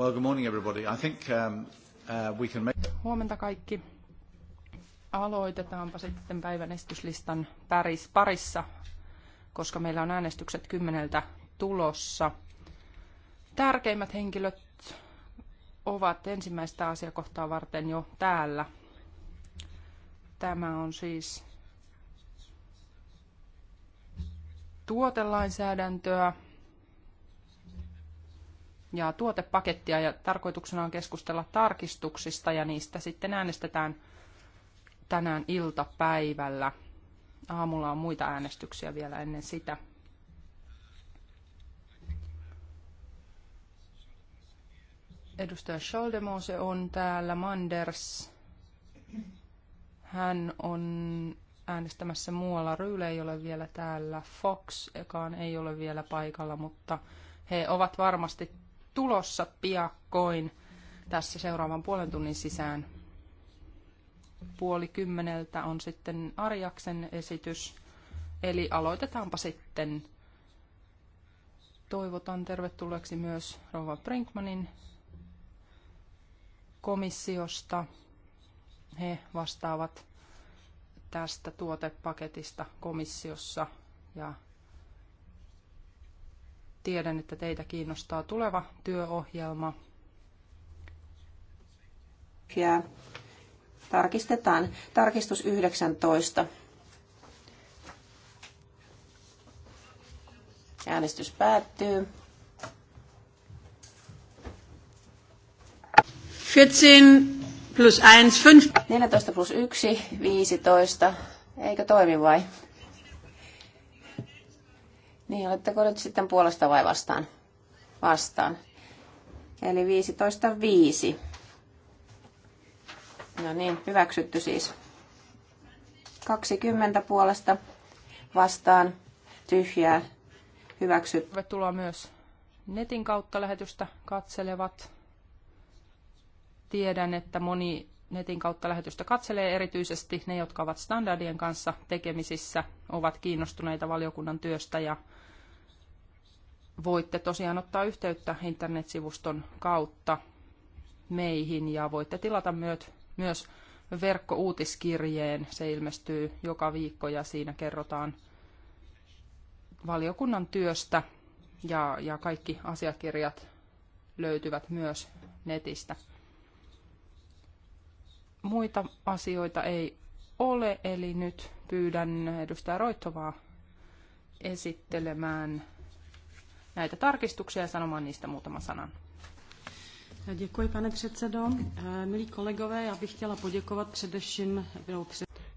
Well, good morning everybody. I think um, uh, we can make... Huomenta kaikki. Aloitetaanpa sitten päivän esityslistan parissa, koska meillä on äänestykset kymmeneltä tulossa. Tärkeimmät henkilöt ovat ensimmäistä asiakohtaa varten jo täällä. Tämä on siis tuotelainsäädäntöä ja tuotepakettia ja tarkoituksena on keskustella tarkistuksista ja niistä sitten äänestetään tänään iltapäivällä. Aamulla on muita äänestyksiä vielä ennen sitä. Edustaja Scholdemose on täällä, Manders. Hän on äänestämässä muualla. Ryyle ei ole vielä täällä, Fox ekaan ei ole vielä paikalla, mutta he ovat varmasti tulossa piakkoin tässä seuraavan puolen tunnin sisään. Puoli kymmeneltä on sitten Arjaksen esitys. Eli aloitetaanpa sitten. Toivotan tervetulleeksi myös Rova Brinkmanin komissiosta. He vastaavat tästä tuotepaketista komissiossa ja Tiedän, että teitä kiinnostaa tuleva työohjelma. Ja tarkistetaan. Tarkistus 19. Äänestys päättyy. 14 plus 1, 5. 14 plus 1, 15. Eikö toimi vai? Niin, oletteko nyt sitten puolesta vai vastaan? Vastaan. Eli 15.5. No niin, hyväksytty siis. 20 puolesta vastaan tyhjää hyväksytty. Tervetuloa myös netin kautta lähetystä katselevat. Tiedän, että moni netin kautta lähetystä katselee erityisesti ne, jotka ovat standardien kanssa tekemisissä, ovat kiinnostuneita valiokunnan työstä ja voitte tosiaan ottaa yhteyttä internetsivuston kautta meihin ja voitte tilata myöt, myös verkkouutiskirjeen. Se ilmestyy joka viikko ja siinä kerrotaan valiokunnan työstä ja, ja kaikki asiakirjat löytyvät myös netistä. Muita asioita ei ole, eli nyt pyydän edustaja Roittovaa esittelemään näitä tarkistuksia ja sanomaan niistä muutaman sanan. Děkuji, pane předsedo. Eh, milí kolegové, já bych chtěla poděkovat především...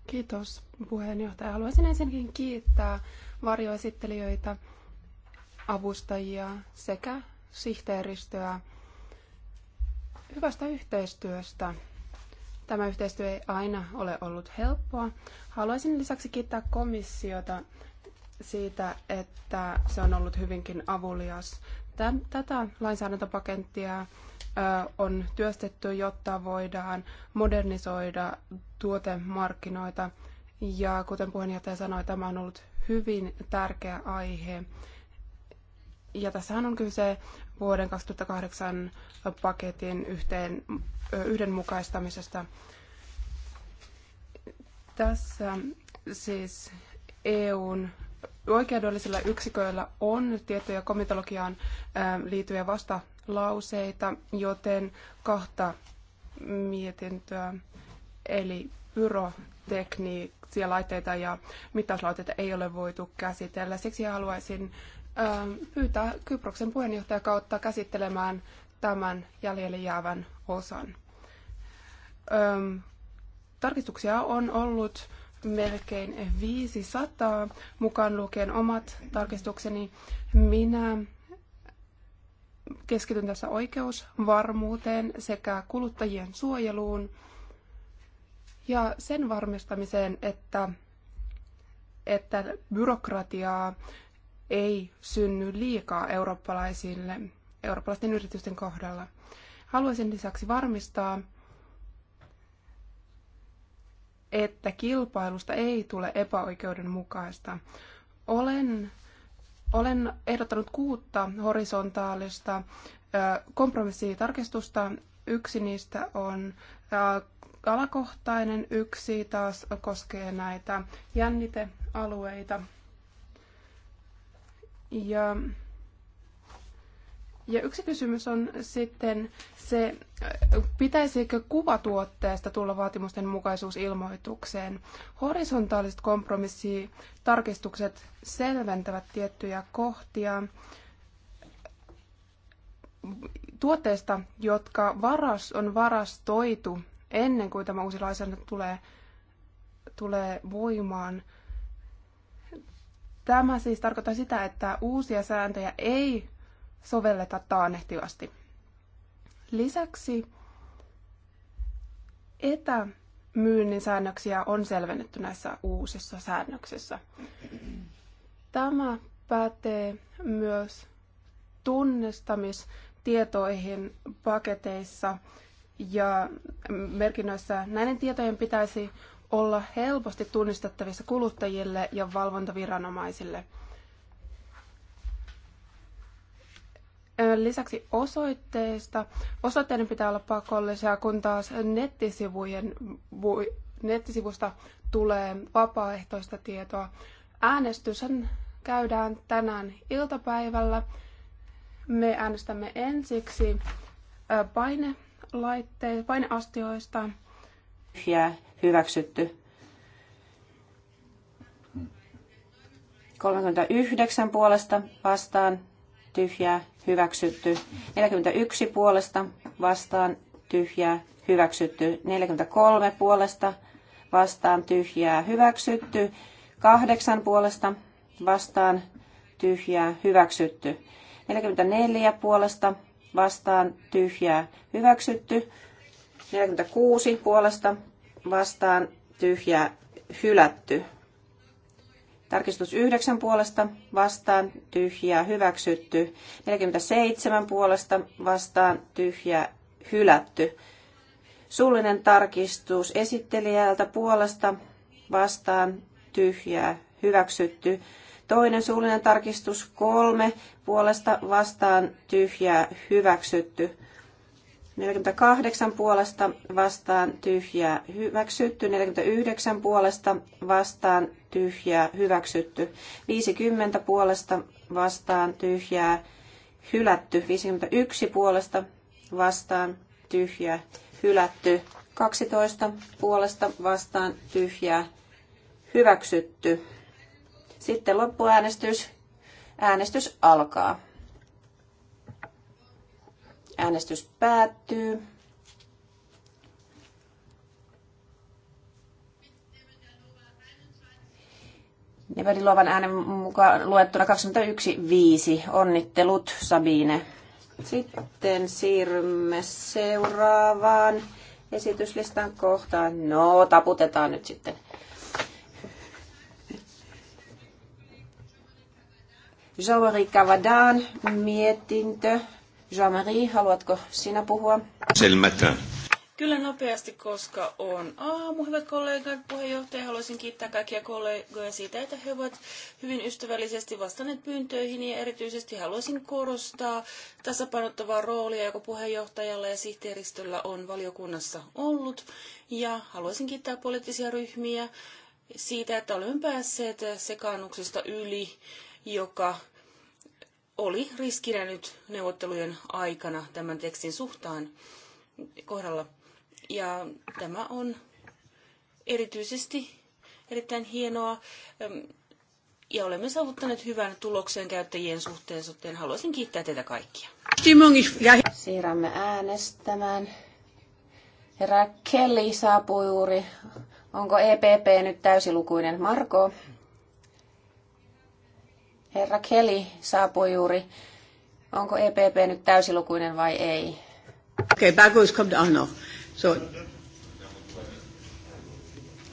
Kiitos, puheenjohtaja. Haluaisin ensinnäkin kiittää varjoesittelijöitä, avustajia sekä sihteeristöä hyvästä yhteistyöstä Tämä yhteistyö ei aina ole ollut helppoa. Haluaisin lisäksi kiittää komissiota siitä, että se on ollut hyvinkin avulias. Tätä lainsäädäntöpakettia on työstetty, jotta voidaan modernisoida tuotemarkkinoita. Ja kuten puheenjohtaja sanoi, tämä on ollut hyvin tärkeä aihe. Ja tässähän on kyse vuoden 2008 paketin yhteen, yhdenmukaistamisesta. Tässä siis EUn oikeudellisilla yksiköillä on tietoja komitologiaan liittyviä vastalauseita, joten kahta mietintöä, eli pyrotekniikkaa laitteita ja mittauslaitteita ei ole voitu käsitellä. Siksi haluaisin Ähm, pyytää Kyproksen puheenjohtajakautta käsittelemään tämän jäljelle jäävän osan. Ähm, tarkistuksia on ollut melkein 500, mukaan lukien omat tarkistukseni. Minä keskityn tässä oikeusvarmuuteen sekä kuluttajien suojeluun ja sen varmistamiseen, että, että byrokratiaa ei synny liikaa eurooppalaisille, eurooppalaisten yritysten kohdalla. Haluaisin lisäksi varmistaa, että kilpailusta ei tule epäoikeudenmukaista. Olen, olen ehdottanut kuutta horisontaalista kompromissitarkistusta. Yksi niistä on alakohtainen, yksi taas koskee näitä jännitealueita. Ja, ja yksi kysymys on sitten se, pitäisikö kuvatuotteesta tulla vaatimusten mukaisuusilmoitukseen. Horisontaaliset kompromissitarkistukset selventävät tiettyjä kohtia tuotteista, jotka varas, on varastoitu ennen kuin tämä uusi lainsäädäntö tulee, tulee voimaan – Tämä siis tarkoittaa sitä, että uusia sääntöjä ei sovelleta taannehtivasti. Lisäksi etämyynnin säännöksiä on selvennetty näissä uusissa säännöksissä. Tämä pätee myös tunnistamistietoihin paketeissa ja merkinnöissä. Näiden tietojen pitäisi olla helposti tunnistettavissa kuluttajille ja valvontaviranomaisille. Lisäksi osoitteista. Osoitteiden pitää olla pakollisia, kun taas nettisivujen, nettisivusta tulee vapaaehtoista tietoa. Äänestys käydään tänään iltapäivällä. Me äänestämme ensiksi laitteista, paineastioista tyhjää hyväksytty. 39 puolesta vastaan tyhjää hyväksytty. 41 puolesta vastaan tyhjää hyväksytty. 43 puolesta vastaan tyhjää hyväksytty. 8 puolesta vastaan tyhjää hyväksytty. 44 puolesta vastaan tyhjää hyväksytty. 46 puolesta vastaan tyhjää hylätty. Tarkistus 9 puolesta vastaan tyhjää hyväksytty. 47 puolesta vastaan tyhjää hylätty. Suullinen tarkistus esittelijältä puolesta vastaan tyhjää hyväksytty. Toinen suullinen tarkistus kolme puolesta vastaan tyhjää hyväksytty. 48 puolesta vastaan tyhjää hyväksytty, 49 puolesta vastaan tyhjää hyväksytty, 50 puolesta vastaan tyhjää hylätty, 51 puolesta vastaan tyhjää hylätty, 12 puolesta vastaan tyhjää hyväksytty. Sitten loppuäänestys. Äänestys alkaa. Äänestys päättyy. luovan äänen mukaan luettuna 21.5. Onnittelut, Sabine. Sitten siirrymme seuraavaan esityslistan kohtaan. No, taputetaan nyt sitten. Jouri Kavadan mietintö Jean-Marie, haluatko sinä puhua? Selmätä. Kyllä nopeasti, koska on aamu. Hyvät kollegat, puheenjohtaja, haluaisin kiittää kaikkia kollegoja siitä, että he ovat hyvin ystävällisesti vastanneet pyyntöihin ja erityisesti haluaisin korostaa tasapainottavaa roolia, joka puheenjohtajalla ja sihteeristöllä on valiokunnassa ollut. Ja haluaisin kiittää poliittisia ryhmiä siitä, että olemme päässeet sekaannuksesta yli, joka oli riskinä nyt neuvottelujen aikana tämän tekstin suhtaan kohdalla. Ja tämä on erityisesti erittäin hienoa. Ähm, ja olemme saavuttaneet hyvän tuloksen käyttäjien suhteen, joten haluaisin kiittää teitä kaikkia. Siirrämme äänestämään. Herra Kelly saapui juuri. Onko EPP nyt täysilukuinen? Marko? Herra Kelly saapui juuri. Onko EPP nyt täysilukuinen vai ei? Okei, okay, Bagus come down now. So.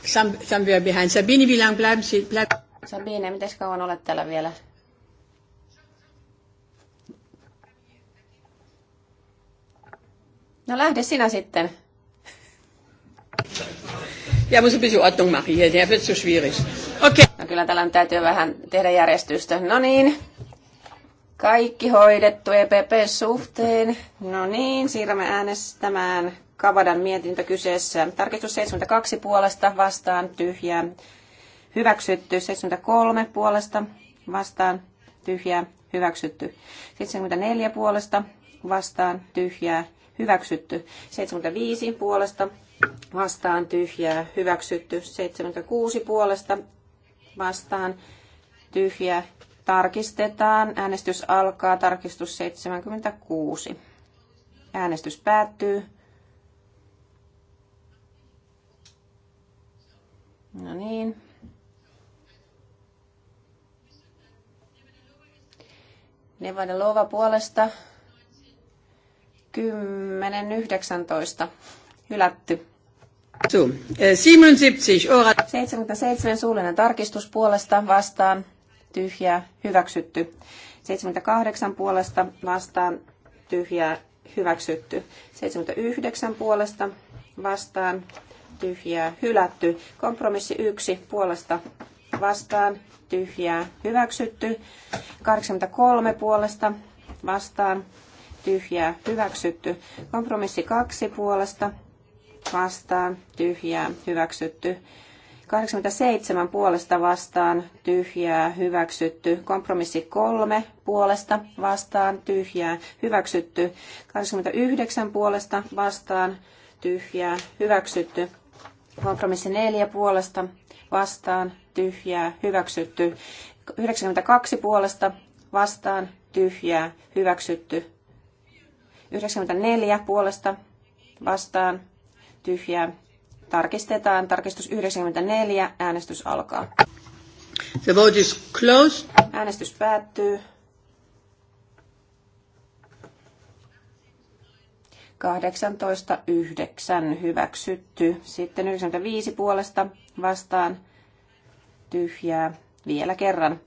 Some, some were behind. Sabine, wie lang bleiben Sie? Bleib... Sabine, miten kauan olet täällä vielä? No lähde sinä sitten. Ja, muss ein bisschen Ordnung machen hier, der wird zu schwierig. No kyllä tällä täytyy vähän tehdä järjestystä. No niin, kaikki hoidettu EPP-suhteen. No niin, siirrämme äänestämään Kavadan mietintö kyseessä. Tarkistus 72 puolesta vastaan tyhjää. Hyväksytty 73 puolesta vastaan tyhjää. Hyväksytty 74 puolesta vastaan tyhjää. Hyväksytty 75 puolesta vastaan tyhjää. Hyväksytty 76 puolesta vastaan tyhjä tarkistetaan. Äänestys alkaa. Tarkistus 76. Äänestys päättyy. No niin. Nevada Lova puolesta 10.19. Hylätty. So, 77, äh, suullinen tarkistus puolesta vastaan, tyhjää, hyväksytty. 78 puolesta vastaan, tyhjää, hyväksytty. 79 puolesta vastaan, tyhjää, hylätty. Kompromissi 1 puolesta vastaan, tyhjää, hyväksytty. 83 puolesta vastaan, tyhjää, hyväksytty. Kompromissi 2 puolesta vastaan tyhjää hyväksytty. 87 puolesta vastaan tyhjää hyväksytty. Kompromissi 3 puolesta vastaan tyhjää hyväksytty. 89 puolesta vastaan tyhjää hyväksytty. Kompromissi 4 puolesta vastaan tyhjää hyväksytty. 92 puolesta vastaan tyhjää hyväksytty. 94 puolesta vastaan tyhjää. Tarkistetaan. Tarkistus 94. Äänestys alkaa. The vote is closed. Äänestys päättyy. 18.9 hyväksytty. Sitten 95 puolesta vastaan tyhjää vielä kerran.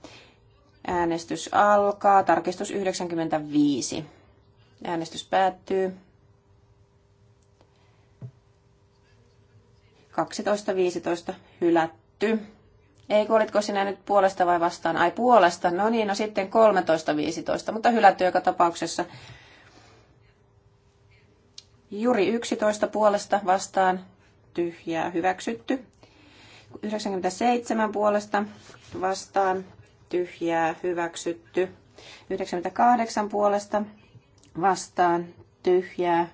Äänestys alkaa. Tarkistus 95. Äänestys päättyy. 12.15 hylätty. Ei, kun olitko sinä nyt puolesta vai vastaan? Ai puolesta, no niin, no sitten 13.15, mutta hylätty joka tapauksessa. Juri 11 puolesta vastaan, tyhjää hyväksytty. 97 puolesta vastaan, tyhjää hyväksytty. 98 puolesta vastaan, tyhjää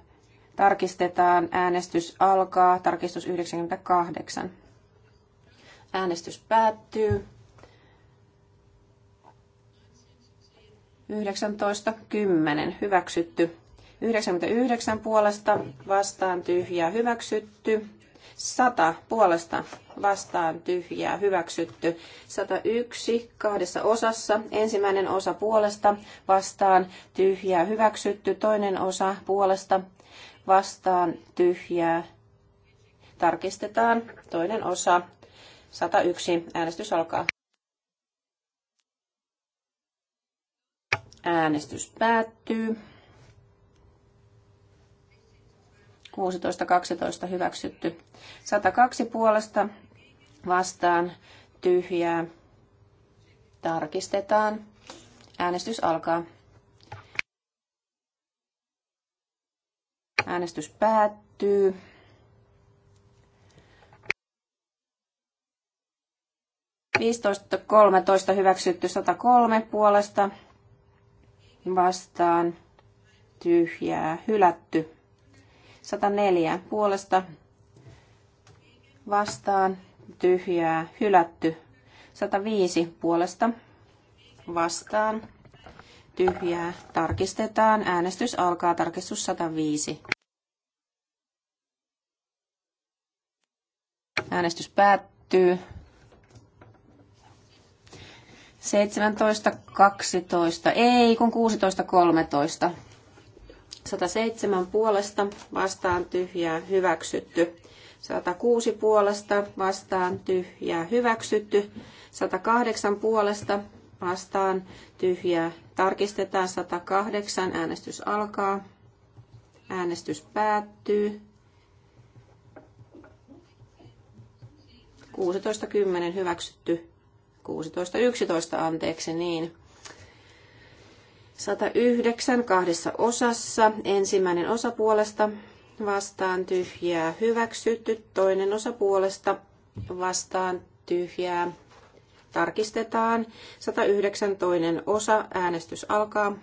Tarkistetaan. Äänestys alkaa. Tarkistus 98. Äänestys päättyy. 19.10. Hyväksytty. 99 puolesta vastaan tyhjää hyväksytty. 100 puolesta vastaan tyhjää hyväksytty. 101 kahdessa osassa. Ensimmäinen osa puolesta vastaan tyhjää hyväksytty. Toinen osa puolesta vastaan tyhjää. Tarkistetaan toinen osa. 101. Äänestys alkaa. Äänestys päättyy. 16.12 hyväksytty. 102 puolesta vastaan tyhjää. Tarkistetaan. Äänestys alkaa. Äänestys päättyy. Viisitoista kolmetoista hyväksytty 103 puolesta vastaan tyhjää hylätty. 104 puolesta vastaan tyhjää hylätty. 105 puolesta vastaan tyhjää tarkistetaan. Äänestys alkaa tarkistus 105. Äänestys päättyy. 17.12. Ei, kun 16.13. 107 puolesta vastaan tyhjää hyväksytty. 106 puolesta vastaan tyhjää hyväksytty. 108 puolesta vastaan tyhjää tarkistetaan. 108 äänestys alkaa. Äänestys päättyy. 16.10 hyväksytty. 16.11 anteeksi, niin. 109 kahdessa osassa. Ensimmäinen osa puolesta vastaan tyhjää hyväksytty. Toinen osa puolesta vastaan tyhjää tarkistetaan. 109 toinen osa. Äänestys alkaa.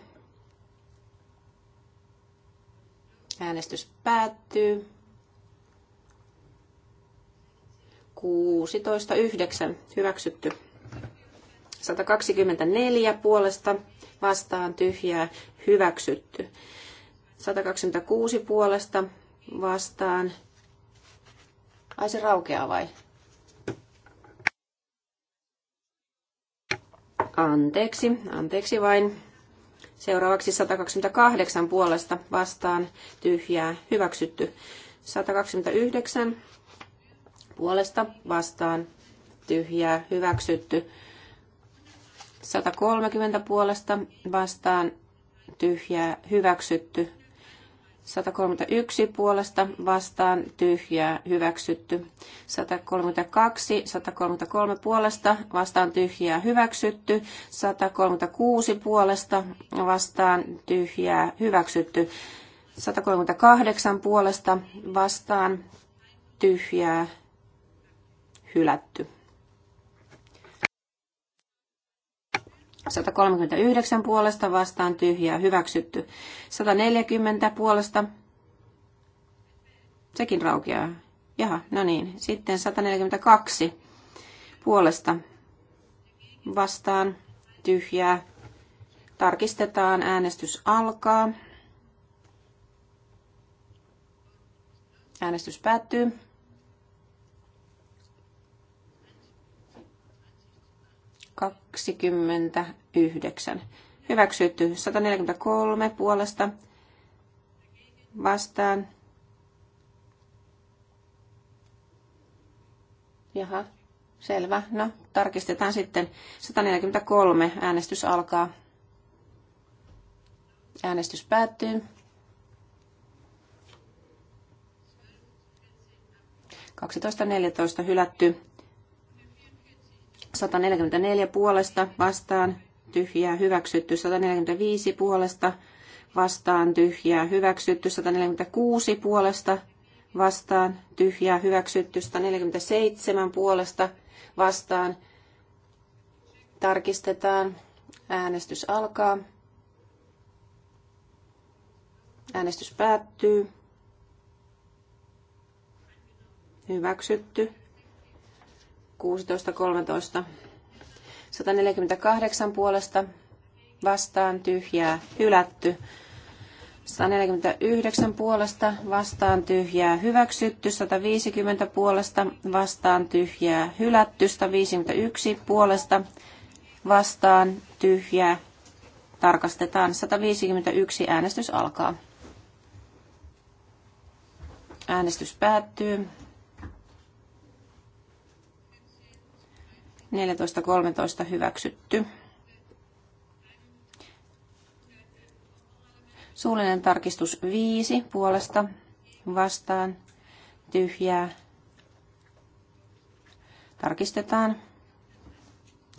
Äänestys päättyy. 16.9. Hyväksytty. 124 puolesta vastaan tyhjää hyväksytty. 126 puolesta vastaan. Ai se raukeaa vai? Anteeksi, anteeksi vain. Seuraavaksi 128 puolesta vastaan tyhjää hyväksytty. 129 puolesta vastaan tyhjää hyväksytty. 130 puolesta vastaan tyhjää hyväksytty. 131 puolesta vastaan tyhjää hyväksytty. 132, 133 puolesta vastaan tyhjää hyväksytty. 136 puolesta vastaan tyhjää hyväksytty. 138 puolesta vastaan tyhjää hylätty. 139 puolesta vastaan tyhjää hyväksytty. 140 puolesta. Sekin raukeaa. Jaha, no niin. Sitten 142 puolesta vastaan tyhjää. Tarkistetaan, äänestys alkaa. Äänestys päättyy. 29. Hyväksytty 143 puolesta vastaan. Jaha, selvä. No, tarkistetaan sitten. 143 äänestys alkaa. Äänestys päättyy. 12.14 hylätty. 144 puolesta vastaan tyhjää hyväksytty, 145 puolesta vastaan tyhjää hyväksytty, 146 puolesta vastaan tyhjää hyväksytty, 147 puolesta vastaan tarkistetaan. Äänestys alkaa. Äänestys päättyy. Hyväksytty. 16.13. 148 puolesta vastaan tyhjää hylätty. 149 puolesta vastaan tyhjää hyväksytty, 150 puolesta vastaan tyhjää hylätty, 151 puolesta vastaan tyhjää tarkastetaan. 151 äänestys alkaa. Äänestys päättyy. 14.13 hyväksytty. Suullinen tarkistus 5 puolesta vastaan tyhjää. Tarkistetaan.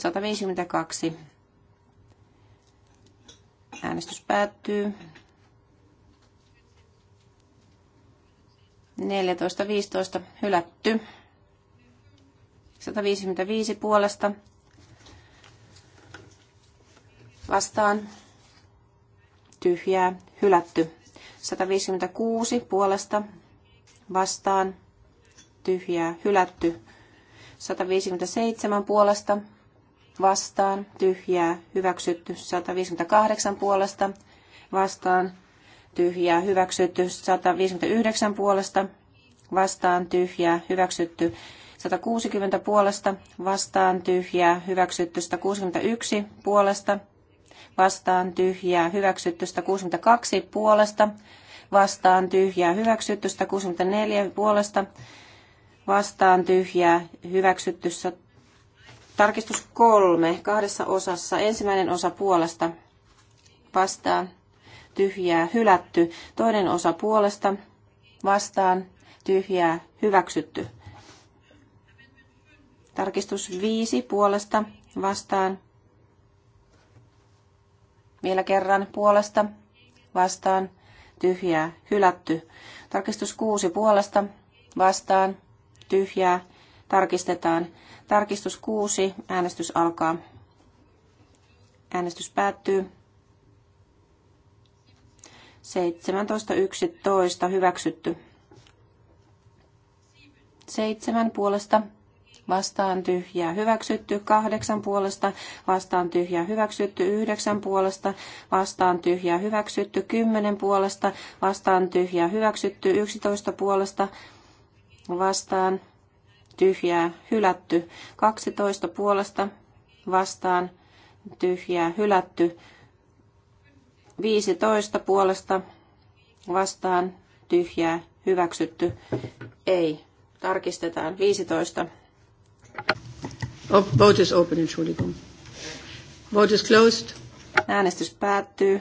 152. Äänestys päättyy. 14.15 hylätty. 155 puolesta vastaan tyhjää hylätty. 156 puolesta vastaan tyhjää hylätty. 157 puolesta vastaan tyhjää hyväksytty. 158 puolesta vastaan tyhjää hyväksytty. 159 puolesta vastaan tyhjää hyväksytty. 160 puolesta vastaan tyhjää hyväksytty 161 puolesta vastaan tyhjää hyväksytty 162 puolesta vastaan tyhjää hyväksytty 164 puolesta vastaan tyhjää hyväksytty tarkistus kolme kahdessa osassa ensimmäinen osa puolesta vastaan tyhjää hylätty toinen osa puolesta vastaan tyhjää hyväksytty Tarkistus 5 puolesta vastaan. Vielä kerran puolesta vastaan. Tyhjää. Hylätty. Tarkistus 6 puolesta vastaan. Tyhjää. Tarkistetaan. Tarkistus 6. Äänestys alkaa. Äänestys päättyy. 17.11. Hyväksytty. 7 puolesta vastaan tyhjää hyväksytty, kahdeksan puolesta vastaan tyhjää hyväksytty, yhdeksän puolesta vastaan tyhjää hyväksytty, kymmenen puolesta vastaan tyhjää hyväksytty, yksitoista puolesta vastaan tyhjää hylätty, kaksitoista puolesta vastaan tyhjää hylätty, viisitoista puolesta vastaan tyhjää hyväksytty ei. Tarkistetaan 15 vote is open, Entschuldigung. Vote is closed. Äänestys päättyy.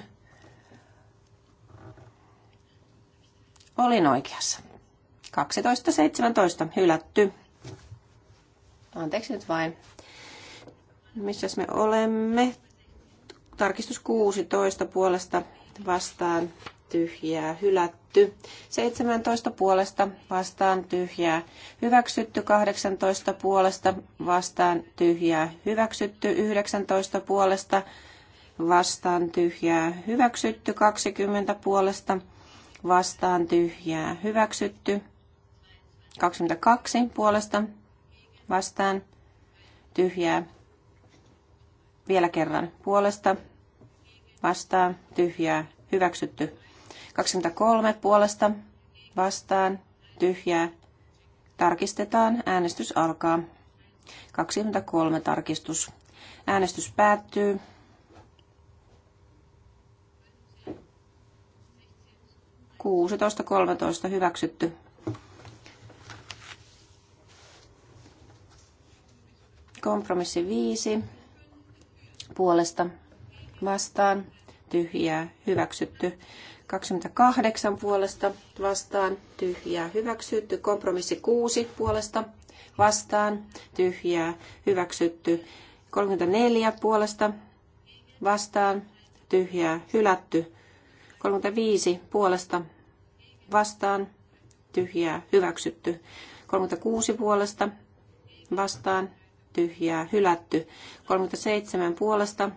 Olin oikeassa. 12.17 hylätty. Anteeksi nyt vain. Missäs me olemme? Tarkistus 16 puolesta vastaan tyhjää, hylätty. 17 puolesta vastaan tyhjää, hyväksytty. 18 puolesta vastaan tyhjää, hyväksytty. 19 puolesta vastaan tyhjää, hyväksytty. 20 puolesta vastaan tyhjää, hyväksytty. 22 puolesta vastaan tyhjää, vielä kerran puolesta vastaan tyhjää, hyväksytty 23 puolesta vastaan tyhjää. Tarkistetaan. Äänestys alkaa. 23 tarkistus. Äänestys päättyy. Kuusitoista kolmetoista hyväksytty. Kompromissi viisi puolesta vastaan tyhjää hyväksytty. 28 puolesta vastaan tyhjää hyväksytty. Kompromissi 6 puolesta vastaan tyhjää hyväksytty. 34 puolesta vastaan tyhjää hylätty. 35 puolesta vastaan tyhjää hyväksytty. 36 puolesta vastaan tyhjää hylätty. 37 puolesta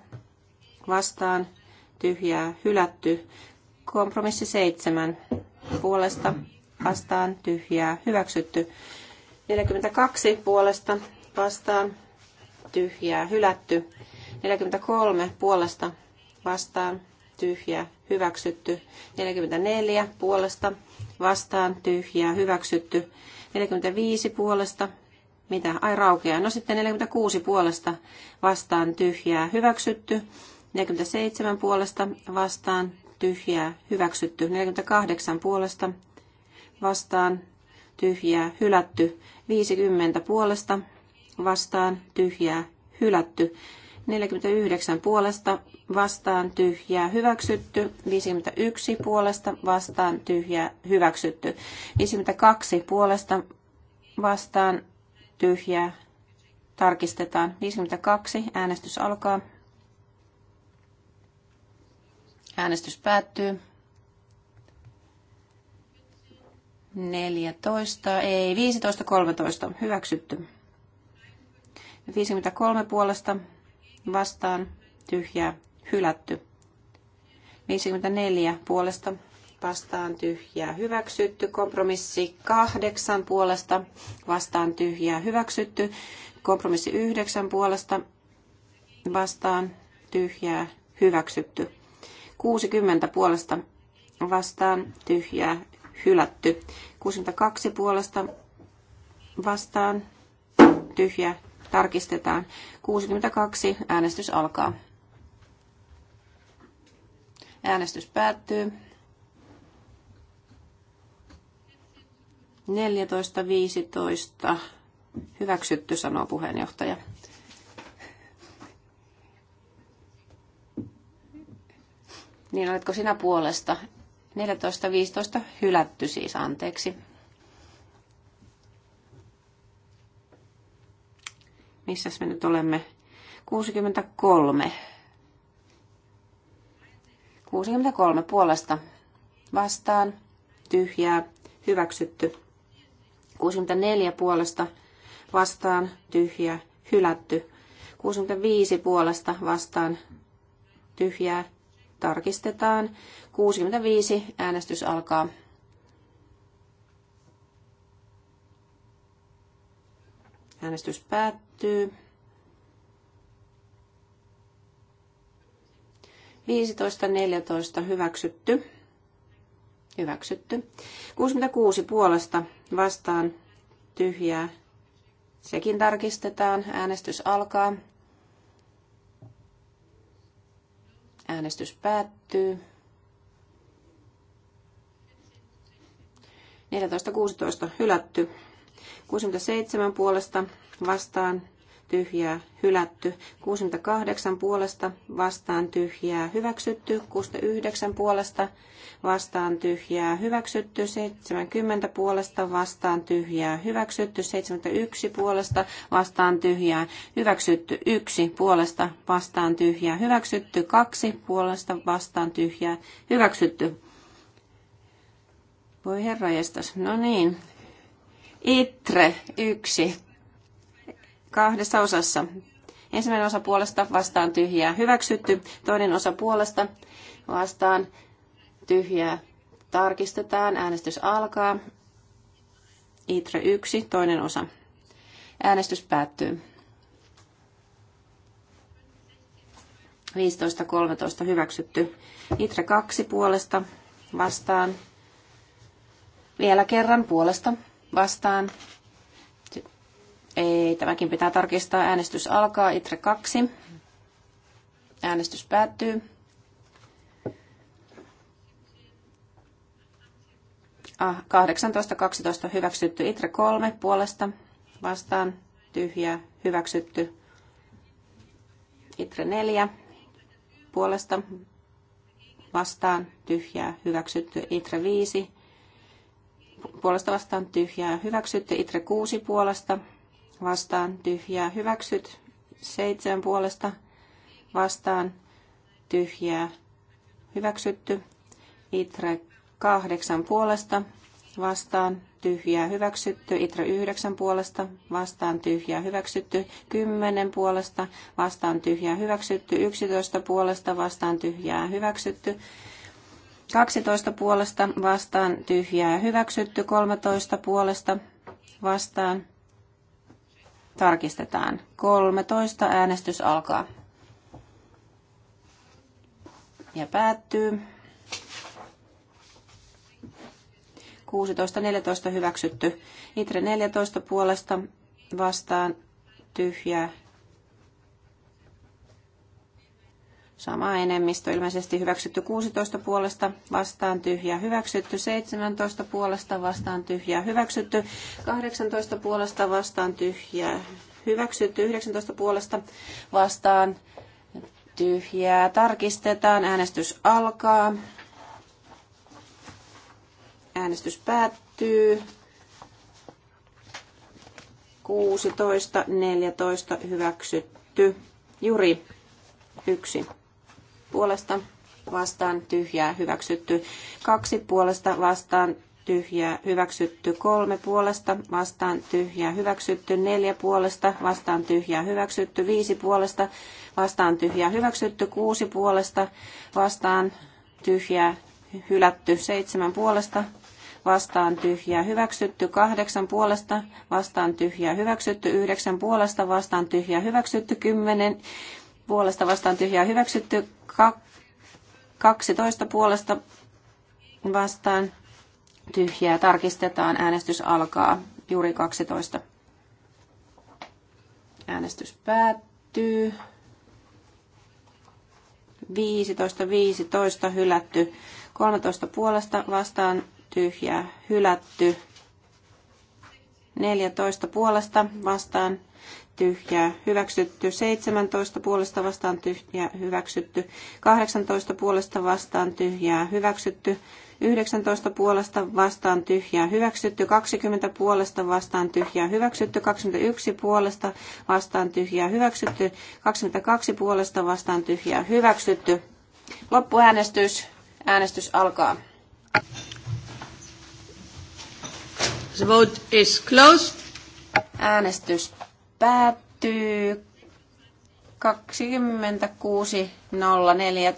vastaan tyhjää hylätty. Kompromissi seitsemän puolesta vastaan tyhjää hyväksytty. 42 puolesta vastaan tyhjää hylätty. 43 puolesta vastaan tyhjää hyväksytty. 44 puolesta vastaan tyhjää hyväksytty. 45 puolesta mitä? Ai raukeaa. No sitten 46 puolesta vastaan tyhjää hyväksytty. 47 puolesta vastaan tyhjää, hyväksytty. 48 puolesta vastaan, tyhjää, hylätty. 50 puolesta vastaan, tyhjää, hylätty. 49 puolesta vastaan tyhjää hyväksytty, 51 puolesta vastaan tyhjää hyväksytty, 52 puolesta vastaan tyhjää tarkistetaan, 52 äänestys alkaa. Äänestys päättyy. 14, ei, 15, 13, hyväksytty. 53 puolesta vastaan, tyhjää, hylätty. 54 puolesta vastaan tyhjää hyväksytty. Kompromissi 8 puolesta vastaan tyhjää hyväksytty. Kompromissi 9 puolesta vastaan tyhjää hyväksytty. 60 puolesta vastaan tyhjää hylätty. 62 puolesta vastaan tyhjä tarkistetaan. 62 äänestys alkaa. Äänestys päättyy. 14.15. Hyväksytty, sanoo puheenjohtaja. niin oletko sinä puolesta? 14.15 hylätty siis, anteeksi. Missäs me nyt olemme? 63. 63 puolesta vastaan, tyhjää, hyväksytty. 64 puolesta vastaan, tyhjää, hylätty. 65 puolesta vastaan, tyhjää, tarkistetaan. 65 äänestys alkaa. Äänestys päättyy. 15.14 hyväksytty. Hyväksytty. 66 puolesta vastaan tyhjää. Sekin tarkistetaan. Äänestys alkaa. Äänestys päättyy. 14.16 hylätty. 67 puolesta vastaan tyhjää, hylätty. 68 puolesta vastaan tyhjää, hyväksytty. 69 puolesta vastaan tyhjää, hyväksytty. 70 puolesta vastaan tyhjää, hyväksytty. 71 puolesta vastaan tyhjää, hyväksytty. 1 puolesta vastaan tyhjää, hyväksytty. 2 puolesta vastaan tyhjää, hyväksytty. Voi herra jestas. No niin. Itre, yksi kahdessa osassa. Ensimmäinen osa puolesta vastaan tyhjää hyväksytty, toinen osa puolesta vastaan tyhjää tarkistetaan. Äänestys alkaa. Itre 1, toinen osa. Äänestys päättyy. 15.13 hyväksytty. Itre 2 puolesta vastaan. Vielä kerran puolesta vastaan ei, tämäkin pitää tarkistaa. Äänestys alkaa. ITRE 2. Äänestys päättyy. Ah, 18.12 hyväksytty. ITRE 3 puolesta vastaan. Tyhjä hyväksytty. ITRE 4 puolesta vastaan. Tyhjää hyväksytty. ITRE 5 puolesta vastaan. Tyhjää hyväksytty. ITRE 6 puolesta Vastaan, vastaan tyhjää hyväksyt. Seitsemän puolesta vastaan tyhjää hyväksytty. Itre kahdeksan puolesta vastaan tyhjää hyväksytty, Itre yhdeksän puolesta, vastaan tyhjää hyväksytty, kymmenen puolesta, vastaan tyhjää hyväksytty, Yksitoista puolesta, vastaan tyhjää hyväksytty, 12 puolesta, vastaan tyhjää hyväksytty, 13 puolesta, vastaan Tarkistetaan. 13. Äänestys alkaa. Ja päättyy. 16.14 hyväksytty. Itre 14 puolesta vastaan tyhjää Sama enemmistö ilmeisesti hyväksytty 16 puolesta vastaan tyhjä hyväksytty, 17 puolesta vastaan tyhjä hyväksytty, 18 puolesta vastaan tyhjä hyväksytty, 19 puolesta vastaan tyhjää. Tarkistetaan, äänestys alkaa. Äänestys päättyy. 16, 14 hyväksytty. Juri, yksi puolesta vastaan tyhjää hyväksytty. Kaksi puolesta vastaan tyhjää hyväksytty. Kolme puolesta vastaan tyhjää hyväksytty. Neljä puolesta vastaan tyhjää hyväksytty. Viisi puolesta vastaan tyhjää hyväksytty. Kuusi puolesta vastaan tyhjää hylätty. Seitsemän puolesta vastaan tyhjää hyväksytty, kahdeksan puolesta vastaan tyhjää hyväksytty, yhdeksän puolesta vastaan tyhjää hyväksytty, kymmenen puolesta vastaan tyhjää hyväksytty. 12 puolesta vastaan tyhjää tarkistetaan. Äänestys alkaa juuri 12. Äänestys päättyy. 15, 15 hylätty. 13 puolesta vastaan tyhjää hylätty. 14 puolesta vastaan tyhjää hyväksytty, 17 puolesta vastaan tyhjää hyväksytty, 18 puolesta vastaan tyhjää hyväksytty, 19 puolesta vastaan tyhjää hyväksytty, 20 puolesta vastaan tyhjää hyväksytty, 21 puolesta vastaan tyhjää hyväksytty, 22 puolesta vastaan tyhjää hyväksytty. Loppuäänestys. Äänestys alkaa. The vote is closed. Äänestys päättyy 26.04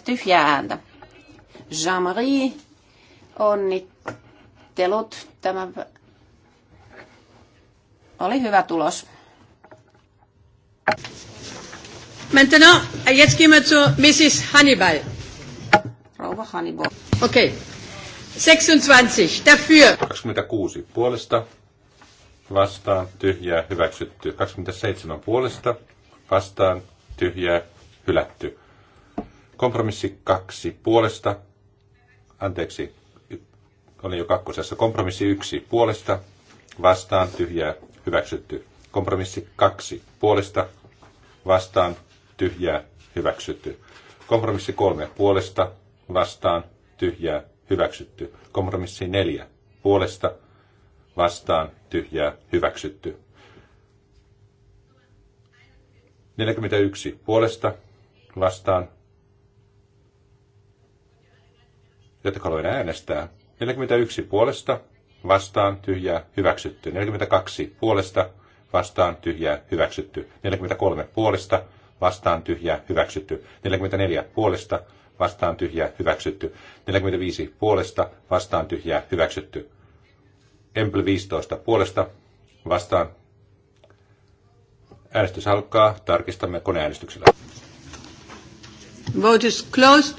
tyhjää ääntä. Jean-Marie, onnittelut. Tämä oli hyvä tulos. Maintenant, jetzt gehen wir zu Mrs. Hannibal. Rouva Hannibal. Okei. Okay. 26. Dafür. 26 puolesta vastaan, tyhjää, hyväksytty. 27 puolesta, vastaan, tyhjää, hylätty. Kompromissi kaksi puolesta, anteeksi, oli jo kakkosessa. Kompromissi yksi puolesta, vastaan, tyhjää, hyväksytty. Kompromissi kaksi puolesta, vastaan, tyhjää, hyväksytty. Kompromissi kolme puolesta, vastaan, tyhjää, hyväksytty. Kompromissi neljä puolesta, vastaan tyhjää hyväksytty. 41 puolesta vastaan. Jotka haluan äänestää. 41 puolesta vastaan tyhjää hyväksytty. 42 puolesta vastaan tyhjää hyväksytty. 43 puolesta vastaan tyhjää hyväksytty. 44 puolesta vastaan tyhjää hyväksytty. 45 puolesta vastaan tyhjää hyväksytty. Emple 15 puolesta vastaan. Äänestys alkaa. Tarkistamme koneäänestyksellä. Vote is closed.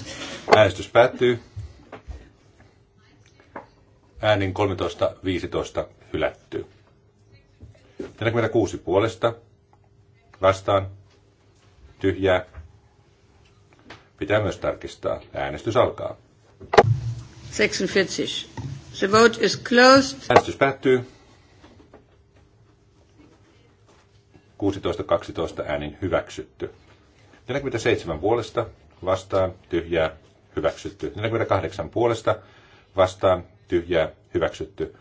Äänestys päättyy. Äänin 13.15 hylättyy. 46 puolesta. Vastaan. Tyhjää. Pitää myös tarkistaa. Äänestys alkaa. 46. The vote is closed. Äänestys päättyy. 16-12 äänin hyväksytty. 47 puolesta vastaan tyhjää hyväksytty. 48 puolesta vastaan tyhjää hyväksytty.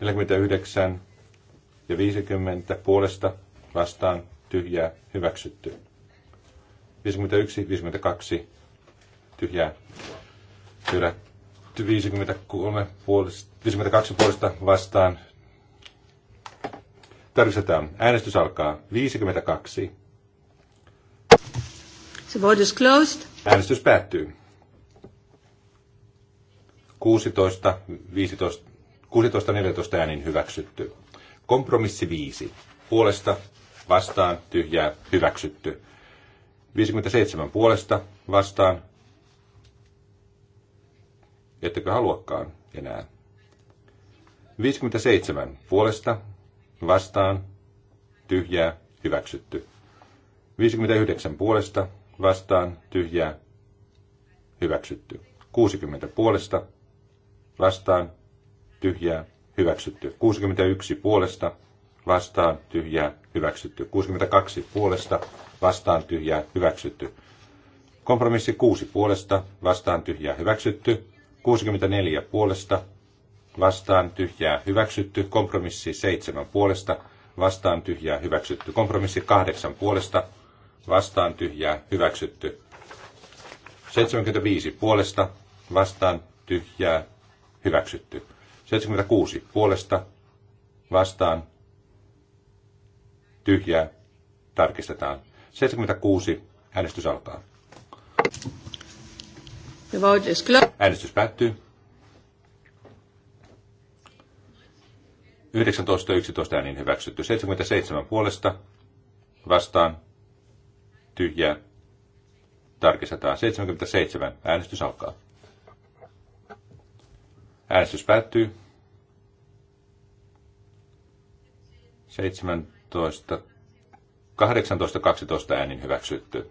49 ja 50 puolesta vastaan tyhjää hyväksytty. 51, 52 tyhjää hyväksytty. Hyväksytty 53 puolesta, 52 puolesta vastaan. Tarkistetaan. Äänestys alkaa. 52. The vote is closed. Äänestys päättyy. 16, 15, 16, 14 äänin hyväksytty. Kompromissi 5. Puolesta, vastaan, tyhjää, hyväksytty. 57 puolesta, vastaan, ettekö haluakaan enää. 57. Puolesta, vastaan, tyhjää, hyväksytty. 59. Puolesta, vastaan, tyhjää, hyväksytty. 60. Puolesta, vastaan, tyhjää, hyväksytty. 61. Puolesta, vastaan, tyhjää, hyväksytty. 62. Puolesta, vastaan, tyhjää, hyväksytty. Kompromissi 6. Puolesta, vastaan, tyhjää, hyväksytty. 64 puolesta vastaan tyhjää hyväksytty, kompromissi 7 puolesta vastaan tyhjää hyväksytty, kompromissi 8 puolesta vastaan tyhjää hyväksytty, 75 puolesta vastaan tyhjää hyväksytty, 76 puolesta vastaan tyhjää tarkistetaan, 76 äänestys alkaa. The vote is closed. Äänestys päättyy. 19.11 äänin hyväksytty. 77 puolesta vastaan tyhjää. Tarkistetaan. 77. Äänestys alkaa. Äänestys päättyy. 17. 18.12 äänin hyväksytty.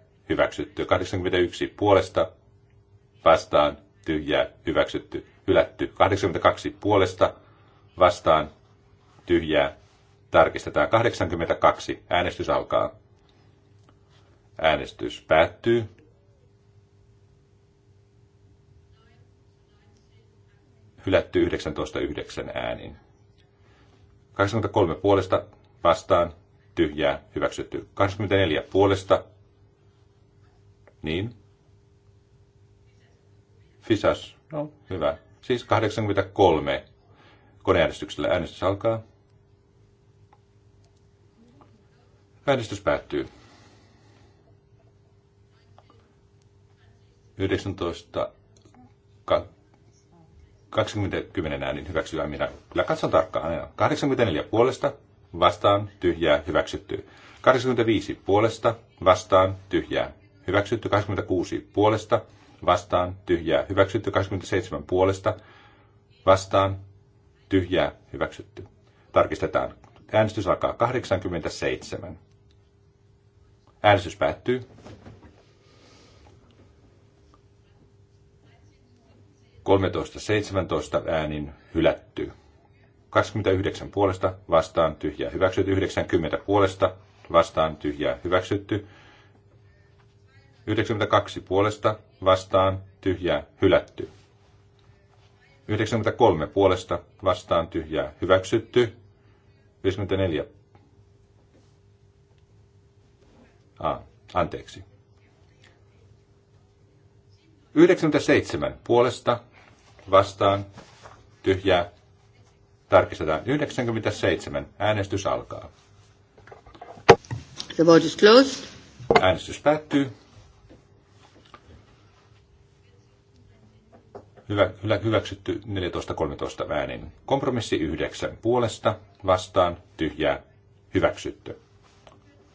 hyväksytty. 81 puolesta vastaan tyhjää hyväksytty, hylätty. 82 puolesta vastaan tyhjää tarkistetaan. 82 äänestys alkaa. Äänestys päättyy. Hylätty 19.9 äänin. 83 puolesta vastaan tyhjää hyväksytty. 24 puolesta niin? Fisas. No, hyvä. Siis 83 koneäänestyksellä äänestys alkaa. Äänestys päättyy. 19 20 äänin hyväksyä minä. Kyllä katson tarkkaan. 84 puolesta, vastaan, tyhjää, hyväksytty. 85 puolesta, vastaan, tyhjää, hyväksytty 26 puolesta, vastaan tyhjää hyväksytty 27 puolesta, vastaan tyhjää hyväksytty. Tarkistetaan. Äänestys alkaa 87. Äänestys päättyy. kolmetoista seitsemäntoista äänin hylätty. 29 puolesta vastaan tyhjää hyväksytty, 90 puolesta vastaan tyhjää hyväksytty, 92 puolesta vastaan tyhjää hylätty. 93 puolesta vastaan tyhjää hyväksytty. 54. Ah, anteeksi. 97 puolesta vastaan tyhjää tarkistetaan 97. Äänestys alkaa. The vote is closed. Äänestys päättyy. Hyvä, hyväksytty 14.13 äänin. Kompromissi 9. Puolesta, vastaan, tyhjää, hyväksytty.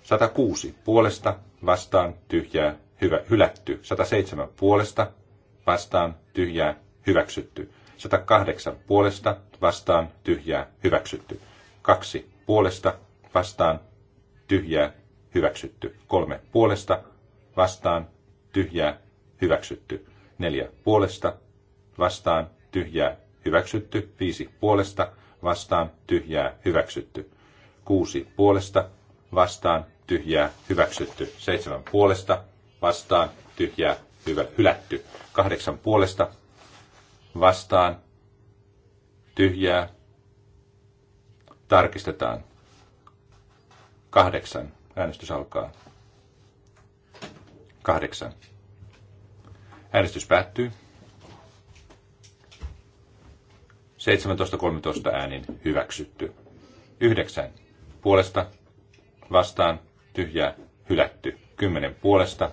106. Puolesta, vastaan, tyhjää, hyvä, hylätty. 107. Puolesta, vastaan, tyhjää, hyväksytty. 108. Puolesta, vastaan, tyhjää, hyväksytty. 2. Puolesta, vastaan, tyhjää, hyväksytty. 3. Puolesta, vastaan, tyhjää, hyväksytty. 4. Puolesta, vastaan tyhjää hyväksytty, 5 puolesta vastaan tyhjää hyväksytty, 6 puolesta vastaan tyhjää hyväksytty, 7 puolesta vastaan tyhjää hyvä, hylätty, 8 puolesta vastaan tyhjää tarkistetaan. Kahdeksan. Äänestys alkaa. Kahdeksan. Äänestys päättyy. 17.13 äänin hyväksytty. 9. Puolesta vastaan tyhjää hylätty. 10. Puolesta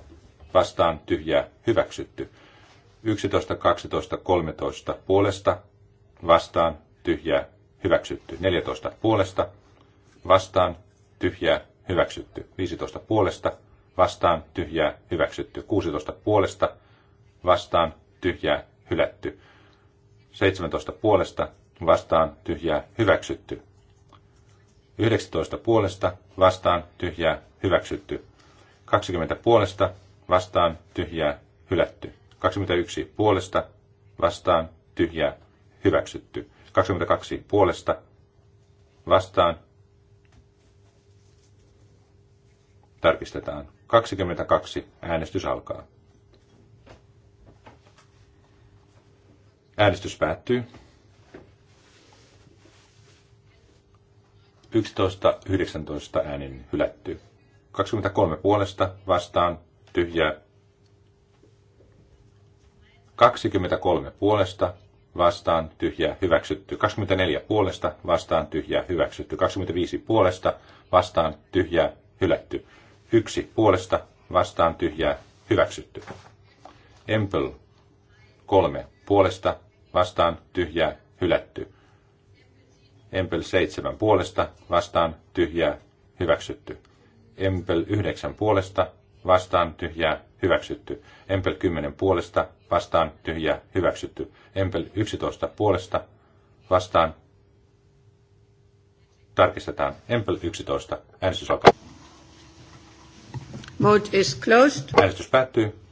vastaan tyhjää hyväksytty. 11, 12, 13 puolesta vastaan tyhjää hyväksytty. 14 puolesta vastaan tyhjää hyväksytty. 15 puolesta vastaan tyhjää hyväksytty. 16 puolesta vastaan tyhjää hylätty. 17 puolesta vastaan tyhjää hyväksytty. 19 puolesta vastaan tyhjää hyväksytty. 20 puolesta vastaan tyhjää hylätty. 21 puolesta vastaan tyhjää hyväksytty. 22 puolesta vastaan tarkistetaan. 22 äänestys alkaa. Äänestys päättyy. 11.19 äänin hylätty. 23 puolesta vastaan tyhjää. 23 puolesta vastaan tyhjää hyväksytty. 24 puolesta vastaan tyhjää hyväksytty. 25 puolesta vastaan tyhjää hylätty. 1 puolesta vastaan tyhjää hyväksytty. Empel 3 puolesta, vastaan, tyhjää, hylätty. Empel 7 puolesta, vastaan, tyhjää, hyväksytty. Empel 9 puolesta, vastaan, tyhjää, hyväksytty. Empel 10 puolesta, vastaan, tyhjää, hyväksytty. Empel 11 puolesta, vastaan, tarkistetaan. Empel 11, äänestys alkaa. Vote is closed. Äänestys päättyy.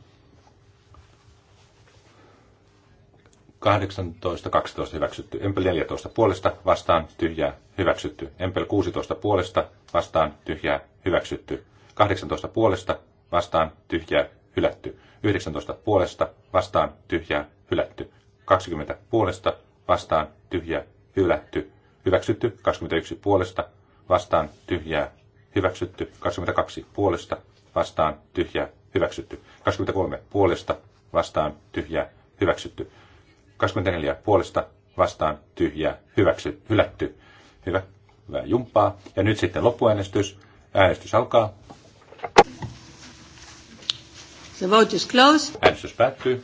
12 hyväksytty. Empel 14 puolesta vastaan tyhjää hyväksytty. Empel 16 puolesta vastaan tyhjää hyväksytty. 18 puolesta vastaan tyhjää hylätty. 19 puolesta vastaan tyhjää hylätty. 20 puolesta vastaan tyhjää hylätty. Hyväksytty 21 puolesta vastaan tyhjää hyväksytty. 22 puolesta vastaan tyhjää hyväksytty. 23 puolesta vastaan tyhjää hyväksytty. 24 puolesta vastaan tyhjä hyväksy, hylätty. Hyvä. Hyvää jumppaa. Ja nyt sitten loppuäänestys. Äänestys alkaa. The vote is closed. Äänestys päättyy.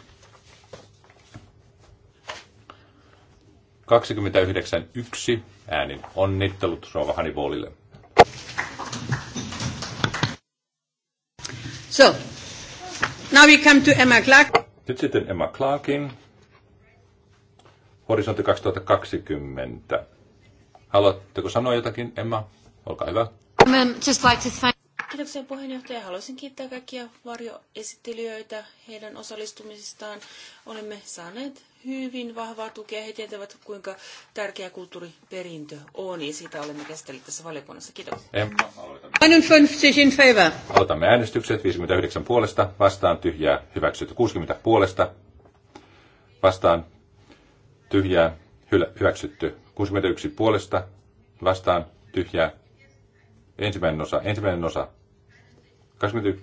29.1 äänin. Onnittelut Rova Hannibalille. So, now we come to Emma Clark. Nyt sitten Emma Clarkin Horisontti 2020. Haluatteko sanoa jotakin, Emma? Olkaa hyvä. Um, just like to thank... Kiitoksia puheenjohtaja. Haluaisin kiittää kaikkia varjoesittelijöitä heidän osallistumisestaan. Olemme saaneet hyvin vahvaa tukea. He tietävät, kuinka tärkeä kulttuuriperintö on, ja siitä olemme käsitelleet tässä valiokunnassa. Kiitos. Emma, aloitamme. in Aloitamme äänestykset. 59 puolesta, vastaan tyhjää, hyväksytty 60 puolesta, vastaan tyhjää, hyväksytty. 61 puolesta, vastaan, tyhjää, ensimmäinen osa, ensimmäinen osa.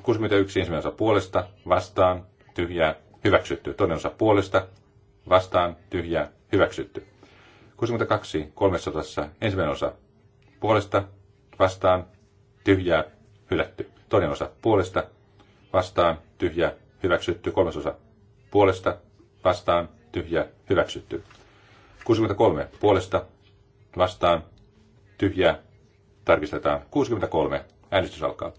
61 ensimmäinen osa puolesta, vastaan, tyhjää, hyväksytty. Toinen osa puolesta, vastaan, tyhjää, hyväksytty. 62 300, ensimmäinen osa puolesta, vastaan, tyhjää, hylätty. Toinen osa puolesta, vastaan, tyhjää, hyväksytty. Kolmas osa puolesta, vastaan, hyväksytty ja hyväksytty. 63 puolesta, vastaan, tyhjää, tarkistetaan. 63, äänestys alkaa.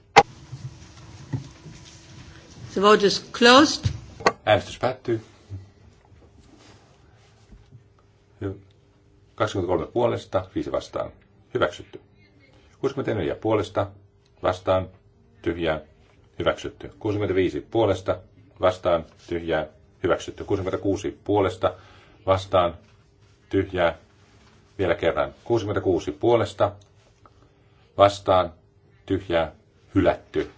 The vote is closed. Äänestys päättyy. 23 puolesta, 5 vastaan. Hyväksytty. 64 puolesta, vastaan, tyhjää, hyväksytty. 65 puolesta, vastaan, tyhjää, hyväksytty. 66 puolesta vastaan tyhjää. Vielä kerran. 66 puolesta vastaan tyhjää hylätty.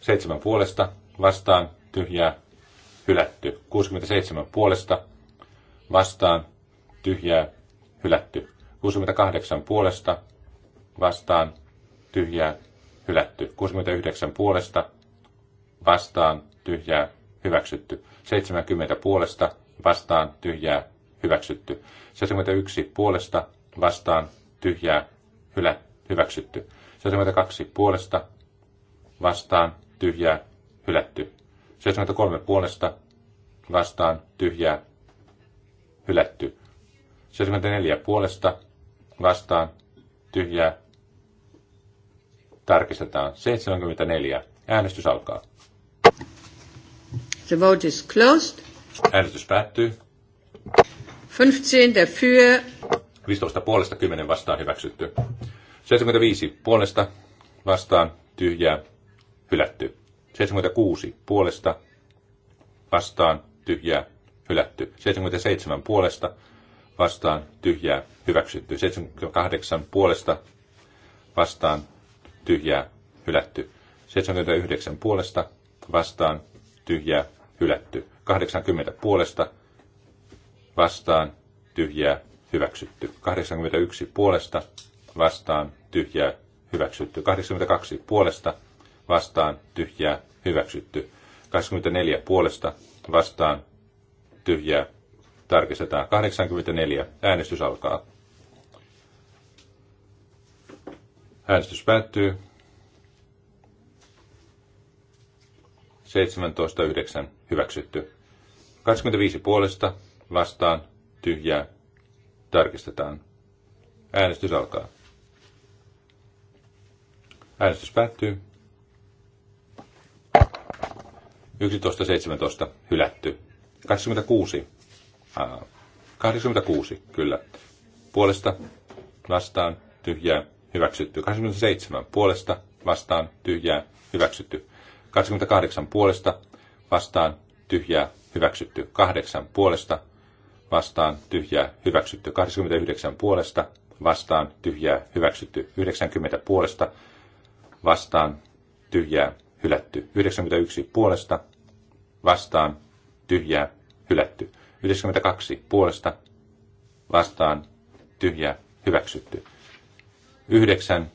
7 puolesta vastaan tyhjää hylätty. 67 puolesta vastaan tyhjää hylätty. 68 puolesta vastaan tyhjää hylätty. 69 puolesta vastaan tyhjää hyväksytty. 70 puolesta vastaan tyhjää hyväksytty. 71 puolesta vastaan tyhjää hylä, hyväksytty. 72 puolesta vastaan tyhjää hylätty. 73 puolesta vastaan tyhjää hylätty. 74 puolesta vastaan tyhjää tarkistetaan. 74 äänestys alkaa. The vote is closed. Äänestys päättyy. 15 dafür. 15 puolesta 10 vastaan hyväksytty. 75 puolesta vastaan tyhjää hylätty. 76 puolesta vastaan tyhjää hylätty. 77 puolesta vastaan tyhjää hyväksytty. 78 puolesta vastaan tyhjää hylätty. 79 puolesta vastaan tyhjää hylätty. 80 puolesta vastaan tyhjää hyväksytty. 81 puolesta vastaan tyhjää hyväksytty. 82 puolesta vastaan tyhjää hyväksytty. 24 puolesta vastaan tyhjää tarkistetaan. 84 äänestys alkaa. Äänestys päättyy. 17.9. Hyväksytty. 25 puolesta vastaan tyhjää. Tarkistetaan. Äänestys alkaa. Äänestys päättyy. 11.17. Hylätty. 26. 86, kyllä. Puolesta vastaan tyhjää hyväksytty. 27 puolesta vastaan tyhjää hyväksytty. 28 puolesta vastaan tyhjää hyväksytty 8 puolesta vastaan tyhjää hyväksytty 29 puolesta vastaan tyhjää hyväksytty 90 puolesta vastaan tyhjää hylätty 91 puolesta vastaan tyhjää hylätty 92 puolesta vastaan tyhjää hyväksytty 9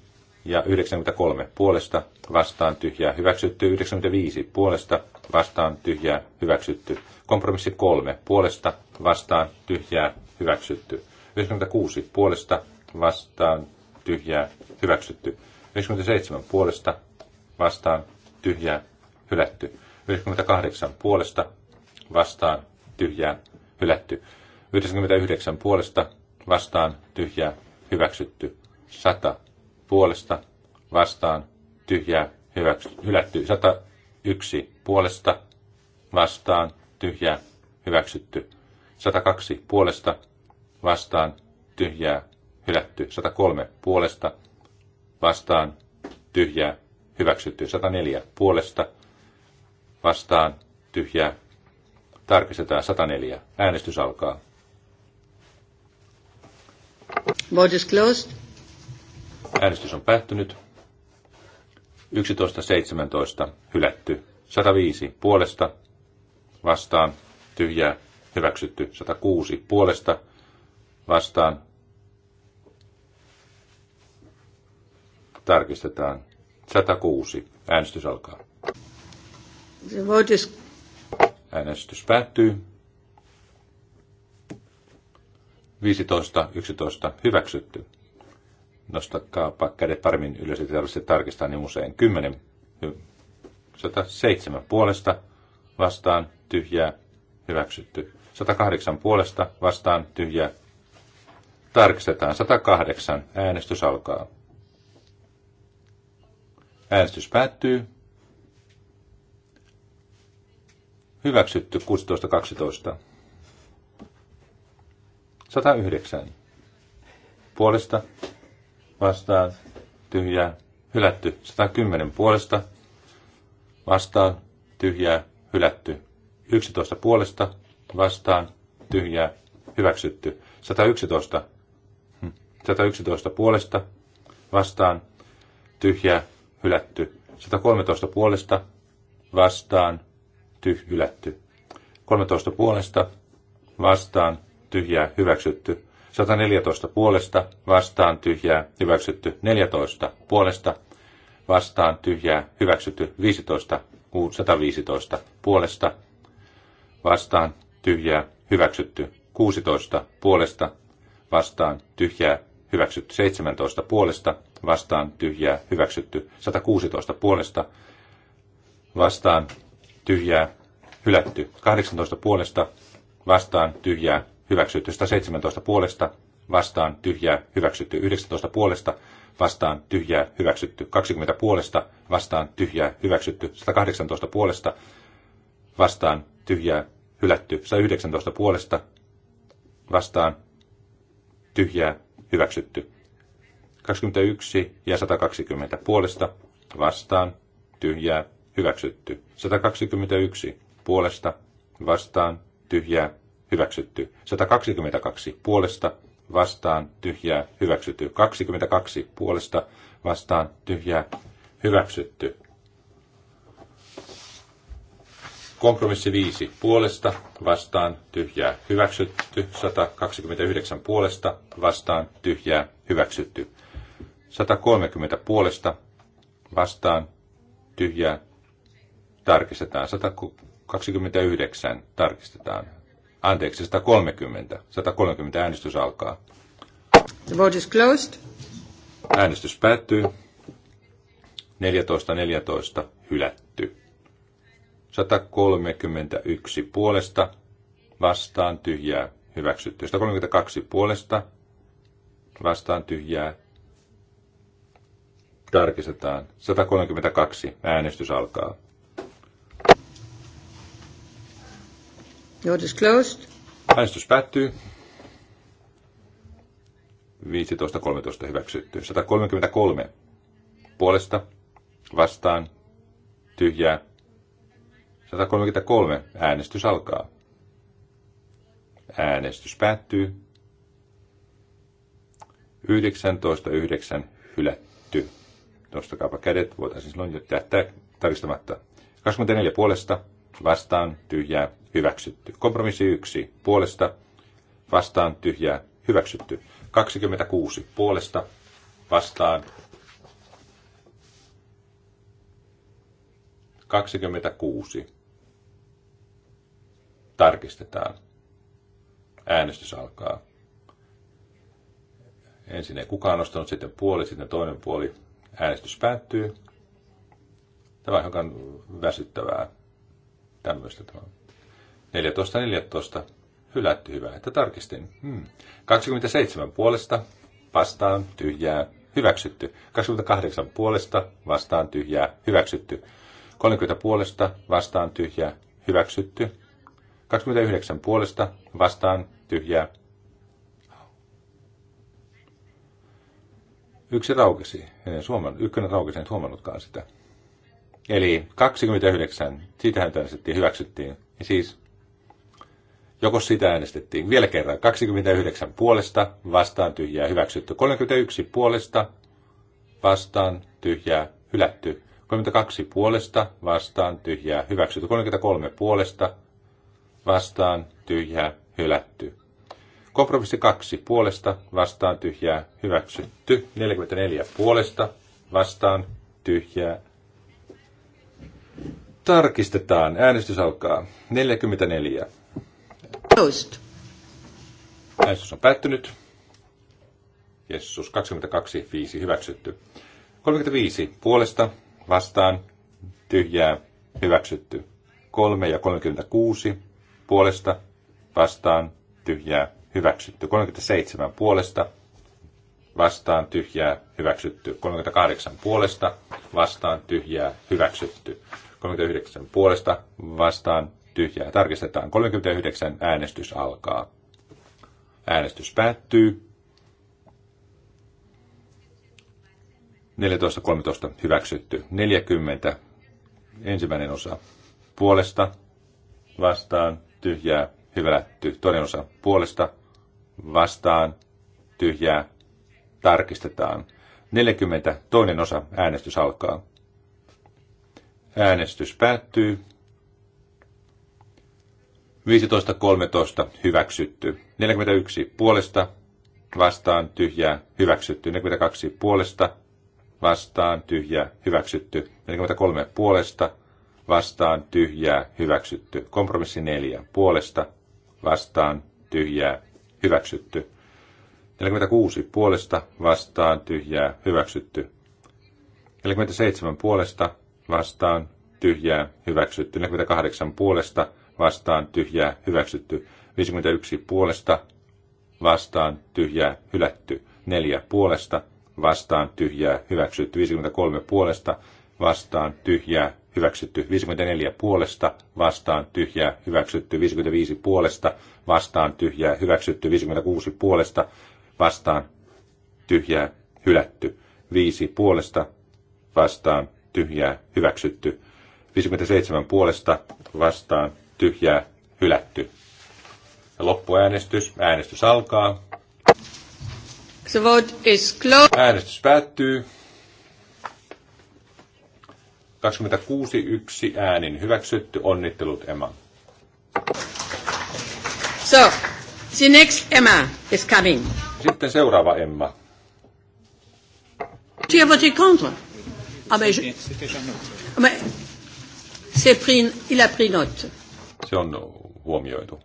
ja 93 puolesta vastaan tyhjää hyväksytty, 95 puolesta vastaan tyhjää hyväksytty, kompromissi 3 puolesta vastaan tyhjää hyväksytty, 96 puolesta vastaan tyhjää hyväksytty, 97 puolesta vastaan tyhjää hylätty, 98 puolesta vastaan tyhjää hylätty, 99 puolesta vastaan tyhjää hyväksytty, 100 puolesta vastaan tyhjää hyväksy, hylätty. 101 puolesta vastaan tyhjää hyväksytty. 102 puolesta vastaan tyhjää hylätty. 103 puolesta vastaan tyhjää hyväksytty. 104 puolesta vastaan tyhjää tarkistetaan 104. Äänestys alkaa. Vote is closed. Äänestys on päättynyt. 11.17. Hylätty. 105. Puolesta. Vastaan. Tyhjää. Hyväksytty. 106. Puolesta. Vastaan. Tarkistetaan. 106. Äänestys alkaa. Äänestys päättyy. 15.11. Hyväksytty nostakaapa kädet paremmin ylös, että tarvitsisi tarkistaa niin usein. 10, 107 puolesta vastaan tyhjää hyväksytty. 108 puolesta vastaan tyhjää. Tarkistetaan 108. Äänestys alkaa. Äänestys päättyy. Hyväksytty 16.12. 109. Puolesta vastaan, tyhjää, hylätty. 110 puolesta, vastaan, tyhjää, hylätty. 11 puolesta, vastaan, tyhjää, hyväksytty. 111, 111 hm, puolesta, vastaan, tyhjää, hylätty. 113 puolesta, vastaan, tyh, hylätty. 13 puolesta, vastaan, tyhjää, hyväksytty. 114 puolesta vastaan tyhjää hyväksytty 14 puolesta vastaan tyhjää hyväksytty 15 115 puolesta vastaan tyhjää hyväksytty 16 puolesta vastaan tyhjää hyväksytty 17 puolesta vastaan tyhjää hyväksytty 116 puolesta vastaan tyhjää hylätty 18 puolesta vastaan tyhjää hyväksytty 117 puolesta, vastaan tyhjää, hyväksytty 19 puolesta, vastaan tyhjää, hyväksytty 20 puolesta, vastaan tyhjää, hyväksytty 118 puolesta, vastaan tyhjää, hylätty 119 puolesta, vastaan tyhjää, hyväksytty 21 ja 120 puolesta, vastaan tyhjää, hyväksytty 121 puolesta, vastaan tyhjää, hyväksytty. 122 puolesta vastaan tyhjää hyväksytty. 22 puolesta vastaan tyhjää hyväksytty. Kompromissi 5 puolesta vastaan tyhjää hyväksytty. 129 puolesta vastaan tyhjää hyväksytty. 130 puolesta vastaan tyhjää tarkistetaan. 129 tarkistetaan. Anteeksi, 130. 130 äänestys alkaa. The vote is closed. Äänestys päättyy. 14.14 hylätty. 131 puolesta vastaan tyhjää hyväksytty. 132 puolesta vastaan tyhjää tarkistetaan. 132 äänestys alkaa. Vote is closed. Äänestys päättyy. 15.13 hyväksytty. 133 puolesta vastaan tyhjää. 133 äänestys alkaa. Äänestys päättyy. 19.9 hylätty. Nostakaapa kädet, voitaisiin silloin jättää tarkistamatta. 24 puolesta vastaan tyhjää hyväksytty. Kompromissi 1 puolesta vastaan tyhjää hyväksytty. 26 puolesta vastaan 26 tarkistetaan. Äänestys alkaa. Ensin ei kukaan nostanut, sitten puoli, sitten toinen puoli. Äänestys päättyy. Tämä on hiukan väsyttävää tämmöistä tämä 14, 14. Hylätty hyvä, että tarkistin. Hmm. 27 puolesta vastaan tyhjää hyväksytty. 28 puolesta vastaan tyhjää hyväksytty. 30 puolesta vastaan tyhjää hyväksytty. 29 puolesta vastaan tyhjää. Yksi raukesi. En Suomen, ykkönen raukesi, en huomannutkaan sitä. Eli 29, siitähän äänestettiin, hyväksyttiin. Ja siis, joko sitä äänestettiin. Vielä kerran, 29 puolesta, vastaan tyhjää, hyväksytty. 31 puolesta, vastaan tyhjää, hylätty. 32 puolesta, vastaan tyhjää, hyväksytty. 33 puolesta, vastaan tyhjää, hylätty. Kompromissi 2 puolesta, vastaan tyhjää, hyväksytty. 44 puolesta, vastaan tyhjää, Tarkistetaan. Äänestys alkaa. 44. Toist. Äänestys on päättynyt. Jessus, 22, 5 hyväksytty. 35 puolesta vastaan tyhjää hyväksytty. 3 ja 36 puolesta vastaan tyhjää hyväksytty. 37 puolesta vastaan tyhjää hyväksytty. 38 puolesta vastaan tyhjää hyväksytty. 39 puolesta vastaan tyhjää. Tarkistetaan. 39 äänestys alkaa. Äänestys päättyy. 14.13 hyväksytty. 40 ensimmäinen osa puolesta vastaan tyhjää hylätty. Toinen osa puolesta vastaan tyhjää tarkistetaan. 40 toinen osa äänestys alkaa. Äänestys päättyy. 15.13 hyväksytty. 41 puolesta vastaan tyhjää hyväksytty. 42 puolesta vastaan tyhjää hyväksytty. 43 puolesta vastaan tyhjää hyväksytty. Kompromissi 4 puolesta vastaan tyhjää hyväksytty. 46 puolesta vastaan tyhjää hyväksytty. 47 puolesta vastaan tyhjää hyväksytty. 48 puolesta vastaan tyhjää hyväksytty. 51 puolesta vastaan tyhjää hylätty. 4 puolesta vastaan tyhjää hyväksytty. 53 puolesta vastaan tyhjää hyväksytty 54 puolesta, vastaan tyhjää, hyväksytty 55 puolesta, vastaan tyhjää, hyväksytty 56 puolesta, vastaan tyhjää, hylätty 5 puolesta, vastaan tyhjää, hyväksytty. 57 puolesta vastaan, tyhjää, hylätty. Ja loppuäänestys. Äänestys alkaa. The vote is closed. Äänestys päättyy. 26-1 äänin hyväksytty. Onnittelut Emma. So, the next Emma is coming. Sitten seuraava Emma. Tu Ah ben, je... Ah, c'est pris... Il a pris note. Se on huomioitu.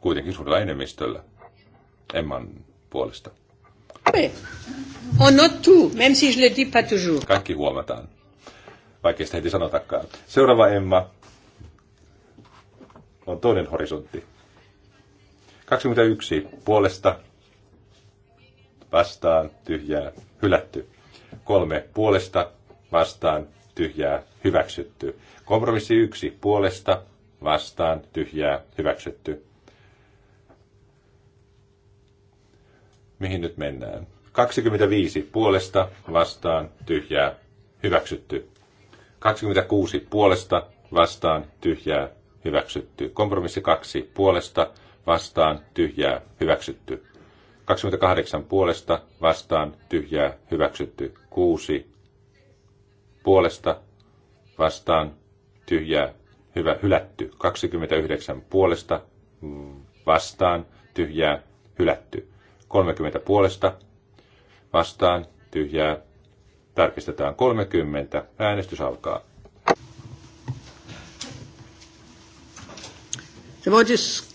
Kuitenkin suurella enemmistöllä. Emman puolesta. On not tout, même si je le dis pas toujours. Kaikki huomataan, vaikka sitä heti sanotakaan. Seuraava Emma on toinen horisontti. 21 puolesta vastaan tyhjää hylätty. Kolme puolesta vastaan tyhjää hyväksytty. Kompromissi yksi puolesta vastaan tyhjää hyväksytty. Mihin nyt mennään? 25 puolesta vastaan tyhjää hyväksytty. 26 puolesta vastaan tyhjää hyväksytty. Kompromissi kaksi puolesta vastaan tyhjää hyväksytty. 28 puolesta vastaan tyhjää hyväksytty. 6 puolesta vastaan tyhjää hyvä hylätty. 29 puolesta vastaan tyhjää hylätty. 30 puolesta vastaan tyhjää tarkistetaan 30. Äänestys alkaa. The vote is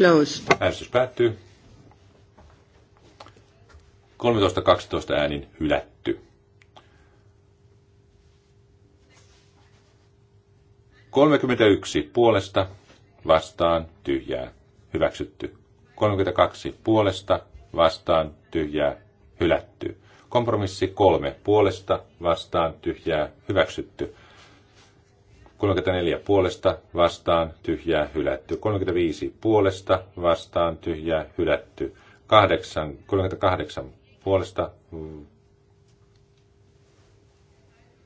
closed. Äänestys päättyy. 13-12 äänin hylätty. 31 puolesta vastaan tyhjää hyväksytty. 32 puolesta vastaan tyhjää hylätty. Kompromissi 3 puolesta vastaan tyhjää hyväksytty. 34 puolesta vastaan tyhjää hylätty. 35 puolesta vastaan tyhjää hylätty. 8, 38 puolesta mm,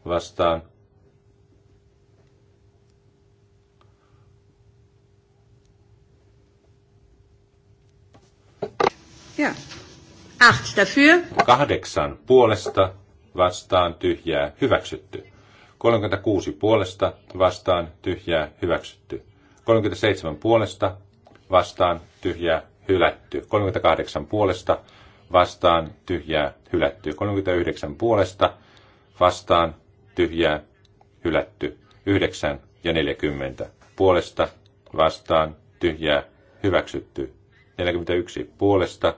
vastaan. Ja. Acht dafür. Kahdeksan puolesta vastaan tyhjää hyväksytty. 36 puolesta vastaan tyhjää hyväksytty. 37 puolesta vastaan tyhjää hylätty. 38 puolesta vastaan tyhjää hylätty. 39 puolesta vastaan tyhjää hylätty. 9 ja 40 puolesta vastaan tyhjää hyväksytty. 41 puolesta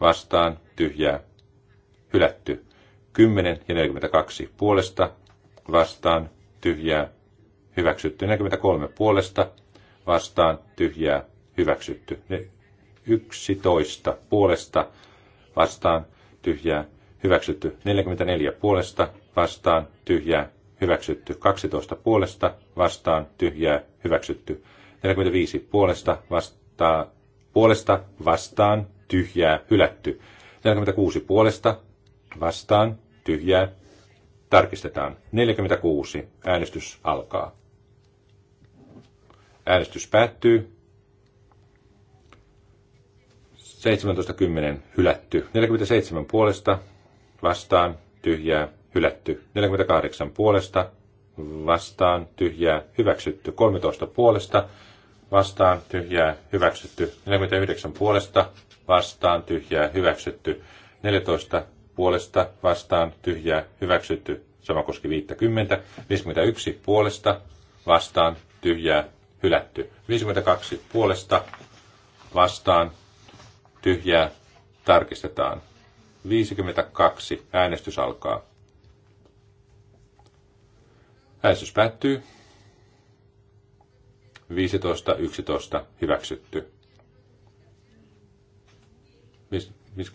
vastaan tyhjää hylätty. 10 ja 42 puolesta vastaan tyhjää hyväksytty. 43 puolesta vastaan tyhjää hyväksytty. 11 puolesta vastaan tyhjää hyväksytty 44 puolesta vastaan tyhjää hyväksytty 12 puolesta vastaan tyhjää hyväksytty 45 puolesta vastaan puolesta vastaan tyhjää hylätty 46 puolesta vastaan tyhjää tarkistetaan 46 äänestys alkaa äänestys päättyy 17.10 hylätty. 47 puolesta vastaan tyhjää hylätty. 48 puolesta vastaan tyhjää hyväksytty. 13 puolesta vastaan tyhjää hyväksytty. 49 puolesta vastaan tyhjää hyväksytty. 14 puolesta vastaan tyhjää hyväksytty. Sama koski 50. 51 puolesta vastaan tyhjää hylätty. 52 puolesta vastaan tyhjää, tarkistetaan. 52, äänestys alkaa. Äänestys päättyy. 15, 11, hyväksytty. Vis, vis,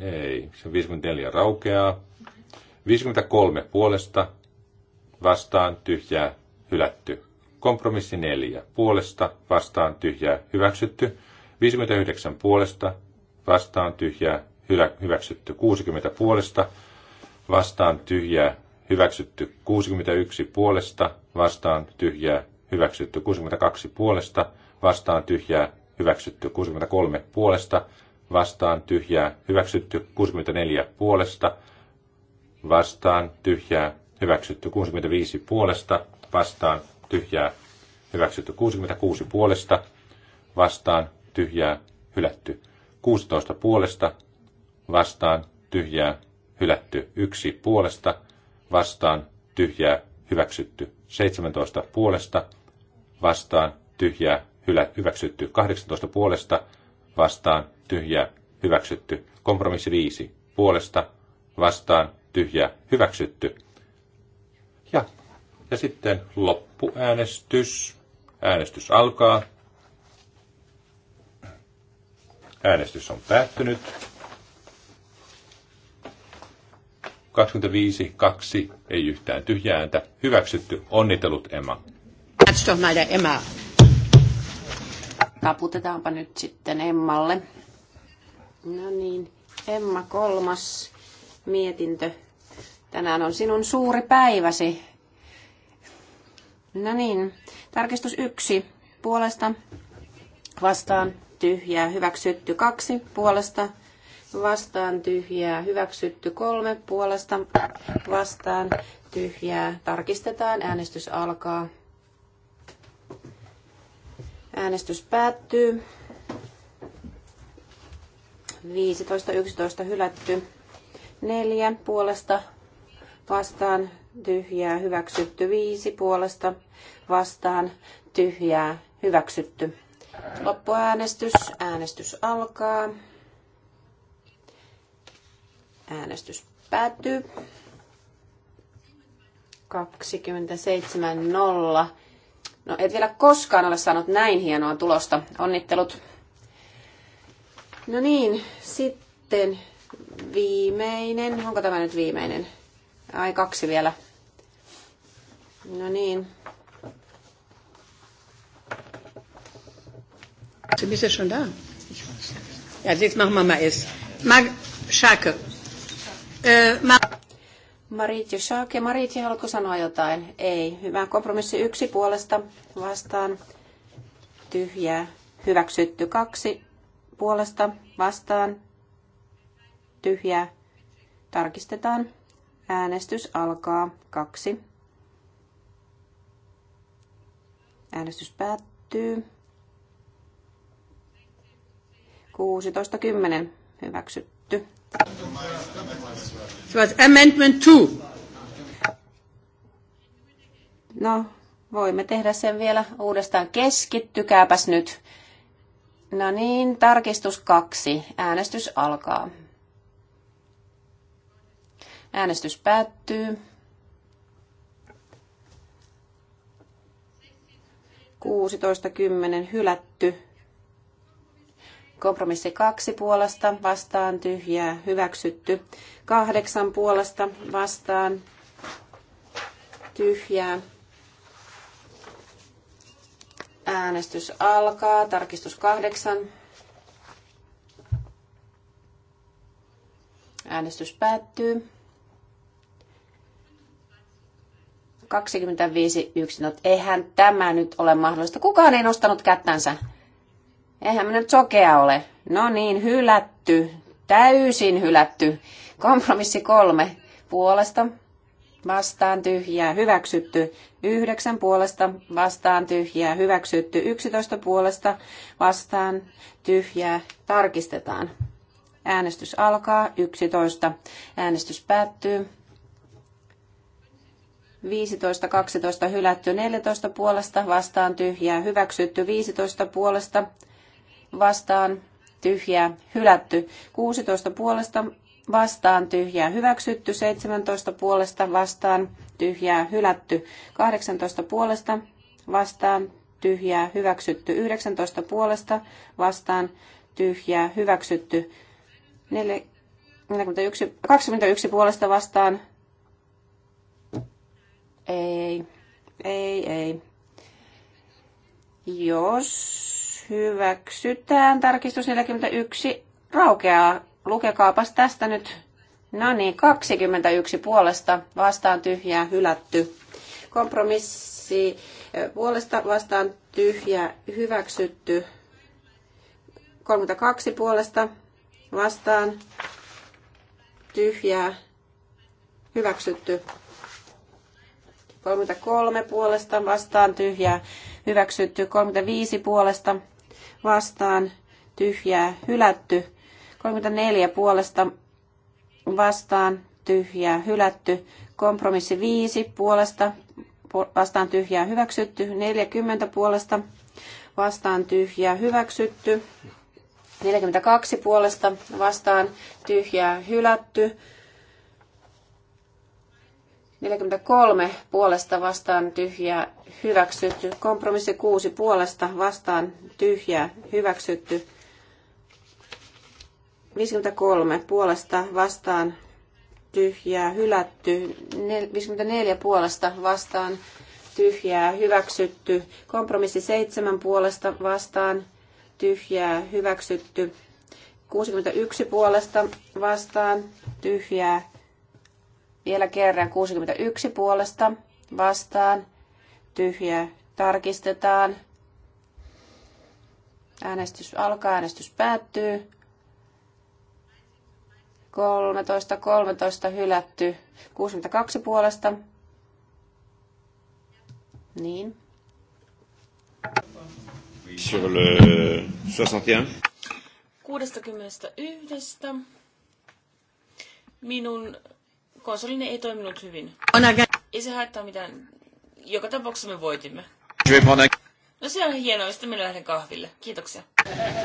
ei, se 54 raukeaa. 53 puolesta, vastaan, tyhjää, hylätty. Kompromissi 4, puolesta, vastaan, tyhjää, hyväksytty. 59 puolesta, vastaan tyhjää, hylä, hyväksytty 60 puolesta, vastaan tyhjää, hyväksytty 61 puolesta, vastaan tyhjää, hyväksytty 62 puolesta, vastaan tyhjää, hyväksytty 63 puolesta, vastaan tyhjää, hyväksytty 64 puolesta, vastaan tyhjää, hyväksytty 65 puolesta, vastaan tyhjää, hyväksytty 66 puolesta, vastaan tyhjää, hylätty. 16 puolesta, vastaan, tyhjää, hylätty. 1 puolesta, vastaan, tyhjää, hyväksytty. 17 puolesta, vastaan, tyhjää, hylä, hyväksytty. 18 puolesta, vastaan, tyhjää, hyväksytty. Kompromissi 5 puolesta, vastaan, tyhjää, hyväksytty. Ja, ja sitten loppuäänestys. Äänestys alkaa. Äänestys on päättynyt. 25, 2, ei yhtään tyhjää ääntä. Hyväksytty. Onnitellut, Emma. Katso näitä Emma. Taputetaanpa nyt sitten Emmalle. No niin, Emma kolmas mietintö. Tänään on sinun suuri päiväsi. No niin, tarkistus yksi puolesta vastaan tyhjää hyväksytty kaksi puolesta, vastaan tyhjää hyväksytty kolme puolesta, vastaan tyhjää tarkistetaan, äänestys alkaa. Äänestys päättyy. 15-11 hylätty. 4 puolesta vastaan tyhjää hyväksytty. 5 puolesta vastaan tyhjää hyväksytty. Loppuäänestys. Äänestys alkaa. Äänestys päättyy. 27.0. No et vielä koskaan ole saanut näin hienoa tulosta. Onnittelut. No niin, sitten viimeinen. Onko tämä nyt viimeinen? Ai kaksi vielä. No niin, Du bist ja schon da. Ja, jetzt machen wir mal es. Mag Schake. Äh, ma Maritje Schake. Maritje, haluatko sanoa jotain? Ei. Hyvä kompromissi yksi puolesta vastaan. Tyhjää. Hyväksytty kaksi puolesta vastaan. Tyhjää. Tarkistetaan. Äänestys alkaa. Kaksi. Äänestys päättyy. 16.10 hyväksytty. It amendment two. No, voimme tehdä sen vielä uudestaan. Keskittykääpäs nyt. No niin, tarkistus kaksi. Äänestys alkaa. Äänestys päättyy. 16.10 hylätty. Kompromissi kaksi puolesta vastaan tyhjää hyväksytty. Kahdeksan puolesta vastaan tyhjää. Äänestys alkaa. Tarkistus kahdeksan. Äänestys päättyy. 25 yksinot. eihän tämä nyt ole mahdollista. Kukaan ei nostanut kättänsä. Eihän minä nyt sokea ole. No niin, hylätty. Täysin hylätty. Kompromissi kolme. Puolesta vastaan tyhjää, hyväksytty. Yhdeksän puolesta vastaan tyhjää, hyväksytty. Yksitoista puolesta vastaan tyhjää. Tarkistetaan. Äänestys alkaa. Yksitoista. Äänestys päättyy. 15, 12 hylätty, 14 puolesta vastaan tyhjää, hyväksytty 15 puolesta vastaan tyhjää hylätty. 16 puolesta vastaan tyhjää hyväksytty. 17 puolesta vastaan tyhjää hylätty. 18 puolesta vastaan tyhjää hyväksytty. 19 puolesta vastaan tyhjää hyväksytty. 41, 21 puolesta vastaan ei, ei, ei. Jos hyväksytään. Tarkistus 41 raukeaa. Lukekaapas tästä nyt. No niin, 21 puolesta vastaan tyhjää hylätty. Kompromissi puolesta vastaan tyhjä hyväksytty. 32 puolesta vastaan tyhjää hyväksytty. 33 puolesta vastaan tyhjää hyväksytty. 35 puolesta vastaan tyhjää hylätty. 34 puolesta vastaan tyhjää hylätty. Kompromissi 5 puolesta vastaan tyhjää hyväksytty. 40 puolesta vastaan tyhjää hyväksytty. 42 puolesta vastaan tyhjää hylätty. 43 puolesta vastaan tyhjää hyväksytty. Kompromissi 6 puolesta vastaan tyhjää hyväksytty. 53 puolesta vastaan tyhjää hylätty. 54 puolesta vastaan tyhjää hyväksytty. Kompromissi 7 puolesta vastaan tyhjää hyväksytty. 61 puolesta vastaan tyhjää vielä kerran 61 puolesta vastaan. Tyhjä tarkistetaan. Äänestys alkaa, äänestys päättyy. 13, 13 hylätty, 62 puolesta. Niin. Sur le 61. 61. Minun konsolini ei toiminut hyvin. Ei se haittaa mitään. Joka tapauksessa me voitimme. No se on hienoa, sitten minä lähden kahville. Kiitoksia.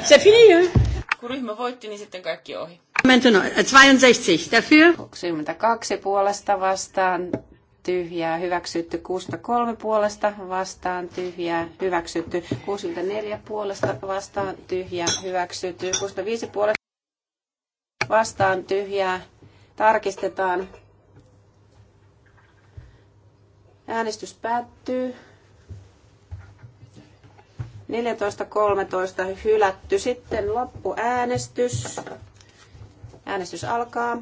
Se fini, Kun ryhmä voitti, niin sitten kaikki ohi. 62 dafür. 62 puolesta vastaan tyhjää, hyväksytty 63 puolesta vastaan tyhjää, hyväksytty 64 puolesta vastaan tyhjää, hyväksytty 65 puolesta vastaan tyhjää, tarkistetaan Äänestys päättyy. 14.13 hylätty. Sitten loppuäänestys. Äänestys alkaa.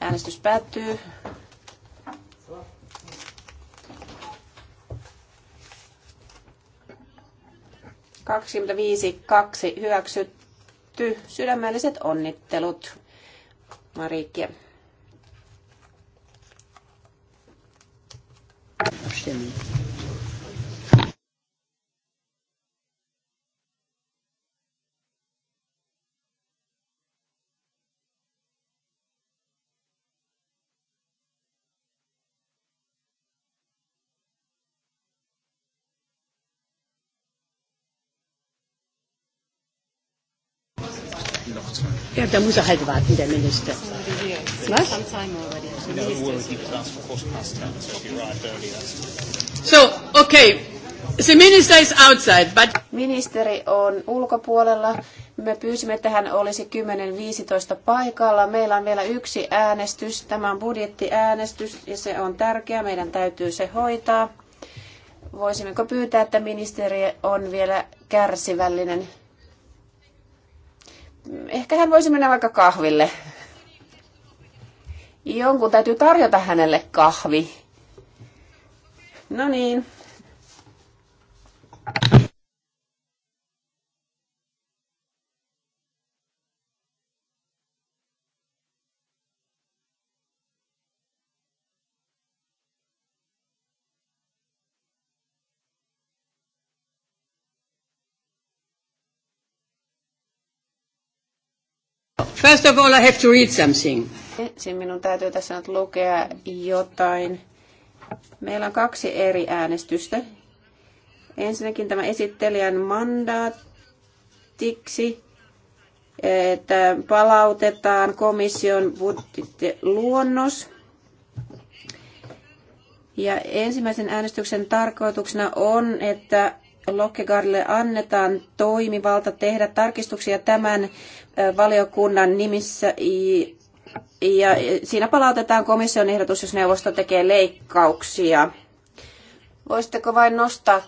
Äänestys päättyy. kaksi hyväksytty. Sydämelliset onnittelut, Marikke. Simmons. Ja, da muss er halt warten, der Minister. What? Some time already. for quarter past ten, so arrived So, okay. The minister is outside, but... Ministeri on ulkopuolella. Me pyysimme, että hän olisi 10-15 paikalla. Meillä on vielä yksi äänestys. Tämä on budjettiäänestys ja se on tärkeä. Meidän täytyy se hoitaa. Voisimmeko pyytää, että ministeri on vielä kärsivällinen? Ehkä hän voisi mennä vaikka kahville. Jonkun täytyy tarjota hänelle kahvi. No niin. First of all, I have to read something. Ensin minun täytyy tässä nyt lukea jotain. Meillä on kaksi eri äänestystä. Ensinnäkin tämä esittelijän mandaattiksi, että palautetaan komission luonnos. Ja ensimmäisen äänestyksen tarkoituksena on, että Lokkegaardille annetaan toimivalta tehdä tarkistuksia tämän valiokunnan nimissä ja siinä palautetaan komission ehdotus, jos neuvosto tekee leikkauksia. Voisitteko vain nostaa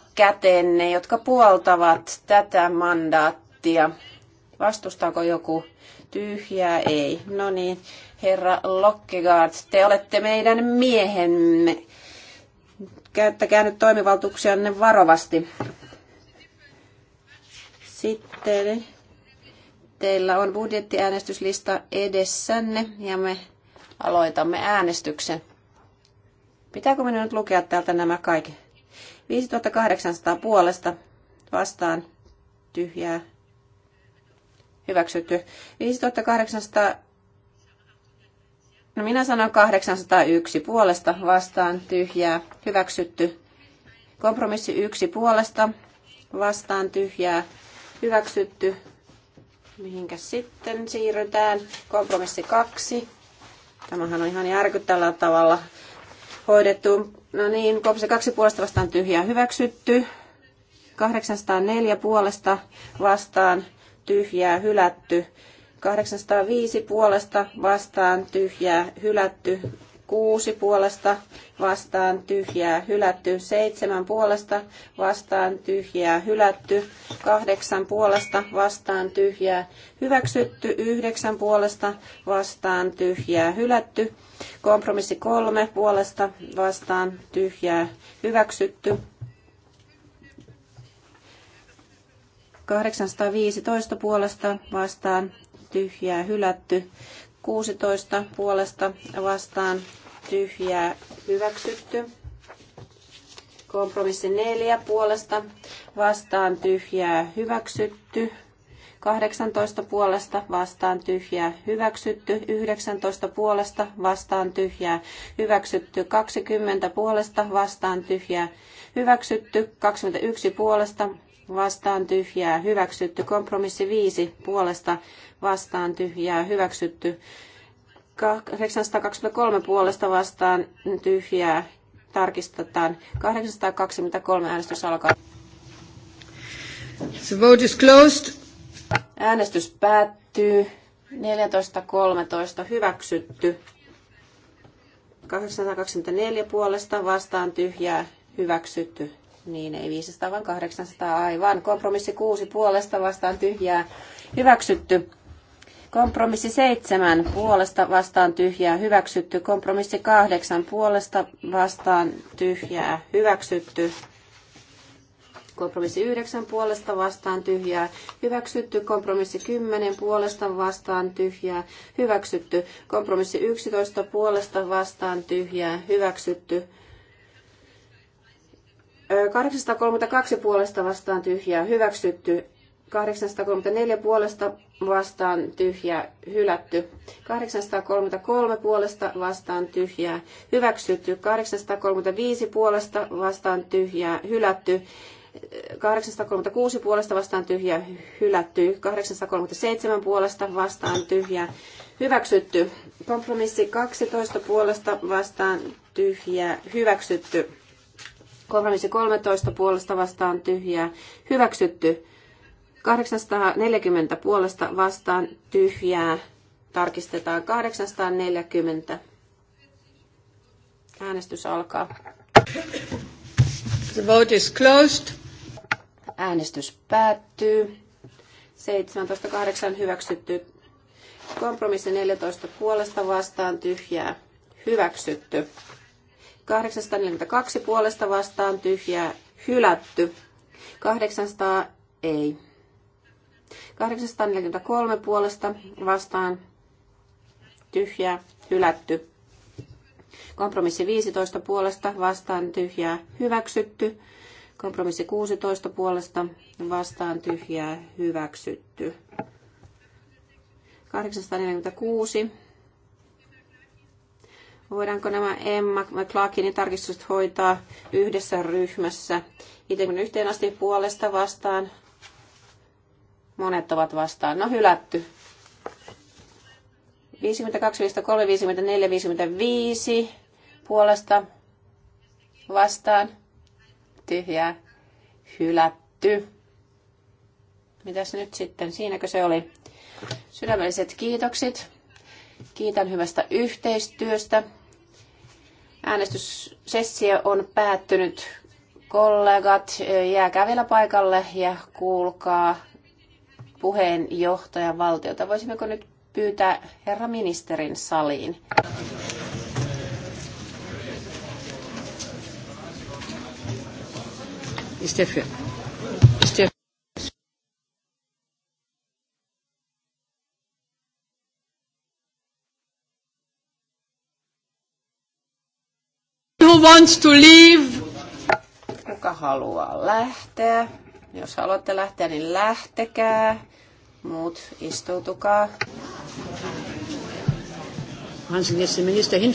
ne, jotka puoltavat tätä mandaattia? Vastustaako joku? Tyhjää ei. No niin, herra Lokkegaard, te olette meidän miehemme. Käyttäkää nyt toimivaltuuksianne varovasti. Sitten Teillä on budjettiäänestyslista edessänne ja me aloitamme äänestyksen. Pitääkö minun nyt lukea täältä nämä kaikki? 5800 puolesta vastaan tyhjää hyväksytty. 5800 No minä sanon 801 puolesta vastaan tyhjää hyväksytty. Kompromissi 1 puolesta vastaan tyhjää hyväksytty mihinkä sitten siirrytään. Kompromissi kaksi. Tämähän on ihan järkyttävällä tavalla hoidettu. No niin, kompromissi kaksi puolesta vastaan tyhjää hyväksytty. 804 puolesta vastaan tyhjää hylätty. 805 puolesta vastaan tyhjää hylätty. Kuusi puolesta vastaan tyhjää hylätty, Seitsemän puolesta vastaan tyhjää hylätty, Kahdeksan puolesta vastaan tyhjää hyväksytty, Yhdeksän puolesta vastaan tyhjää hylätty, kompromissi kolme puolesta vastaan tyhjää hyväksytty. 815 puolesta vastaan tyhjää hylätty, 16 puolesta vastaan tyhjää hyväksytty. Kompromissi neljä puolesta vastaan tyhjää hyväksytty. 18 puolesta vastaan tyhjää hyväksytty, 19 puolesta vastaan tyhjää hyväksytty, 20 puolesta vastaan tyhjää hyväksytty, 21 puolesta vastaan tyhjää hyväksytty, kompromissi 5 puolesta vastaan tyhjää hyväksytty, 823 puolesta vastaan tyhjää tarkistetaan. 823 äänestys alkaa. The vote is closed. Äänestys päättyy. 14.13 hyväksytty. 824 puolesta vastaan tyhjää hyväksytty. Niin ei 500 vaan 800 aivan. Kompromissi 6 puolesta vastaan tyhjää hyväksytty. Kompromissi seitsemän puolesta vastaan tyhjää hyväksytty. Kompromissi kahdeksan puolesta vastaan tyhjää hyväksytty. Kompromissi yhdeksän puolesta vastaan tyhjää hyväksytty. Kompromissi kymmenen puolesta vastaan tyhjää hyväksytty. Kompromissi yksitoista puolesta vastaan tyhjää hyväksytty. 832 puolesta vastaan tyhjää hyväksytty. 834 puolesta vastaan tyhjää hylätty. 833 puolesta vastaan tyhjää hyväksytty. 835 puolesta vastaan tyhjää hylätty. 836 puolesta vastaan tyhjää hylätty. 837 puolesta vastaan tyhjää hyväksytty. Kompromissi 12 puolesta vastaan tyhjää hyväksytty. Kompromissi 13 puolesta vastaan tyhjää hyväksytty. 840 puolesta vastaan tyhjää. Tarkistetaan 840. Äänestys alkaa. The vote is closed. Äänestys päättyy. 17.8 hyväksytty. Kompromissi 14 puolesta vastaan tyhjää. Hyväksytty. 842 puolesta vastaan tyhjää. Hylätty. 800 ei. 843 puolesta vastaan tyhjää, hylätty. Kompromissi 15 puolesta vastaan tyhjää, hyväksytty. Kompromissi 16 puolesta vastaan tyhjää, hyväksytty. 846. Voidaanko nämä Emma McClarkinin tarkistukset hoitaa yhdessä ryhmässä? Itse yhteen asti puolesta vastaan Monet ovat vastaan. No hylätty. 52, 53, 54, 55 puolesta vastaan. Tyhjää. Hylätty. Mitäs nyt sitten? Siinäkö se oli? Sydämelliset kiitokset. Kiitän hyvästä yhteistyöstä. Äänestyssessio on päättynyt. Kollegat, jääkää vielä paikalle ja kuulkaa puheenjohtajan valtiota. Voisimmeko nyt pyytää herra ministerin saliin? Ist Who wants to leave? Kuka haluaa lähteä? Jos haluatte lähteä, niin lähtekää. Muut istuutukaa. Hansen, jos se Minister hin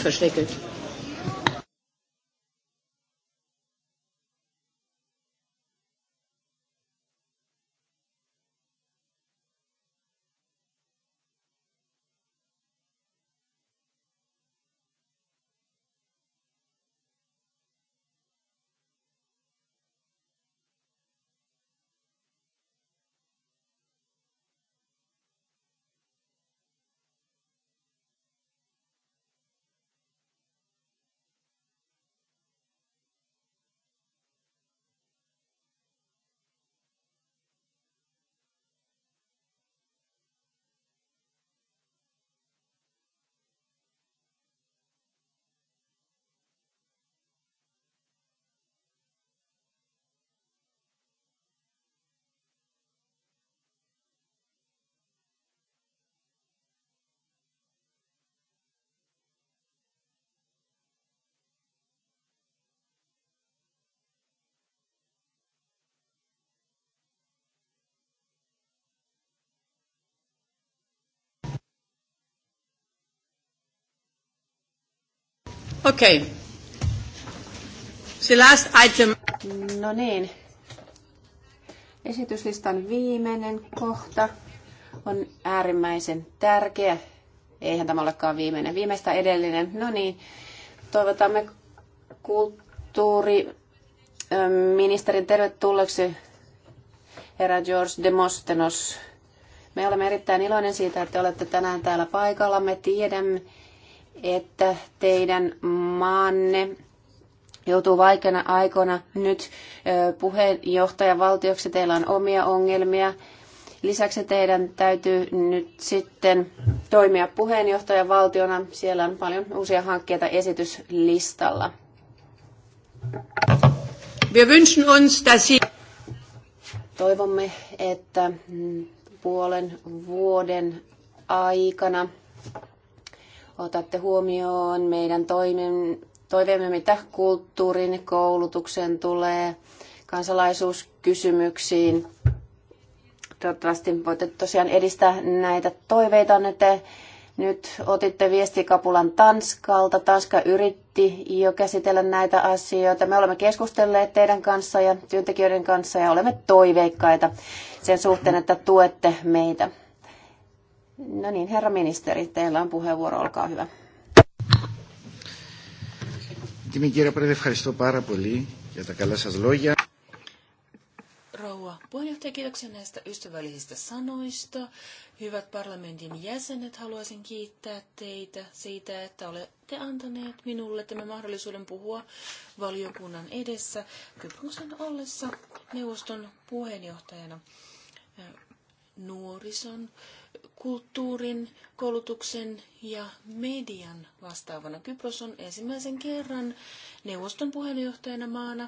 Okay. se last item. No niin. Esityslistan viimeinen kohta on äärimmäisen tärkeä. Eihän tämä olekaan viimeinen. Viimeistä edellinen. No niin. Toivotamme kulttuuriministerin tervetulleeksi herra George Demostenos. Me olemme erittäin iloinen siitä, että olette tänään täällä paikalla. Me tiedämme, että teidän maanne joutuu vaikeana aikoina nyt puheenjohtajavaltioksi. Teillä on omia ongelmia. Lisäksi teidän täytyy nyt sitten toimia puheenjohtajavaltiona. Siellä on paljon uusia hankkeita esityslistalla. Wir wünschen uns, dass Sie... Toivomme, että puolen vuoden aikana otatte huomioon meidän toimin, toiveemme, mitä kulttuurin, koulutuksen tulee, kansalaisuuskysymyksiin. Toivottavasti voitte tosiaan edistää näitä toiveita, että nyt otitte viestikapulan Tanskalta. Tanska yritti jo käsitellä näitä asioita. Me olemme keskustelleet teidän kanssa ja työntekijöiden kanssa ja olemme toiveikkaita sen suhteen, että tuette meitä. No niin, herra ministeri, teillä on puheenvuoro, olkaa hyvä. Timi κύριε Πρόεδρε, ευχαριστώ πάρα πολύ για τα καλά σας λόγια. Rouva puheenjohtaja, kiitoksia näistä ystävällisistä sanoista. Hyvät parlamentin jäsenet, haluaisin kiittää teitä siitä, että olette antaneet minulle tämän mahdollisuuden puhua valiokunnan edessä Kyproksen ollessa neuvoston puheenjohtajana eh, nuorison kulttuurin, koulutuksen ja median vastaavana. Kypros on ensimmäisen kerran neuvoston puheenjohtajana maana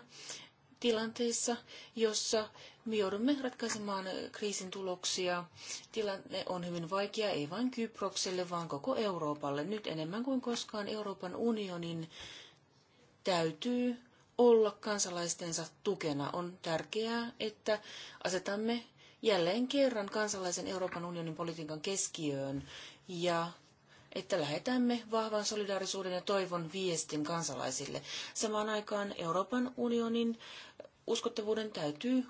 tilanteessa, jossa me joudumme ratkaisemaan kriisin tuloksia. Tilanne on hyvin vaikea, ei vain Kyprokselle, vaan koko Euroopalle. Nyt enemmän kuin koskaan Euroopan unionin täytyy olla kansalaistensa tukena. On tärkeää, että asetamme jälleen kerran kansalaisen Euroopan unionin politiikan keskiöön ja että lähetämme vahvan solidaarisuuden ja toivon viestin kansalaisille. Samaan aikaan Euroopan unionin uskottavuuden täytyy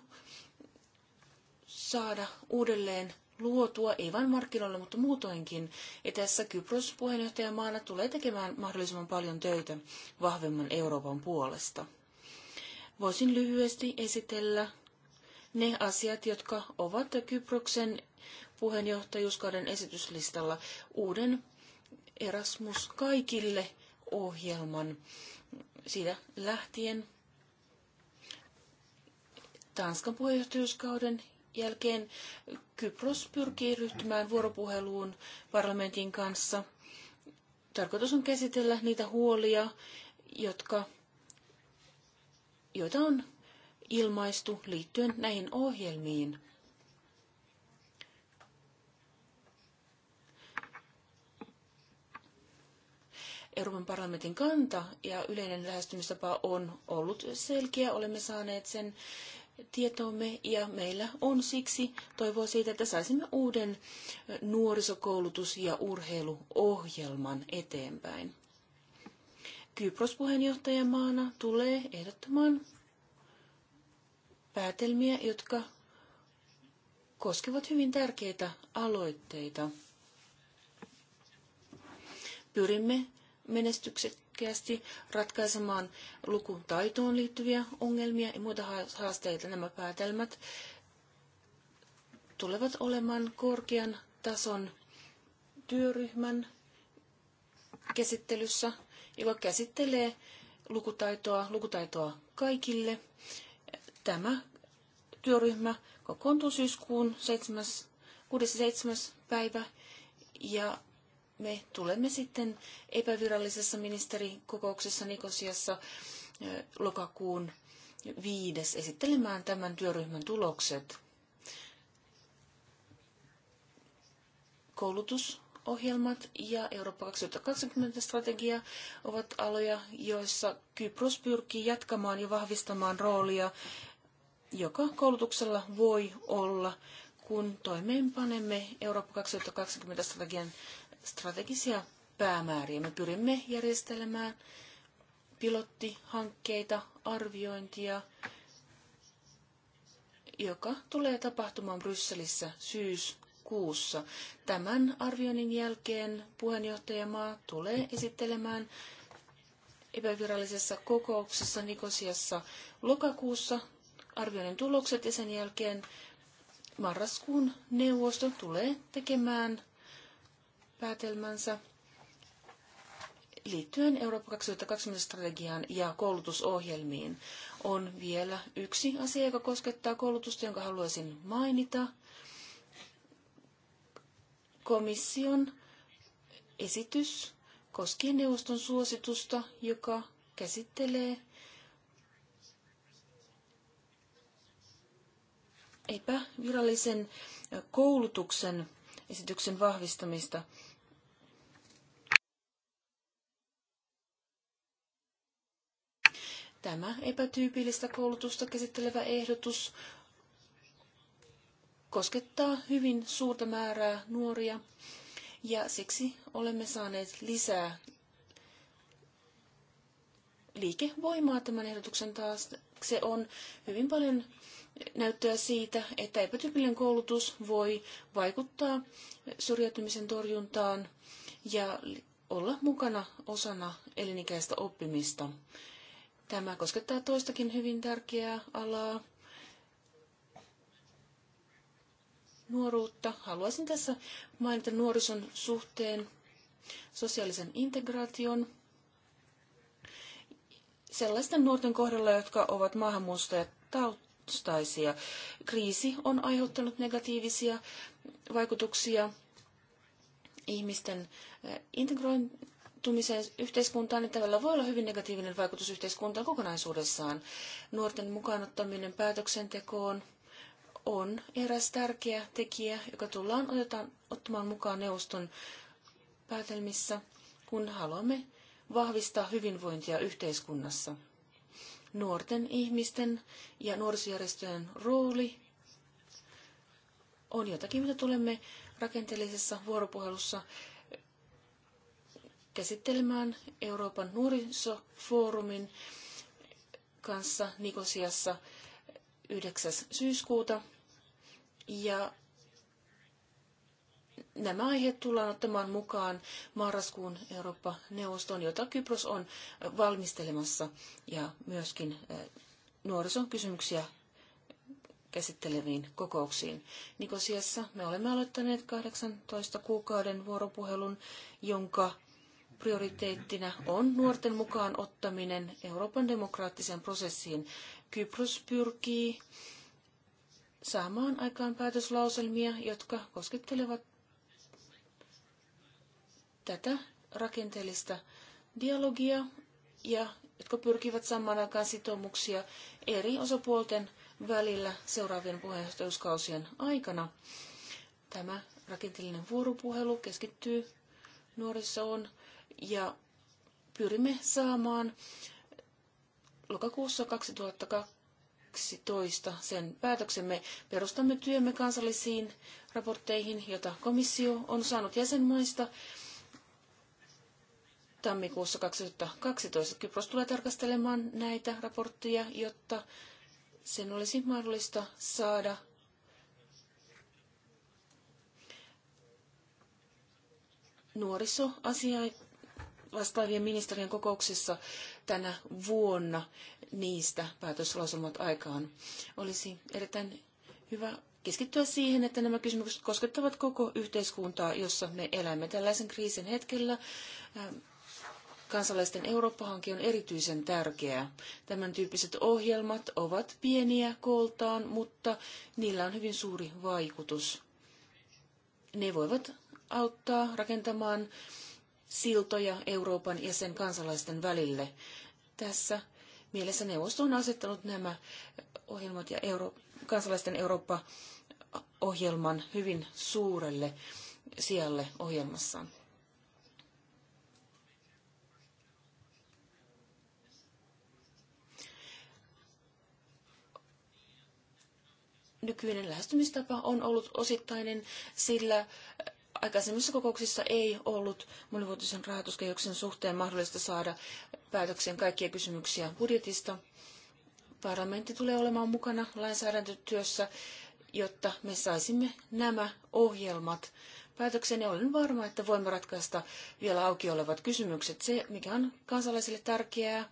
saada uudelleen luotua, ei vain markkinoille, mutta muutoinkin. Ja tässä Kypros puheenjohtajamaana tulee tekemään mahdollisimman paljon töitä vahvemman Euroopan puolesta. Voisin lyhyesti esitellä ne asiat, jotka ovat Kyproksen puheenjohtajuuskauden esityslistalla uuden Erasmus kaikille ohjelman siitä lähtien Tanskan puheenjohtajuuskauden jälkeen Kypros pyrkii ryhtymään vuoropuheluun parlamentin kanssa. Tarkoitus on käsitellä niitä huolia, jotka, joita on ilmaistu liittyen näihin ohjelmiin. Euroopan parlamentin kanta ja yleinen lähestymistapa on ollut selkeä. Olemme saaneet sen tietoomme ja meillä on siksi toivoa siitä, että saisimme uuden nuorisokoulutus- ja urheiluohjelman eteenpäin. Kypros puheenjohtajamaana tulee ehdottamaan päätelmiä, jotka koskevat hyvin tärkeitä aloitteita. Pyrimme menestyksekkäästi ratkaisemaan lukutaitoon liittyviä ongelmia ja muita haasteita. Nämä päätelmät tulevat olemaan korkean tason työryhmän käsittelyssä, joka käsittelee lukutaitoa, lukutaitoa kaikille Tämä työryhmä kokoontuu syyskuun 6.7. päivä ja me tulemme sitten epävirallisessa ministerikokouksessa Nikosiassa lokakuun viides esittelemään tämän työryhmän tulokset. Koulutusohjelmat ja Eurooppa 2020 strategia ovat aloja, joissa Kypros pyrkii jatkamaan ja vahvistamaan roolia, joka koulutuksella voi olla, kun toimeenpanemme Eurooppa 2020 strategian strategisia päämääriä. Me pyrimme järjestelemään pilottihankkeita, arviointia, joka tulee tapahtumaan Brysselissä syyskuussa. Tämän arvioinnin jälkeen puheenjohtajamaa tulee esittelemään epävirallisessa kokouksessa Nikosiassa lokakuussa arvioinnin tulokset ja sen jälkeen marraskuun neuvosto tulee tekemään päätelmänsä liittyen Eurooppa 2020 strategiaan ja koulutusohjelmiin. On vielä yksi asia, joka koskettaa koulutusta, jonka haluaisin mainita. Komission esitys koskien neuvoston suositusta, joka käsittelee epävirallisen koulutuksen esityksen vahvistamista. Tämä epätyypillistä koulutusta käsittelevä ehdotus koskettaa hyvin suurta määrää nuoria ja siksi olemme saaneet lisää liikevoimaa tämän ehdotuksen taas. Se on hyvin paljon näyttöä siitä, että epätyypillinen koulutus voi vaikuttaa syrjäytymisen torjuntaan ja olla mukana osana elinikäistä oppimista. Tämä koskettaa toistakin hyvin tärkeää alaa, nuoruutta. Haluaisin tässä mainita nuorison suhteen sosiaalisen integraation sellaisten nuorten kohdalla, jotka ovat maahanmuuttajat vastaisia. Kriisi on aiheuttanut negatiivisia vaikutuksia ihmisten eh, integroitumiseen yhteiskuntaan, niin tällä voi olla hyvin negatiivinen vaikutus yhteiskuntaan kokonaisuudessaan. Nuorten mukaanottaminen päätöksentekoon on eräs tärkeä tekijä, joka tullaan otetaan, ottamaan mukaan neuvoston päätelmissä, kun haluamme vahvistaa hyvinvointia yhteiskunnassa nuorten ihmisten ja nuorisojärjestöjen rooli on jotakin, mitä tulemme rakenteellisessa vuoropuhelussa käsittelemään Euroopan nuorisofoorumin kanssa Nikosiassa 9. syyskuuta. Ja nämä aiheet tullaan ottamaan mukaan marraskuun Eurooppa-neuvostoon, jota Kypros on äh, valmistelemassa ja myöskin äh, nuorison kysymyksiä käsitteleviin kokouksiin. Nikosiassa me olemme aloittaneet 18 kuukauden vuoropuhelun, jonka prioriteettina on nuorten mukaan ottaminen Euroopan demokraattiseen prosessiin. Kypros pyrkii saamaan aikaan päätöslauselmia, jotka koskettelevat tätä rakenteellista dialogia ja jotka pyrkivät saamaan aikaan sitoumuksia eri osapuolten välillä seuraavien puheenjohtajuuskausien aikana. Tämä rakenteellinen vuoropuhelu keskittyy nuorisoon ja pyrimme saamaan lokakuussa 2012 sen päätöksemme. Perustamme työmme kansallisiin raportteihin, jota komissio on saanut jäsenmaista tammikuussa 2012 Kypros tulee tarkastelemaan näitä raportteja, jotta sen olisi mahdollista saada nuorisoasiain vastaavien ministerien kokouksessa tänä vuonna niistä päätöslauselmat aikaan. Olisi erittäin hyvä keskittyä siihen, että nämä kysymykset koskettavat koko yhteiskuntaa, jossa me elämme tällaisen kriisin hetkellä. Kansalaisten Eurooppa-hanke on erityisen tärkeä. Tämän tyyppiset ohjelmat ovat pieniä kooltaan, mutta niillä on hyvin suuri vaikutus. Ne voivat auttaa rakentamaan siltoja Euroopan ja sen kansalaisten välille. Tässä mielessä neuvosto on asettanut nämä ohjelmat ja Euro- kansalaisten Eurooppa-ohjelman hyvin suurelle sijalle ohjelmassaan. nykyinen lähestymistapa on ollut osittainen, sillä äh, aikaisemmissa kokouksissa ei ollut monivuotisen rahoituskehyksen suhteen mahdollista saada päätökseen kaikkia kysymyksiä budjetista. Parlamentti tulee olemaan mukana lainsäädäntötyössä, jotta me saisimme nämä ohjelmat päätökseen. ja olen varma, että voimme ratkaista vielä auki olevat kysymykset. Se, mikä on kansalaisille tärkeää,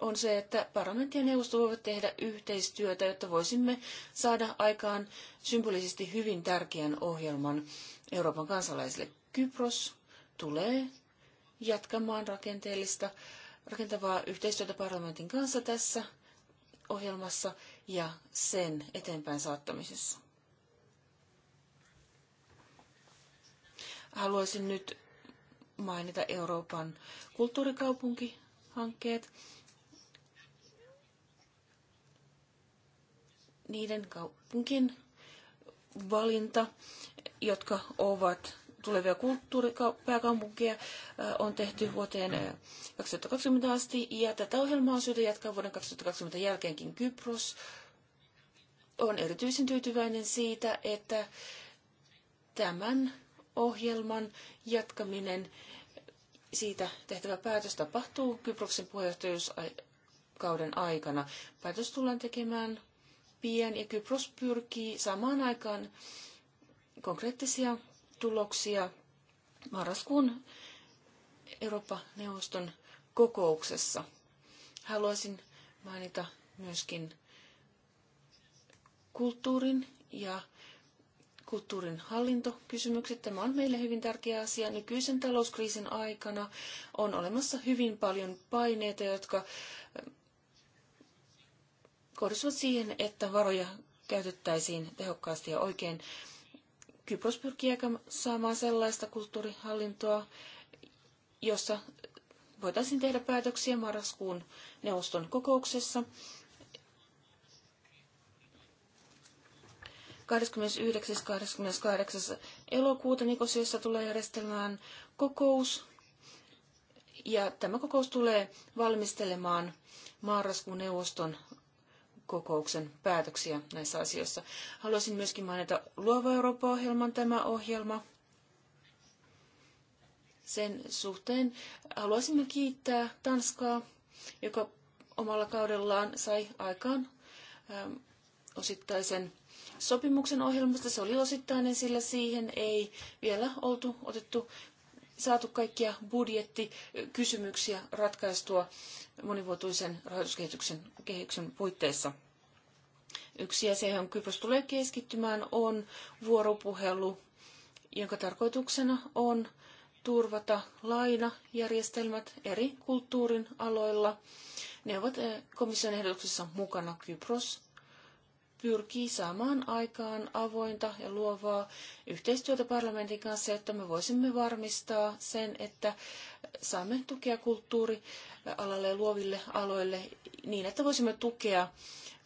on se, että parlamentti ja neuvosto voivat tehdä yhteistyötä, jotta voisimme saada aikaan symbolisesti hyvin tärkeän ohjelman Euroopan kansalaisille. Kypros tulee jatkamaan rakenteellista rakentavaa yhteistyötä parlamentin kanssa tässä ohjelmassa ja sen eteenpäin saattamisessa. Haluaisin nyt mainita Euroopan kulttuurikaupunkihankkeet. niiden kaupunkin valinta, jotka ovat tulevia kulttuuripääkaupunkeja on tehty vuoteen 2020 asti, ja tätä ohjelmaa on syytä jatkaa vuoden 2020 jälkeenkin. Kypros on erityisen tyytyväinen siitä, että tämän ohjelman jatkaminen, siitä tehtävä päätös tapahtuu Kyproksen puheenjohtajuuskauden aikana. Päätös tullaan tekemään pien ja Kypros pyrkii samaan aikaan konkreettisia tuloksia marraskuun Eurooppa-neuvoston kokouksessa. Haluaisin mainita myöskin kulttuurin ja kulttuurin hallintokysymykset. Tämä on meille hyvin tärkeä asia. Nykyisen talouskriisin aikana on olemassa hyvin paljon paineita, jotka kohdistuvat siihen, että varoja käytettäisiin tehokkaasti ja oikein. Kypros pyrkii saamaan sellaista kulttuurihallintoa, jossa voitaisiin tehdä päätöksiä marraskuun neuvoston kokouksessa. 29.–28. elokuuta Nikosiassa tulee järjestelmään kokous. Ja tämä kokous tulee valmistelemaan marraskuun neuvoston kokouksen päätöksiä näissä asioissa. Haluaisin myöskin mainita Luova Eurooppa-ohjelman tämä ohjelma. Sen suhteen haluaisimme kiittää Tanskaa, joka omalla kaudellaan sai aikaan ähm, osittaisen sopimuksen ohjelmasta. Se oli osittainen, sillä siihen ei vielä oltu otettu saatu kaikkia budjettikysymyksiä ratkaistua monivuotuisen rahoituskehityksen kehityksen puitteissa. Yksi asia, johon Kypros tulee keskittymään, on vuoropuhelu, jonka tarkoituksena on turvata lainajärjestelmät eri kulttuurin aloilla. Ne ovat eh, komission ehdotuksessa mukana Kypros pyrkii saamaan aikaan avointa ja luovaa yhteistyötä parlamentin kanssa, jotta me voisimme varmistaa sen, että saamme tukea kulttuurialalle ja luoville aloille niin, että voisimme tukea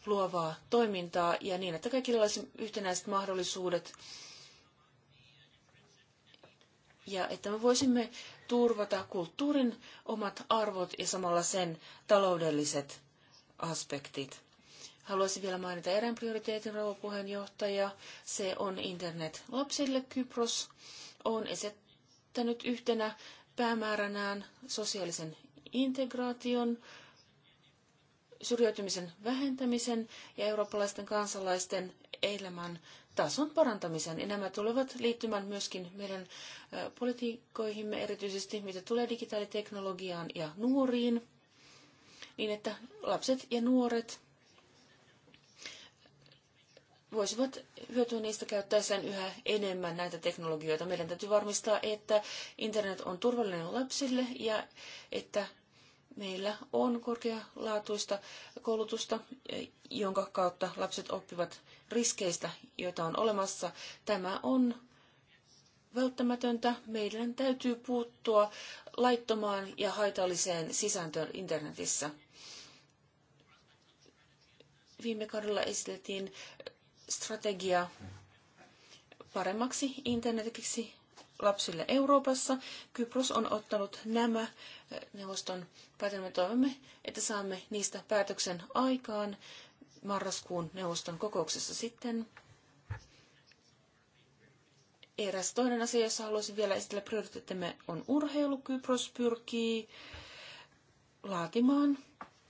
luovaa toimintaa ja niin, että kaikilla olisi yhtenäiset mahdollisuudet ja että me voisimme turvata kulttuurin omat arvot ja samalla sen taloudelliset aspektit. Haluaisin vielä mainita erään prioriteetin, rouva puheenjohtaja. Se on internet lapsille. Kypros on esittänyt yhtenä päämääränään sosiaalisen integraation, syrjäytymisen vähentämisen ja eurooppalaisten kansalaisten elämän tason parantamisen. Ja nämä tulevat liittymään myöskin meidän politiikkoihimme, erityisesti mitä tulee digitaaliteknologiaan ja nuoriin, niin että lapset ja nuoret voisivat hyötyä niistä käyttäessään yhä enemmän näitä teknologioita. Meidän täytyy varmistaa, että internet on turvallinen lapsille ja että meillä on korkealaatuista koulutusta, jonka kautta lapset oppivat riskeistä, joita on olemassa. Tämä on välttämätöntä. Meidän täytyy puuttua laittomaan ja haitalliseen sisältöön internetissä. Viime kaudella esiteltiin strategia paremmaksi internetiksi lapsille Euroopassa. Kypros on ottanut nämä eh, neuvoston päätelmät. Toivomme, että saamme niistä päätöksen aikaan marraskuun neuvoston kokouksessa sitten. Eräs toinen asia, jossa haluaisin vielä esitellä prioriteettimme, on urheilu. Kypros pyrkii laatimaan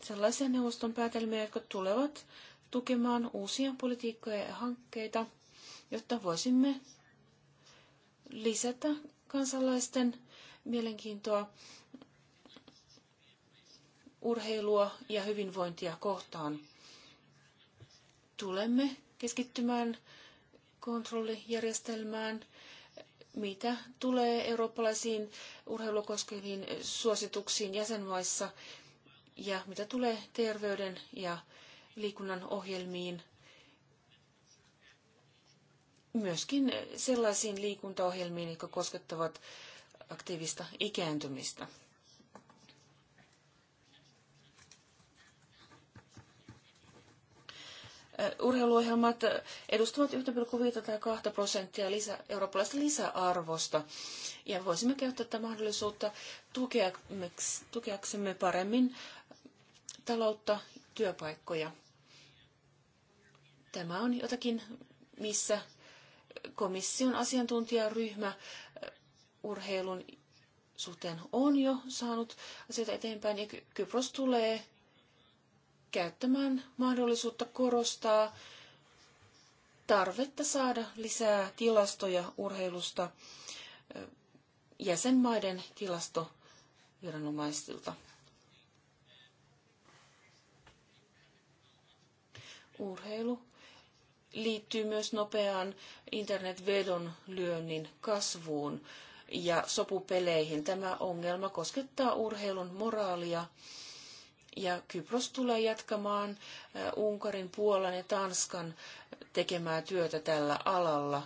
sellaisia neuvoston päätelmiä, jotka tulevat tukemaan uusia politiikkoja ja hankkeita, jotta voisimme lisätä kansalaisten mielenkiintoa urheilua ja hyvinvointia kohtaan. Tulemme keskittymään kontrollijärjestelmään, mitä tulee eurooppalaisiin urheilua koskeviin suosituksiin jäsenmaissa ja mitä tulee terveyden ja liikunnan ohjelmiin, myöskin sellaisiin liikuntaohjelmiin, jotka koskettavat aktiivista ikääntymistä. urheiluohjelmat edustavat 1,5 tai 2 prosenttia lisä, eurooppalaista lisäarvosta. Ja voisimme käyttää tätä mahdollisuutta tukeaksemme paremmin taloutta työpaikkoja. Tämä on jotakin, missä komission asiantuntijaryhmä urheilun suhteen on jo saanut asioita eteenpäin ja Kypros tulee käyttämään mahdollisuutta korostaa tarvetta saada lisää tilastoja urheilusta jäsenmaiden tilastoviranomaisilta. urheilu liittyy myös nopeaan internetvedon lyönnin kasvuun ja sopupeleihin. Tämä ongelma koskettaa urheilun moraalia ja Kypros tulee jatkamaan äh, Unkarin, Puolan ja Tanskan tekemää työtä tällä alalla.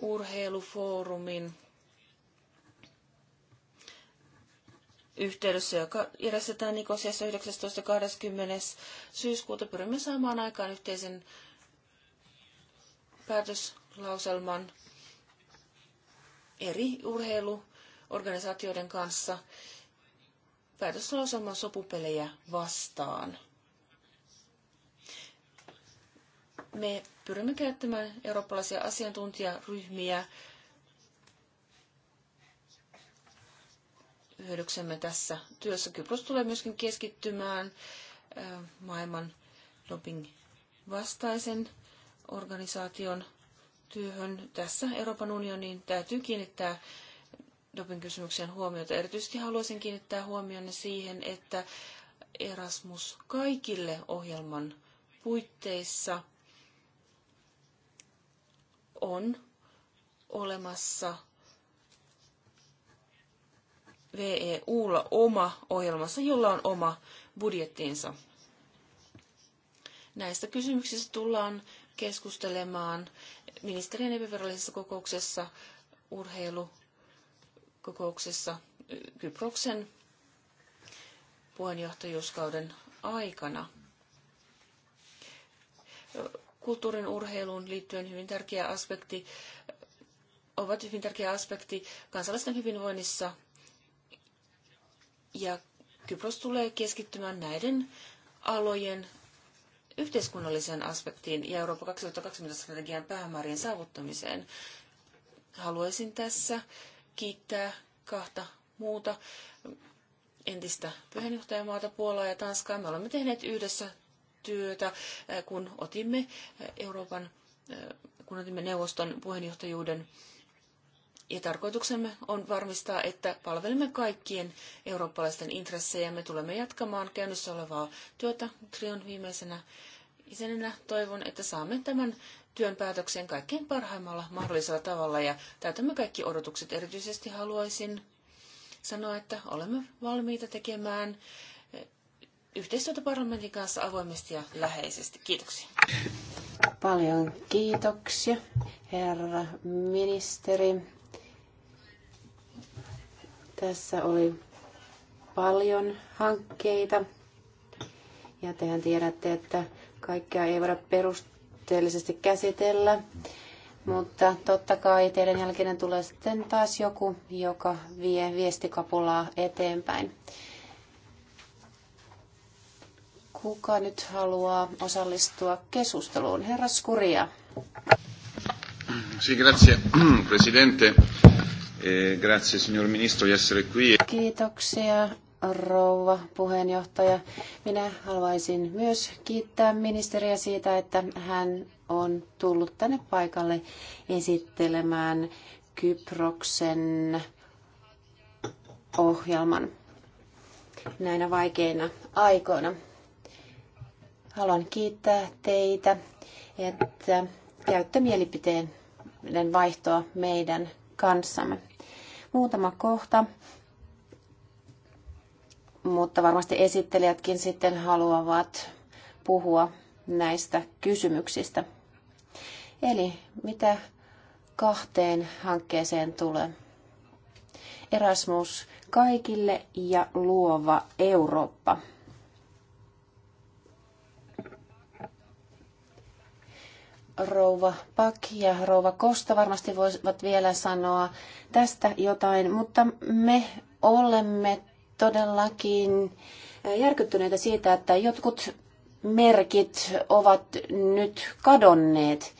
Urheilufoorumin yhteydessä, joka järjestetään Nikosiassa 19.20. syyskuuta. Pyrimme saamaan aikaan yhteisen päätöslauselman eri urheiluorganisaatioiden kanssa päätöslauselman sopupelejä vastaan. Me pyrimme käyttämään eurooppalaisia asiantuntijaryhmiä hyödyksemme tässä työssä. Kypros tulee myöskin keskittymään maailman doping vastaisen organisaation työhön. Tässä Euroopan unionin täytyy kiinnittää doping-kysymykseen huomiota. Erityisesti haluaisin kiinnittää huomionne siihen, että Erasmus kaikille ohjelman puitteissa on olemassa VEUlla oma ohjelmansa, jolla on oma budjettinsa. Näistä kysymyksistä tullaan keskustelemaan ministerien epävirallisessa kokouksessa, urheilukokouksessa Kyproksen puheenjohtajuuskauden aikana. Kulttuurin urheiluun liittyen hyvin tärkeä aspekti ovat hyvin tärkeä aspekti kansalaisten hyvinvoinnissa ja Kypros tulee keskittymään näiden alojen yhteiskunnalliseen aspektiin ja Eurooppa 2020-strategian päämäärien saavuttamiseen. Haluaisin tässä kiittää kahta muuta entistä puheenjohtajamaata Puolaa ja Tanskaa. Me olemme tehneet yhdessä työtä, eh, kun otimme eh, Euroopan eh, kun otimme neuvoston puheenjohtajuuden ja tarkoituksemme on varmistaa, että palvelemme kaikkien eurooppalaisten intressejä. Me tulemme jatkamaan käynnissä olevaa työtä Trion viimeisenä jäsenenä. Toivon, että saamme tämän työn päätökseen kaikkein parhaimmalla mahdollisella tavalla ja täytämme kaikki odotukset. Erityisesti haluaisin sanoa, että olemme valmiita tekemään eh, yhteistyötä parlamentin kanssa avoimesti ja läheisesti. Kiitoksia. Paljon kiitoksia, herra ministeri. Tässä oli paljon hankkeita. Ja tehän tiedätte, että kaikkea ei voida perusteellisesti käsitellä. Mutta totta kai teidän jälkeen tulee sitten taas joku, joka vie viestikapulaa eteenpäin. Kuka nyt haluaa osallistua keskusteluun? Herra Skuria. Sì, grazie, Presidente. E, grazie, signor ministro, di essere qui. Kiitoksia, rouva puheenjohtaja. Minä haluaisin myös kiittää ministeriä siitä, että hän on tullut tänne paikalle esittelemään Kyproksen ohjelman näinä vaikeina aikoina. Haluan kiittää teitä, että käytte mielipiteen vaihtoa meidän kanssamme. Muutama kohta, mutta varmasti esittelijätkin sitten haluavat puhua näistä kysymyksistä. Eli mitä kahteen hankkeeseen tulee? Erasmus kaikille ja luova Eurooppa. rouva Pak ja rouva Kosta varmasti voisivat vielä sanoa tästä jotain, mutta me olemme todellakin järkyttyneitä siitä, että jotkut merkit ovat nyt kadonneet.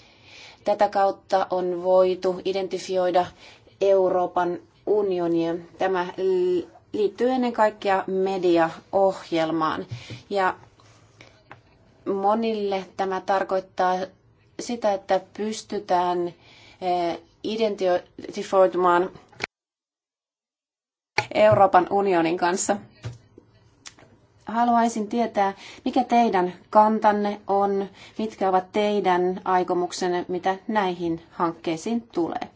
Tätä kautta on voitu identifioida Euroopan unionia. Tämä liittyy ennen kaikkea mediaohjelmaan. Ja monille tämä tarkoittaa sitä, että pystytään eh, identifioitumaan Euroopan unionin kanssa. Haluaisin tietää, mikä teidän kantanne on, mitkä ovat teidän aikomuksenne, mitä näihin hankkeisiin tulee.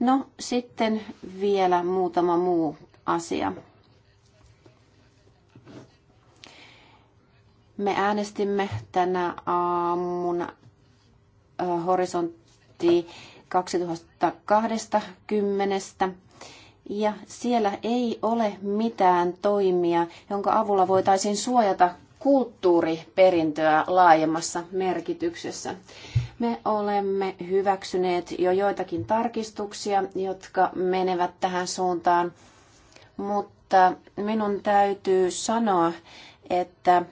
No sitten vielä muutama muu asia. Me äänestimme tänä aamuna horisontti 2020. Ja siellä ei ole mitään toimia, jonka avulla voitaisiin suojata kulttuuriperintöä laajemmassa merkityksessä. Me olemme hyväksyneet jo joitakin tarkistuksia, jotka menevät tähän suuntaan, mutta minun täytyy sanoa, että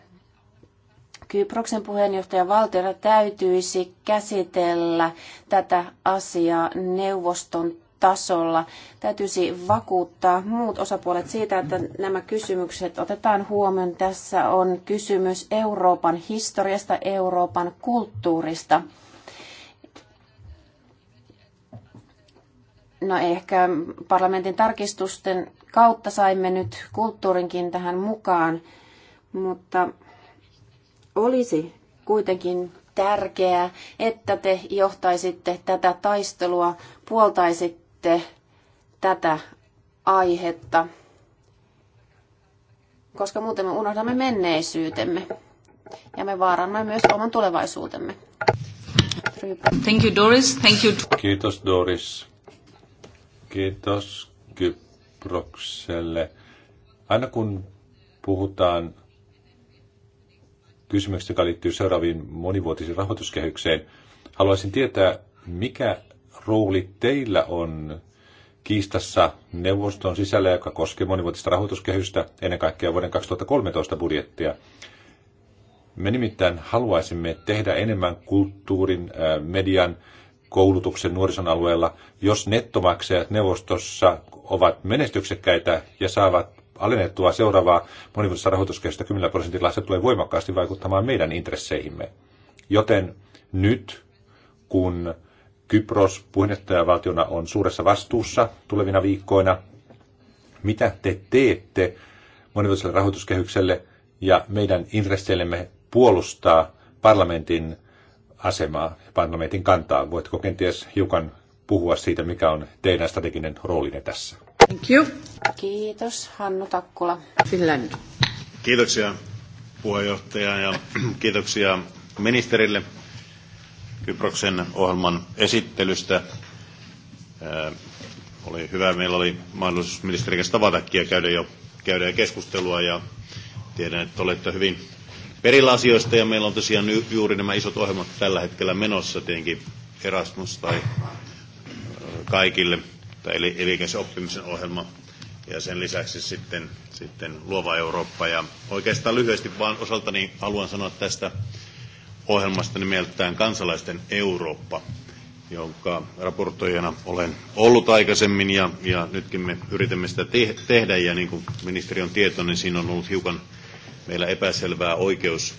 Kyproksen puheenjohtaja valtiona täytyisi käsitellä tätä asiaa neuvoston tasolla. Täytyisi vakuuttaa muut osapuolet siitä, että nämä kysymykset otetaan huomioon. Tässä on kysymys Euroopan historiasta, Euroopan kulttuurista. No ehkä parlamentin tarkistusten kautta saimme nyt kulttuurinkin tähän mukaan, mutta olisi kuitenkin tärkeää, että te johtaisitte tätä taistelua, puoltaisitte tätä aihetta, koska muuten me unohdamme menneisyytemme ja me vaarannamme myös oman tulevaisuutemme. Thank you Doris. Thank you. Kiitos Doris. Kiitos Kyprokselle. Aina kun puhutaan kysymyksestä, joka liittyy seuraaviin monivuotisiin rahoituskehykseen. Haluaisin tietää, mikä rooli teillä on kiistassa neuvoston sisällä, joka koskee monivuotista rahoituskehystä, ennen kaikkea vuoden 2013 budjettia. Me nimittäin haluaisimme tehdä enemmän kulttuurin, median, koulutuksen nuorison alueella, jos nettomaksajat neuvostossa ovat menestyksekkäitä ja saavat alennettua seuraavaa monivuotista rahoituskehystä 10 prosentilla, se tulee voimakkaasti vaikuttamaan meidän intresseihimme. Joten nyt, kun Kypros puheenjohtajavaltiona on suuressa vastuussa tulevina viikkoina, mitä te teette monivuotiselle rahoituskehykselle ja meidän intresseillemme puolustaa parlamentin asemaa, parlamentin kantaa. Voitko kenties hiukan puhua siitä, mikä on teidän strateginen roolinne tässä? Thank you. Kiitos, Hannu Takkula. Finland. Kiitoksia puheenjohtaja ja kiitoksia ministerille Kyproksen ohjelman esittelystä. Oli hyvä, meillä oli mahdollisuus ministerin kanssa tavatakin ja käydä jo käydä keskustelua ja tiedän, että olette hyvin perillä asioista ja meillä on tosiaan juuri nämä isot ohjelmat tällä hetkellä menossa, tietenkin Erasmus tai kaikille – tai eli, oppimisen ohjelma ja sen lisäksi sitten, sitten Luova Eurooppa. Ja oikeastaan lyhyesti vaan osaltani haluan sanoa tästä ohjelmasta nimeltään Kansalaisten Eurooppa, jonka raportoijana olen ollut aikaisemmin ja, ja nytkin me yritämme sitä te- tehdä ja niin kuin ministeri on tietoinen, niin siinä on ollut hiukan meillä epäselvää oikeus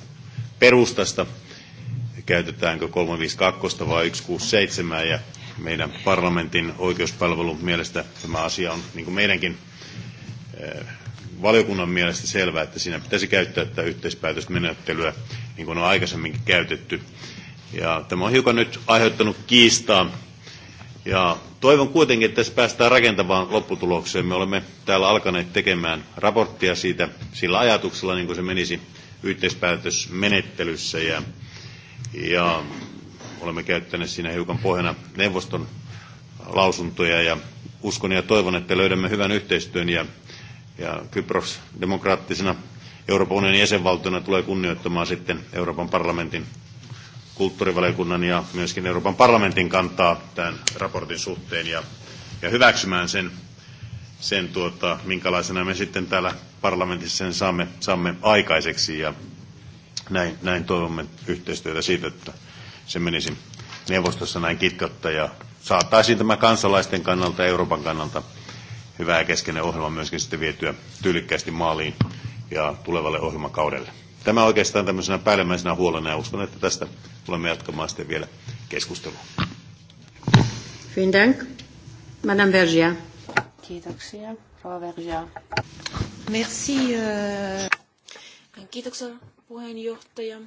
käytetäänkö 352 vai 167 ja meidän parlamentin oikeuspalvelun mielestä tämä asia on, niin kuin meidänkin eh, valiokunnan mielestä selvää, että siinä pitäisi käyttää tätä yhteispäätösmenettelyä, niin kuin on aikaisemminkin käytetty. Ja tämä on hiukan nyt aiheuttanut kiistaa. Ja toivon kuitenkin, että tässä päästään rakentavaan lopputulokseen. Me olemme täällä alkaneet tekemään raporttia siitä sillä ajatuksella, niin kuin se menisi yhteispäätösmenettelyssä. Ja, ja Olemme käyttäneet siinä hiukan pohjana neuvoston lausuntoja ja uskon ja toivon, että löydämme hyvän yhteistyön ja, ja Kypros demokraattisena Euroopan unionin jäsenvaltiona tulee kunnioittamaan sitten Euroopan parlamentin kulttuurivaliokunnan ja myöskin Euroopan parlamentin kantaa tämän raportin suhteen ja, ja hyväksymään sen, sen tuota, minkälaisena me sitten täällä parlamentissa sen saamme, saamme aikaiseksi ja näin, näin toivomme yhteistyötä siitä, että se menisi neuvostossa näin kitkotta ja saataisiin tämä kansalaisten kannalta ja Euroopan kannalta hyvä ja keskeinen ohjelma myöskin sitten vietyä tyylikkäästi maaliin ja tulevalle ohjelmakaudelle. Tämä oikeastaan tämmöisenä päällimmäisenä huolena ja uskon, että tästä tulemme jatkamaan sitten vielä keskustelua. Vielen Madame Vergia. Kiitoksia. Rova Vergia. Merci. Euh. Kiitoksia puheenjohtaja.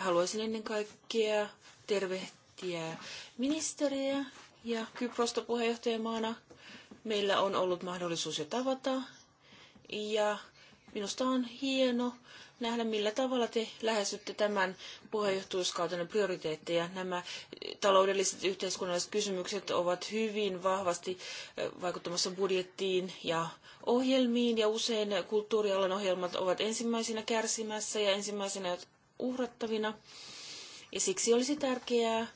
Haluaisin ennen kaikkea tervehtiä ministeriä ja Kyprosta puheenjohtajamaana. Meillä on ollut mahdollisuus jo tavata ja minusta on hieno nähdä, millä tavalla te lähestytte tämän puheenjohtajuuskautenne prioriteetteja. Nämä taloudelliset yhteiskunnalliset kysymykset ovat hyvin vahvasti vaikuttamassa budjettiin ja ohjelmiin, ja usein kulttuurialan ohjelmat ovat ensimmäisenä kärsimässä ja ensimmäisenä, uhrattavina. Ja siksi olisi tärkeää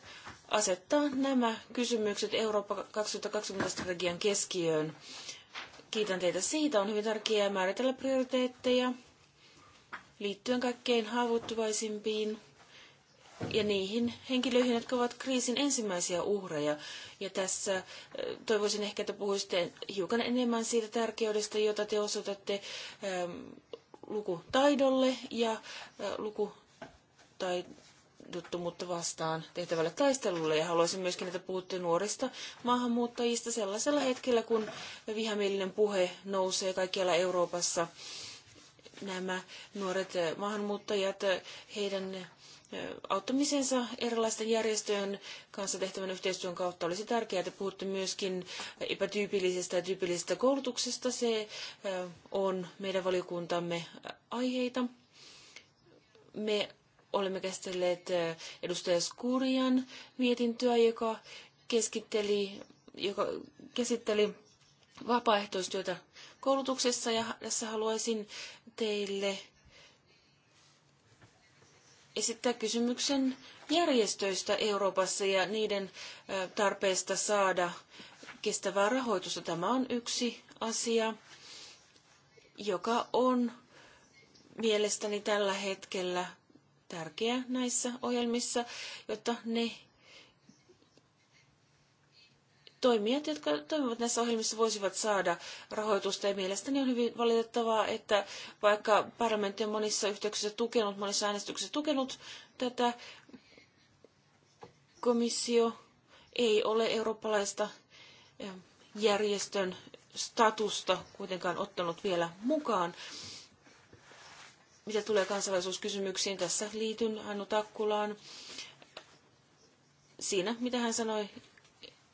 asettaa nämä kysymykset Eurooppa 2020-strategian keskiöön. Kiitän teitä siitä. On hyvin tärkeää määritellä prioriteetteja liittyen kaikkein haavoittuvaisimpiin ja niihin henkilöihin, jotka ovat kriisin ensimmäisiä uhreja. Ja tässä toivoisin ehkä, että puhuisitte hiukan enemmän siitä tärkeydestä, jota te osoitatte lukutaidolle ja luku tai mutta vastaan tehtävälle taistelulle. Ja haluaisin myöskin, että puhutte nuorista maahanmuuttajista sellaisella hetkellä, kun vihamielinen puhe nousee kaikkialla Euroopassa. Nämä nuoret maahanmuuttajat, heidän auttamisensa erilaisten järjestöjen kanssa tehtävän yhteistyön kautta olisi tärkeää, että puhutte myöskin epätyypillisestä ja tyypillisestä koulutuksesta. Se on meidän valiokuntamme aiheita. Me olemme käsitelleet edustaja Skurian mietintöä, joka keskitteli, joka käsitteli vapaaehtoistyötä koulutuksessa ja tässä haluaisin teille esittää kysymyksen järjestöistä Euroopassa ja niiden tarpeesta saada kestävää rahoitusta. Tämä on yksi asia, joka on mielestäni tällä hetkellä tärkeä näissä ohjelmissa, jotta ne toimijat, jotka toimivat näissä ohjelmissa, voisivat saada rahoitusta. Ja mielestäni on hyvin valitettavaa, että vaikka parlamentti on monissa yhteyksissä tukenut, monissa äänestyksissä tukenut tätä, komissio ei ole eurooppalaista eh, järjestön statusta kuitenkaan ottanut vielä mukaan. Mitä tulee kansalaisuuskysymyksiin, tässä liityn Hannu Takkulaan siinä, mitä hän sanoi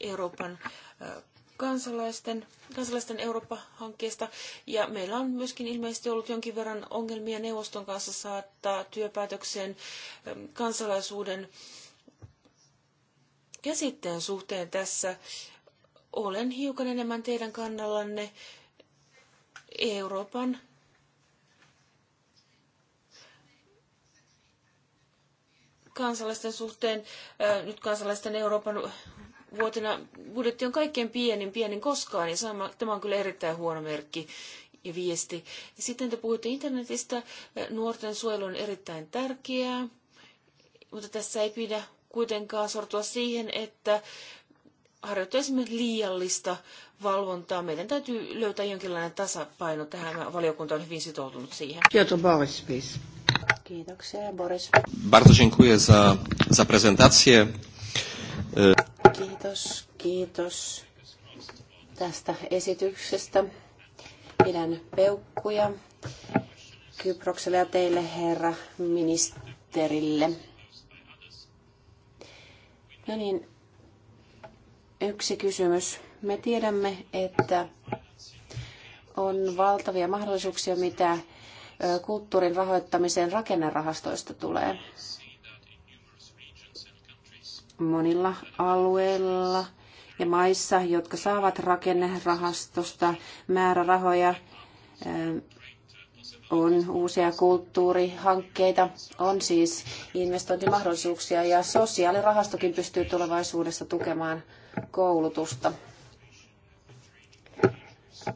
Euroopan kansalaisten, kansalaisten Eurooppa-hankkeesta. Ja meillä on myöskin ilmeisesti ollut jonkin verran ongelmia neuvoston kanssa saattaa työpäätökseen kansalaisuuden käsitteen suhteen tässä. Olen hiukan enemmän teidän kannallanne Euroopan kansalaisten suhteen, nyt kansalaisten Euroopan vuotena budjetti on kaikkein pienin, pienin koskaan, ja tämä on kyllä erittäin huono merkki ja viesti. Sitten te puhuitte internetistä. Nuorten suojelu on erittäin tärkeää, mutta tässä ei pidä kuitenkaan sortua siihen, että harjoittaisimme liiallista valvontaa. Meidän täytyy löytää jonkinlainen tasapaino tähän. Valiokunta on hyvin sitoutunut siihen. Kiitos, Boris, please. Kiitoksia, Boris. Bardzo dziękuję za, za prezentację. Kiitos, kiitos tästä esityksestä. Pidän peukkuja Kyprokselle ja teille, herra ministerille. No niin, yksi kysymys. Me tiedämme, että on valtavia mahdollisuuksia, mitä kulttuurin rahoittamiseen rakennerahastoista tulee. Monilla alueilla ja maissa, jotka saavat rakennerahastosta määrärahoja, on uusia kulttuurihankkeita, on siis investointimahdollisuuksia ja sosiaalirahastokin pystyy tulevaisuudessa tukemaan koulutusta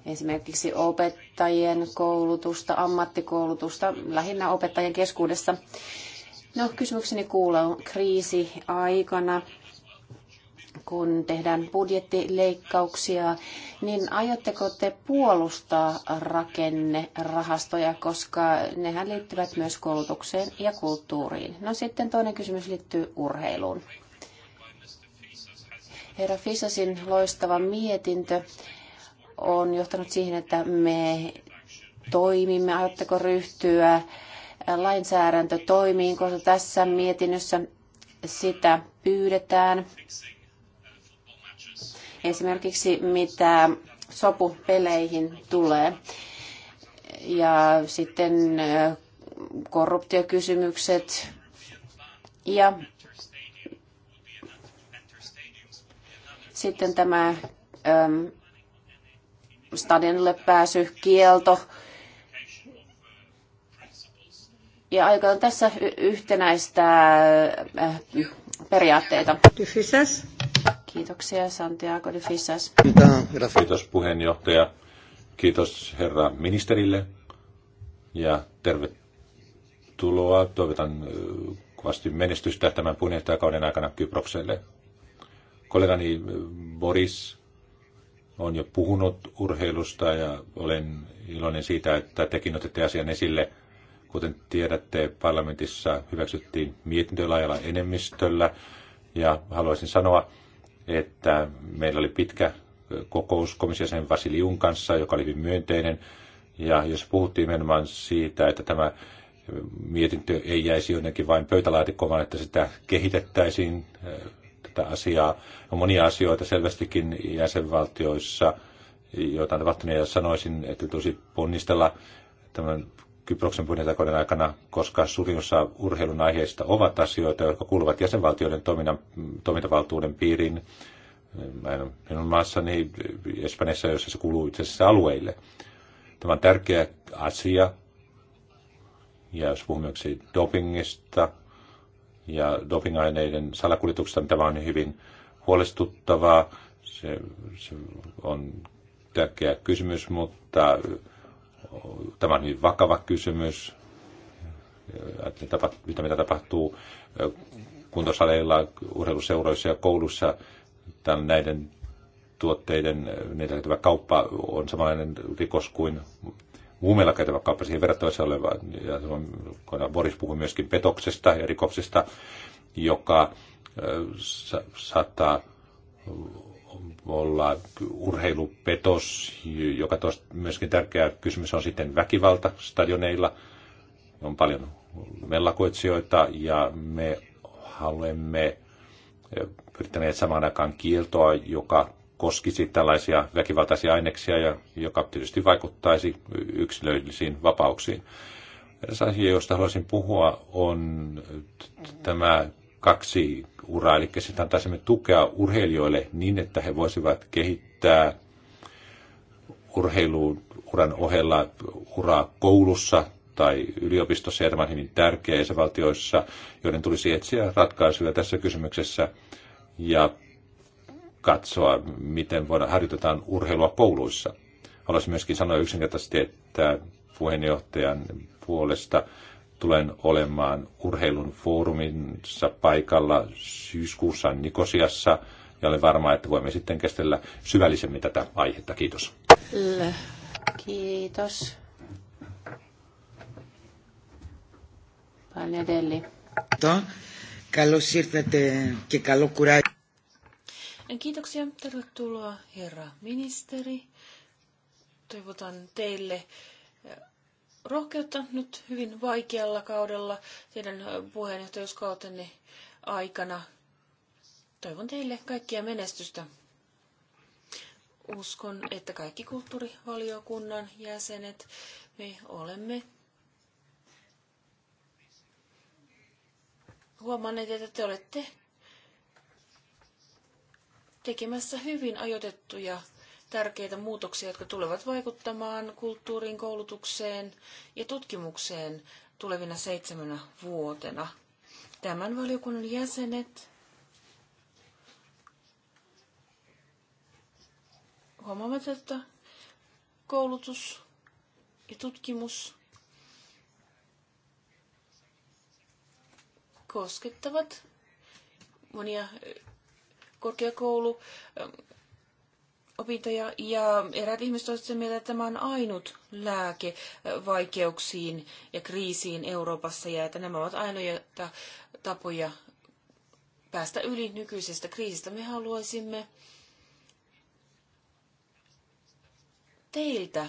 esimerkiksi opettajien koulutusta, ammattikoulutusta, lähinnä opettajien keskuudessa. No, kysymykseni kuuluu, kriisi aikana, kun tehdään budjettileikkauksia, niin aiotteko te puolustaa rakennerahastoja, koska nehän liittyvät myös koulutukseen ja kulttuuriin? No sitten toinen kysymys liittyy urheiluun. Herra Fisasin loistava mietintö on johtanut siihen, että me toimimme, aiotteko ryhtyä lainsäädäntötoimiin, koska tässä mietinnössä sitä pyydetään. Esimerkiksi mitä sopupeleihin tulee. Ja sitten korruptiokysymykset ja sitten tämä stadionille pääsy, kielto. Ja aikaan tässä yhtenäistä äh, periaatteita. Kiitoksia Santiago de Fisas. Kiitos puheenjohtaja. Kiitos herra ministerille ja tervetuloa. Toivotan äh, kovasti menestystä tämän puheenjohtajakauden aikana Kyprokselle. Kollegani äh, Boris on jo puhunut urheilusta ja olen iloinen siitä, että tekin otette asian esille. Kuten tiedätte, parlamentissa hyväksyttiin mietintö laajalla enemmistöllä ja haluaisin sanoa, että meillä oli pitkä kokous komissiosen Vasiliun kanssa, joka oli hyvin myönteinen. Ja jos puhuttiin nimenomaan siitä, että tämä mietintö ei jäisi jonnekin vain pöytälaatikkoon, vaan että sitä kehitettäisiin tätä asiaa. On monia asioita selvästikin jäsenvaltioissa, joita on tapahtunut, ja sanoisin, että tulisi ponnistella tämän Kyproksen puheenjohtajakauden aikana, koska suurin osa urheilun aiheista ovat asioita, jotka kuuluvat jäsenvaltioiden toiminnan, toimintavaltuuden piiriin. Minun maassani Espanjassa, jossa se kuuluu itse asiassa alueille. Tämä on tärkeä asia. Ja jos puhumme dopingista, ja dopingaineiden salakuljetuksesta. Tämä on niin hyvin huolestuttavaa. Se, se on tärkeä kysymys, mutta tämä on hyvin vakava kysymys. Mitä mitä tapahtuu kuntosaleilla, urheiluseuroissa ja koulussa tämän näiden tuotteiden niiden kauppa on samanlainen rikos kuin huumeilla käytävä kauppa siihen verrattavissa oleva. Ja on, Boris puhui myöskin petoksesta ja rikoksesta, joka sa- saattaa olla urheilupetos, joka tos, myöskin tärkeä kysymys on sitten väkivalta stadioneilla. On paljon mellakoitsijoita ja me haluamme pyrittäneet samaan aikaan kieltoa, joka koskisi tällaisia väkivaltaisia aineksia, ja joka tietysti vaikuttaisi yksilöllisiin vapauksiin. Eräs asia, josta haluaisin puhua, on tämä kaksi uraa, eli sitä siis antaisimme tukea urheilijoille niin, että he voisivat kehittää uran ohella uraa koulussa tai yliopistossa, ja tämä on hyvin tärkeä valtioissa, joiden tulisi etsiä ratkaisuja tässä kysymyksessä. Ja katsoa, miten voidaan harjoitetaan urheilua kouluissa. Haluaisin myöskin sanoa yksinkertaisesti, että puheenjohtajan puolesta tulen olemaan urheilun foorumissa paikalla syyskuussa Nikosiassa ja olen varma, että voimme sitten kestellä syvällisemmin tätä aihetta. Kiitos. Kiitos. Παλιαδέλη. Καλώς ήρθατε και καλό κουράγιο. Niin, kiitoksia. Tervetuloa, herra ministeri. Toivotan teille eh, rohkeutta nyt hyvin vaikealla kaudella teidän eh, puheenjohtajuuskautenne aikana. Toivon teille kaikkia menestystä. Uskon, että kaikki kulttuurivaliokunnan jäsenet, me olemme huomanneet, että te olette tekemässä hyvin ajoitettuja tärkeitä muutoksia, jotka tulevat vaikuttamaan kulttuuriin, koulutukseen ja tutkimukseen tulevina seitsemänä vuotena. Tämän valiokunnan jäsenet huomaavat, että koulutus ja tutkimus koskettavat monia korkeakoulu ähm, opintoja ja eräät ihmiset ovat sen mieltä, että tämä on ainut lääke äh, vaikeuksiin ja kriisiin Euroopassa ja että nämä ovat ainoita tapoja päästä yli nykyisestä kriisistä. Me haluaisimme teiltä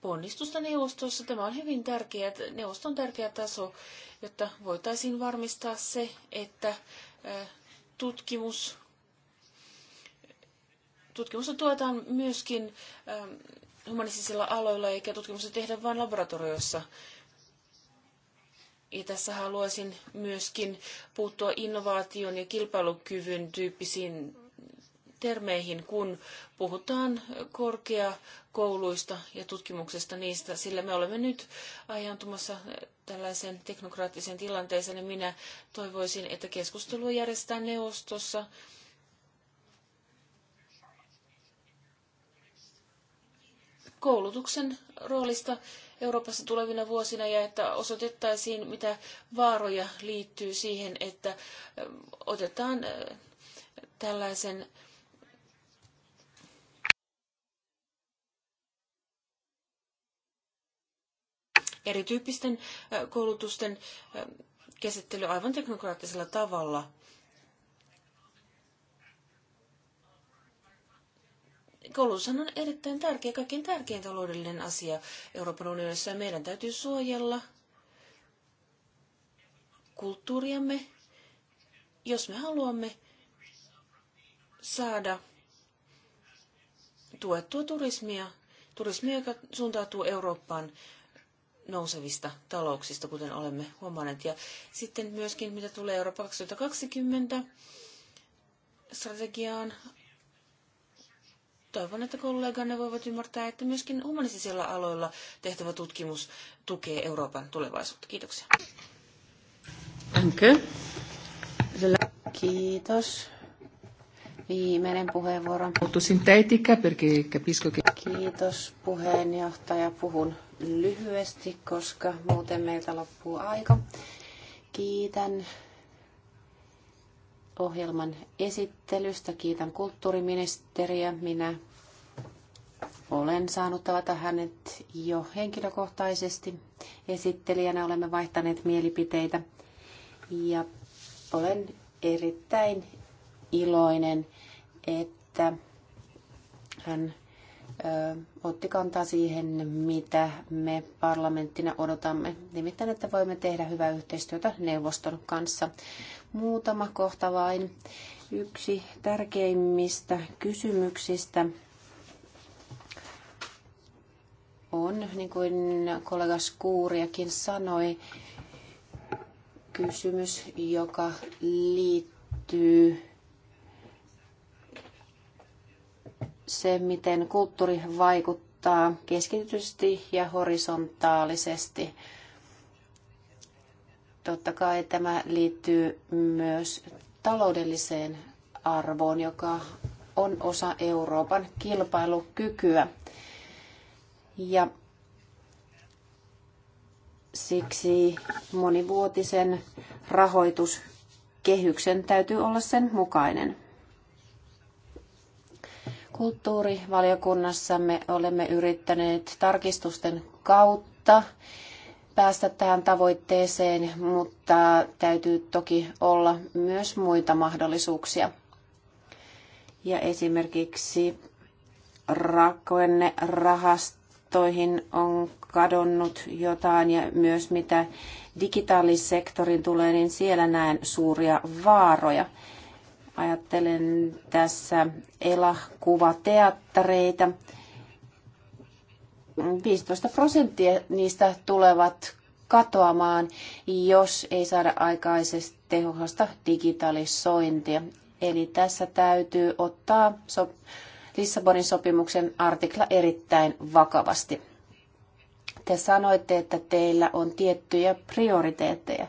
ponnistusta neuvostossa. Tämä on hyvin tärkeä, neuvosto on tärkeä taso jotta voitaisiin varmistaa se, että tutkimus, tutkimusta tuetaan myöskin humanistisilla aloilla, eikä tutkimusta tehdä vain laboratorioissa. Ja tässä haluaisin myöskin puuttua innovaation ja kilpailukyvyn tyyppisiin termeihin, kun puhutaan korkeakouluista ja tutkimuksesta niistä, sillä me olemme nyt ajantumassa tällaisen teknokraattisen tilanteeseen, niin minä toivoisin, että keskustelu järjestetään neuvostossa koulutuksen roolista Euroopassa tulevina vuosina ja että osoitettaisiin, mitä vaaroja liittyy siihen, että otetaan tällaisen erityyppisten koulutusten käsittely aivan teknokraattisella tavalla. Koulutushan on erittäin tärkeä, kaikkein tärkein taloudellinen asia Euroopan unionissa ja meidän täytyy suojella kulttuuriamme, jos me haluamme saada tuettua turismia, turismia, joka suuntautuu Eurooppaan nousevista talouksista, kuten olemme huomanneet. Ja sitten myöskin, mitä tulee Eurooppa 2020 strategiaan, toivon, että kolleganne voivat ymmärtää, että myöskin humanistisilla aloilla tehtävä tutkimus tukee Euroopan tulevaisuutta. Kiitoksia. Kiitos. Viimeinen puheenvuoro. Synteetikka, perché capisco che... Kiitos puheenjohtaja. Puhun lyhyesti, koska muuten meiltä loppuu aika. Kiitän ohjelman esittelystä. Kiitän kulttuuriministeriä. Minä olen saanut tavata hänet jo henkilökohtaisesti esittelijänä. Olemme vaihtaneet mielipiteitä ja olen erittäin iloinen, että hän ö, otti kantaa siihen, mitä me parlamenttina odotamme. Nimittäin, että voimme tehdä hyvää yhteistyötä neuvoston kanssa. Muutama kohta vain. Yksi tärkeimmistä kysymyksistä on, niin kuin kollega Skuuriakin sanoi, kysymys, joka liittyy se, miten kulttuuri vaikuttaa keskitysti ja horisontaalisesti. Totta kai tämä liittyy myös taloudelliseen arvoon, joka on osa Euroopan kilpailukykyä. Ja siksi monivuotisen rahoituskehyksen täytyy olla sen mukainen. Kulttuurivaliokunnassamme olemme yrittäneet tarkistusten kautta päästä tähän tavoitteeseen, mutta täytyy toki olla myös muita mahdollisuuksia. Ja esimerkiksi rakennerahastoihin on kadonnut jotain ja myös mitä digitaalisektorin tulee, niin siellä näen suuria vaaroja. Ajattelen tässä elokuvateattereita. 15 prosenttia niistä tulevat katoamaan, jos ei saada aikaisesti tehokasta digitalisointia. Eli tässä täytyy ottaa so- Lissabonin sopimuksen artikla erittäin vakavasti. Te sanoitte, että teillä on tiettyjä prioriteetteja.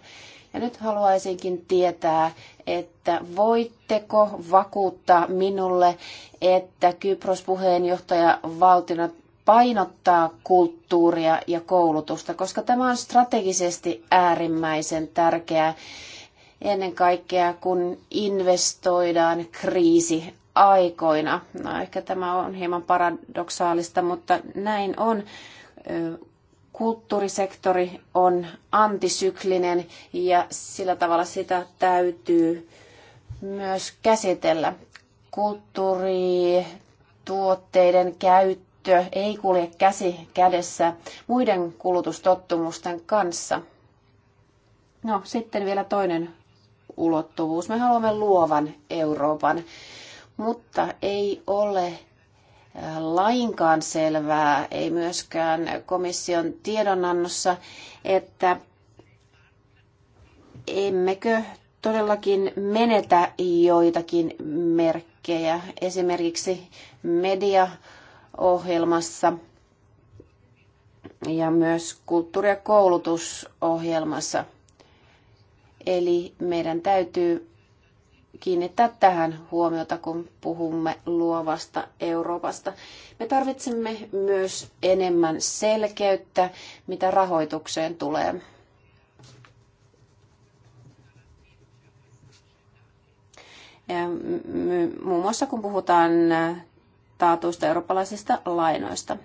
Ja nyt haluaisinkin tietää, että voitteko vakuuttaa minulle, että Kypros puheenjohtaja valtiona painottaa kulttuuria ja koulutusta, koska tämä on strategisesti äärimmäisen tärkeää ennen kaikkea, kun investoidaan kriisi aikoina. No ehkä tämä on hieman paradoksaalista, mutta näin on kulttuurisektori on antisyklinen ja sillä tavalla sitä täytyy myös käsitellä. Kulttuurituotteiden käyttö ei kulje käsi kädessä muiden kulutustottumusten kanssa. No sitten vielä toinen ulottuvuus. Me haluamme luovan Euroopan, mutta ei ole lainkaan selvää, ei myöskään komission tiedonannossa, että emmekö todellakin menetä joitakin merkkejä. Esimerkiksi mediaohjelmassa ja myös kulttuuri- ja koulutusohjelmassa. Eli meidän täytyy kiinnittää tähän huomiota, kun puhumme luovasta Euroopasta. Me tarvitsemme myös enemmän selkeyttä, mitä rahoitukseen tulee. Muun muassa kun puhutaan taatuista eurooppalaisista lainoista.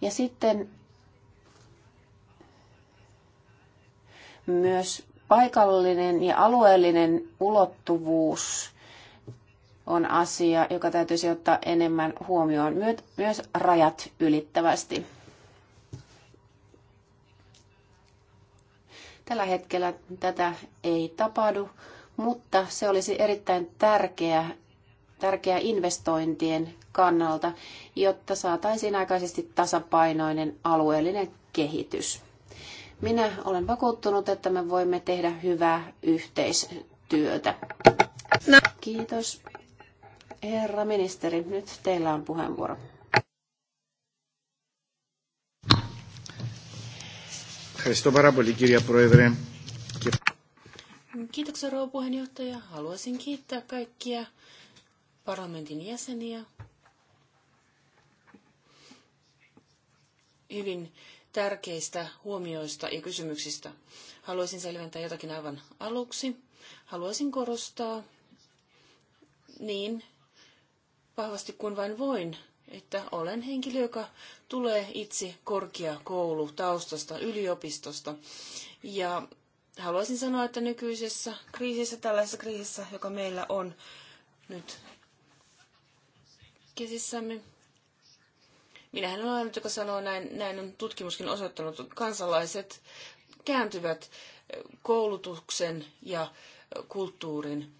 Ja sitten myös paikallinen ja alueellinen ulottuvuus on asia, joka täytyisi ottaa enemmän huomioon myös rajat ylittävästi. Tällä hetkellä tätä ei tapahdu, mutta se olisi erittäin tärkeä, tärkeä investointien kannalta, jotta saataisiin aikaisesti tasapainoinen alueellinen kehitys. Minä olen vakuuttunut, että me voimme tehdä hyvää yhteistyötä. No. Kiitos. Herra ministeri, nyt teillä on puheenvuoro. Ευχαριστώ πάρα πολύ Kiitoksia rouva puheenjohtaja. Haluaisin kiittää kaikkia parlamentin jäseniä hyvin tärkeistä huomioista ja kysymyksistä. Haluaisin selventää jotakin aivan aluksi. Haluaisin korostaa niin vahvasti kuin vain voin, että olen henkilö, joka tulee itse korkeakoulutaustasta, yliopistosta. Ja haluaisin sanoa, että nykyisessä kriisissä, tällaisessa kriisissä, joka meillä on nyt käsissämme, Minähän niin olen ainut, joka sanoo näin, näin on tutkimuskin osoittanut, kansalaiset kääntyvät koulutuksen ja kulttuurin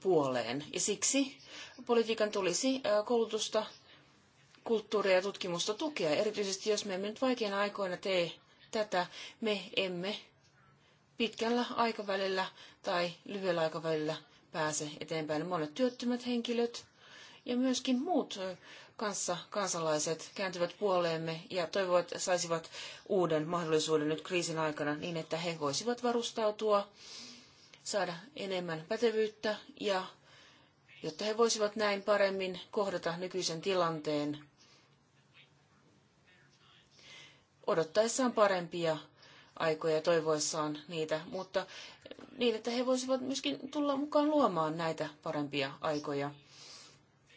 puoleen. Ja siksi politiikan tulisi koulutusta, kulttuuria ja tutkimusta tukea. Erityisesti jos me emme nyt vaikeina aikoina tee tätä, me emme pitkällä aikavälillä tai lyhyellä aikavälillä pääse eteenpäin. Monet työttömät henkilöt ja myöskin muut kanssa kansalaiset kääntyvät puoleemme ja toivovat saisivat uuden mahdollisuuden nyt kriisin aikana niin, että he voisivat varustautua, saada enemmän pätevyyttä ja jotta he voisivat näin paremmin kohdata nykyisen tilanteen odottaessaan parempia aikoja ja toivoissaan niitä, mutta niin, että he voisivat myöskin tulla mukaan luomaan näitä parempia aikoja.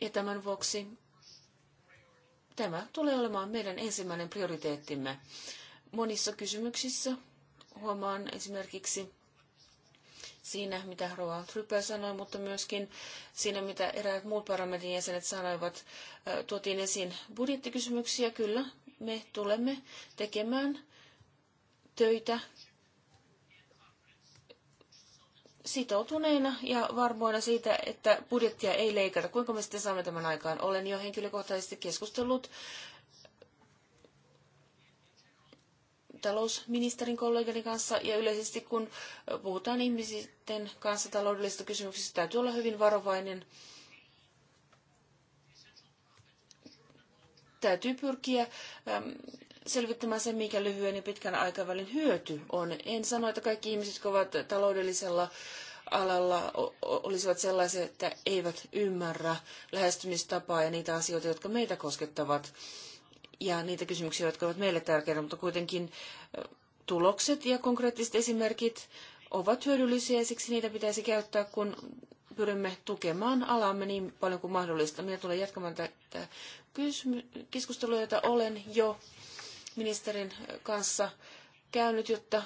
Ja tämän vuoksi Tämä tulee olemaan meidän ensimmäinen prioriteettimme. Monissa kysymyksissä huomaan esimerkiksi siinä, mitä Roa Trypä sanoi, mutta myöskin siinä, mitä eräät muut parlamentin jäsenet sanoivat, tuotiin esiin budjettikysymyksiä. Kyllä, me tulemme tekemään töitä sitoutuneina ja varmoina siitä, että budjettia ei leikata. Kuinka me sitten saamme tämän aikaan? Olen jo henkilökohtaisesti keskustellut talousministerin kollegani kanssa ja yleisesti kun puhutaan ihmisten kanssa taloudellisista kysymyksistä, täytyy olla hyvin varovainen. Täytyy pyrkiä selvittämään sen, mikä lyhyen ja pitkän aikavälin hyöty on. En sano, että kaikki ihmiset, jotka ovat taloudellisella alalla, olisivat sellaisia, että eivät ymmärrä lähestymistapaa ja niitä asioita, jotka meitä koskettavat ja niitä kysymyksiä, jotka ovat meille tärkeitä, mutta kuitenkin tulokset ja konkreettiset esimerkit ovat hyödyllisiä ja siksi niitä pitäisi käyttää, kun pyrimme tukemaan alaamme niin paljon kuin mahdollista. Minä tulen jatkamaan tätä keskustelua, jota olen jo ministerin kanssa käynyt, jotta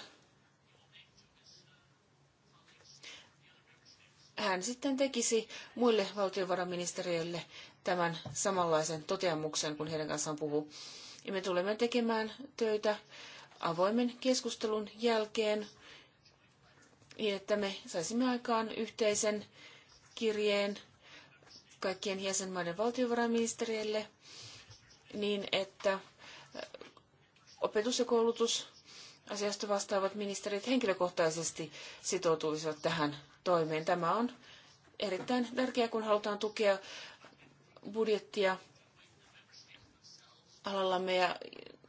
hän sitten tekisi muille valtiovarainministeriöille tämän samanlaisen toteamuksen, kun heidän kanssaan puhuu. Ja me tulemme tekemään töitä avoimen keskustelun jälkeen niin, että me saisimme aikaan yhteisen kirjeen kaikkien jäsenmaiden valtiovarainministeriölle niin, että opetus- ja koulutusasiasta vastaavat ministerit henkilökohtaisesti sitoutuisivat tähän toimeen. Tämä on erittäin tärkeää, kun halutaan tukea budjettia alallamme ja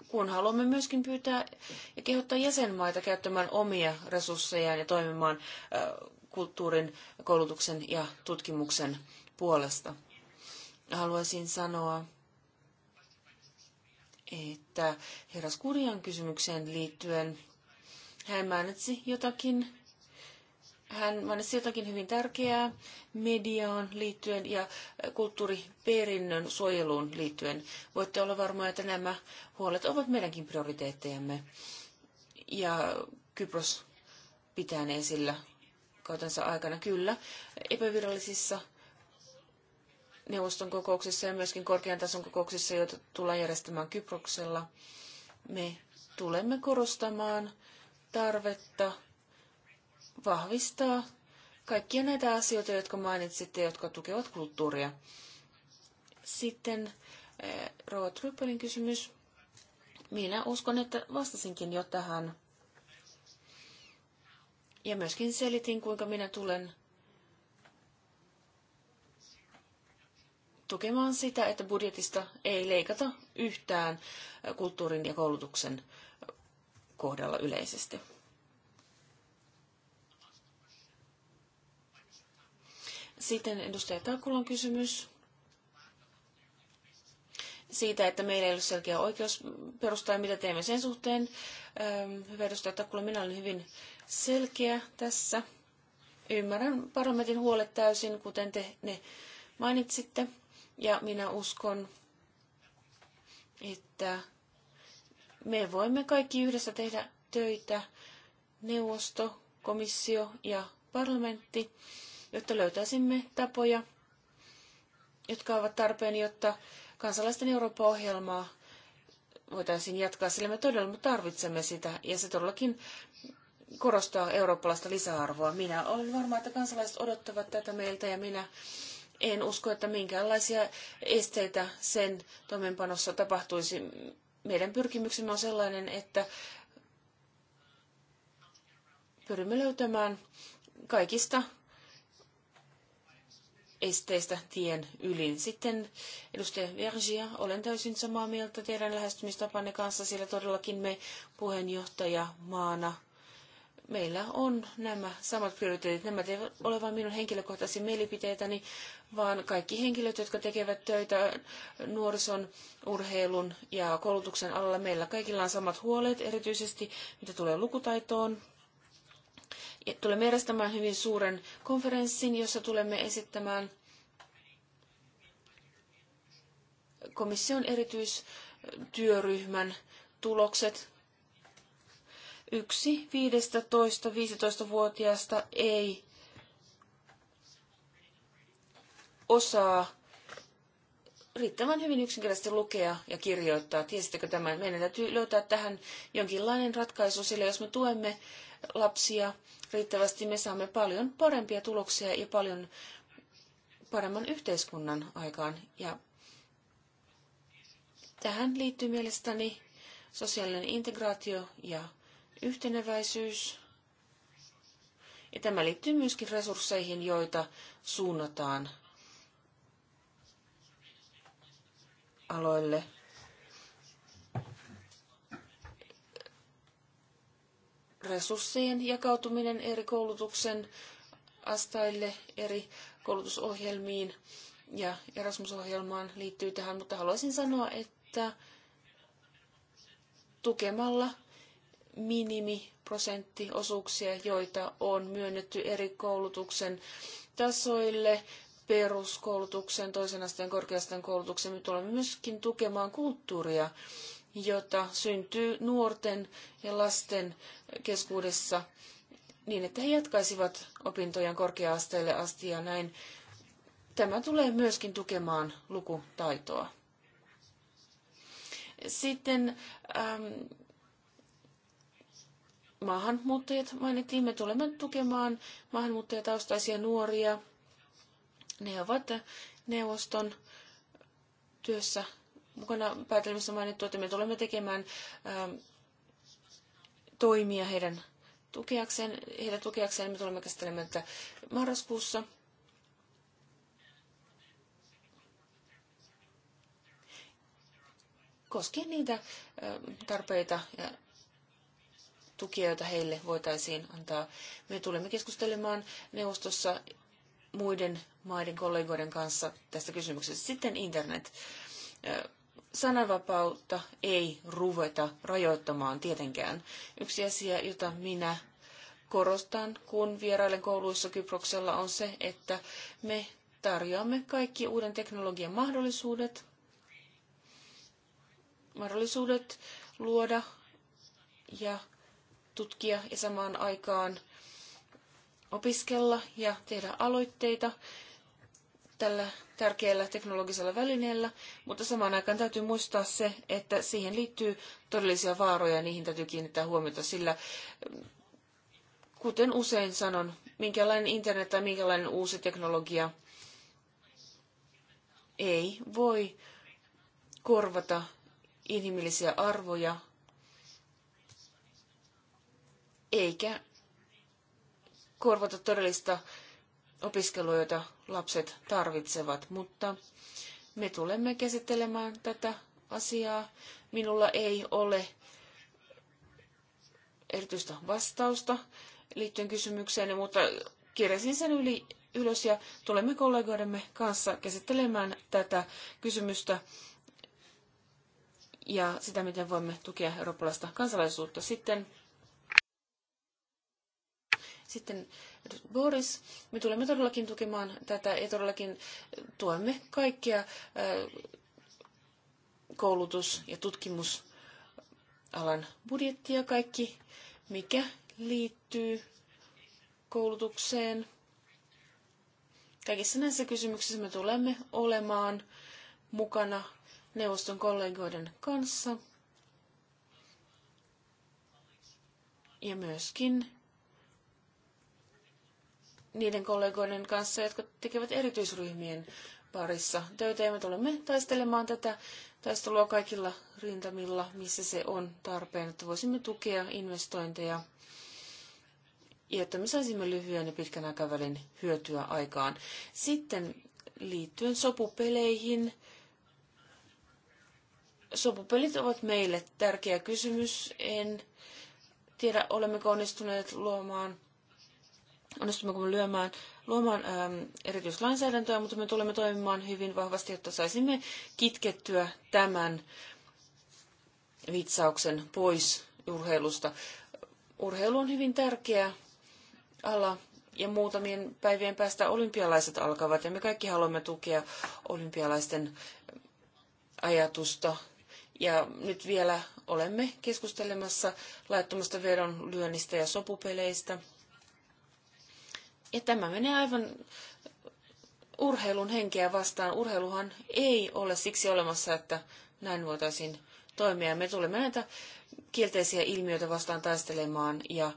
kun haluamme myöskin pyytää ja kehottaa jäsenmaita käyttämään omia resurssejaan ja toimimaan kulttuurin, koulutuksen ja tutkimuksen puolesta. Haluaisin sanoa että herras Kurjan kysymykseen liittyen hän mainitsi jotakin, hän mainitsi jotakin hyvin tärkeää mediaan liittyen ja kulttuuriperinnön suojeluun liittyen. Voitte olla varmoja, että nämä huolet ovat meidänkin prioriteettejamme. Ja Kypros pitää ne esillä kautensa aikana kyllä epävirallisissa neuvoston kokouksissa ja myöskin korkean tason kokouksissa, joita tullaan järjestämään Kyproksella, me tulemme korostamaan tarvetta vahvistaa kaikkia näitä asioita, jotka mainitsitte, jotka tukevat kulttuuria. Sitten eh, Rova Tryppelin kysymys. Minä uskon, että vastasinkin jo tähän. Ja myöskin selitin, kuinka minä tulen tukemaan sitä, että budjetista ei leikata yhtään kulttuurin ja koulutuksen kohdalla yleisesti. Sitten edustaja Takulan kysymys siitä, että meillä ei ole selkeä perustaa ja mitä teemme sen suhteen. Hyvä edustaja Takula, minä olen hyvin selkeä tässä. Ymmärrän parlamentin huolet täysin, kuten te ne mainitsitte. Ja minä uskon, että me voimme kaikki yhdessä tehdä töitä, neuvosto, komissio ja parlamentti, jotta löytäisimme tapoja, jotka ovat tarpeen, jotta kansalaisten Eurooppa-ohjelmaa voitaisiin jatkaa, sillä me todella tarvitsemme sitä, ja se todellakin korostaa eurooppalaista lisäarvoa. Minä olen varma, että kansalaiset odottavat tätä meiltä, ja minä en usko, että minkäänlaisia esteitä sen toimeenpanossa tapahtuisi. Meidän pyrkimyksemme on sellainen, että pyrimme löytämään kaikista esteistä tien ylin. Sitten edustaja Vergia, olen täysin samaa mieltä teidän lähestymistapanne kanssa, sillä todellakin me puheenjohtajamaana meillä on nämä samat prioriteetit. Nämä eivät ole vain minun henkilökohtaisia mielipiteitäni, vaan kaikki henkilöt, jotka tekevät töitä nuorison, urheilun ja koulutuksen alalla. Meillä kaikilla on samat huolet, erityisesti mitä tulee lukutaitoon. Tulemme järjestämään hyvin suuren konferenssin, jossa tulemme esittämään komission erityistyöryhmän tulokset yksi 15-15-vuotiaasta ei osaa riittävän hyvin yksinkertaisesti lukea ja kirjoittaa. Tiesittekö tämän? Meidän täytyy löytää tähän jonkinlainen ratkaisu, sillä jos me tuemme lapsia riittävästi, me saamme paljon parempia tuloksia ja paljon paremman yhteiskunnan aikaan. Ja tähän liittyy mielestäni sosiaalinen integraatio ja yhteneväisyys. Ja tämä liittyy myöskin resursseihin, joita suunnataan aloille. Resurssien jakautuminen eri koulutuksen astaille, eri koulutusohjelmiin ja Erasmus-ohjelmaan liittyy tähän, mutta haluaisin sanoa, että tukemalla minimiprosenttiosuuksia, joita on myönnetty eri koulutuksen tasoille, peruskoulutuksen, toisen asteen, korkeasteen koulutuksen. Me tulemme myöskin tukemaan kulttuuria, jota syntyy nuorten ja lasten keskuudessa niin, että he jatkaisivat opintojaan korkea-asteelle asti ja näin. Tämä tulee myöskin tukemaan lukutaitoa. Sitten ähm, maahanmuuttajat mainittiin. Me tulemme tukemaan maahanmuuttajataustaisia nuoria. Ne ovat neuvoston työssä mukana päätelmissä mainittu, että me tulemme tekemään ähm, toimia heidän tukeakseen, heidän tukeakseen. Me tulemme käsittelemään tätä marraskuussa. Koskien niitä äh, tarpeita ja tukea, joita heille voitaisiin antaa. Me tulemme keskustelemaan neuvostossa muiden maiden kollegoiden kanssa tästä kysymyksestä. Sitten internet. Sananvapautta ei ruveta rajoittamaan tietenkään. Yksi asia, jota minä korostan, kun vierailen kouluissa Kyproksella, on se, että me tarjoamme kaikki uuden teknologian mahdollisuudet, mahdollisuudet luoda ja tutkia ja samaan aikaan opiskella ja tehdä aloitteita tällä tärkeällä teknologisella välineellä, mutta samaan aikaan täytyy muistaa se, että siihen liittyy todellisia vaaroja ja niihin täytyy kiinnittää huomiota, sillä mm, kuten usein sanon, minkälainen internet tai minkälainen uusi teknologia ei voi korvata inhimillisiä arvoja eikä korvata todellista opiskelua, jota lapset tarvitsevat, mutta me tulemme käsittelemään tätä asiaa. Minulla ei ole erityistä vastausta liittyen kysymykseen, mutta kirjasin sen yli, ylös ja tulemme kollegoidemme kanssa käsittelemään tätä kysymystä ja sitä, miten voimme tukea eurooppalaista kansalaisuutta. Sitten sitten Boris, me tulemme todellakin tukemaan tätä ja todellakin eh, tuemme kaikkia eh, koulutus- ja tutkimusalan budjettia, kaikki mikä liittyy koulutukseen. Kaikissa näissä kysymyksissä me tulemme olemaan mukana neuvoston kollegoiden kanssa ja myöskin niiden kollegoiden kanssa, jotka tekevät erityisryhmien parissa töitä ja me tulemme taistelemaan tätä taistelua kaikilla rintamilla, missä se on tarpeen, että voisimme tukea investointeja ja että me saisimme lyhyen ja pitkän aikavälin hyötyä aikaan. Sitten liittyen sopupeleihin. Sopupelit ovat meille tärkeä kysymys. En tiedä, olemmeko onnistuneet luomaan onnistummeko me lyömään, luomaan äm, erityislainsäädäntöä, mutta me tulemme toimimaan hyvin vahvasti, jotta saisimme kitkettyä tämän vitsauksen pois urheilusta. Urheilu on hyvin tärkeä ala ja muutamien päivien päästä olympialaiset alkavat ja me kaikki haluamme tukea olympialaisten ajatusta. Ja nyt vielä olemme keskustelemassa laittomasta vedonlyönnistä ja sopupeleistä. Ja tämä menee aivan urheilun henkeä vastaan. Urheiluhan ei ole siksi olemassa, että näin voitaisiin toimia. Me tulemme näitä kielteisiä ilmiöitä vastaan taistelemaan ja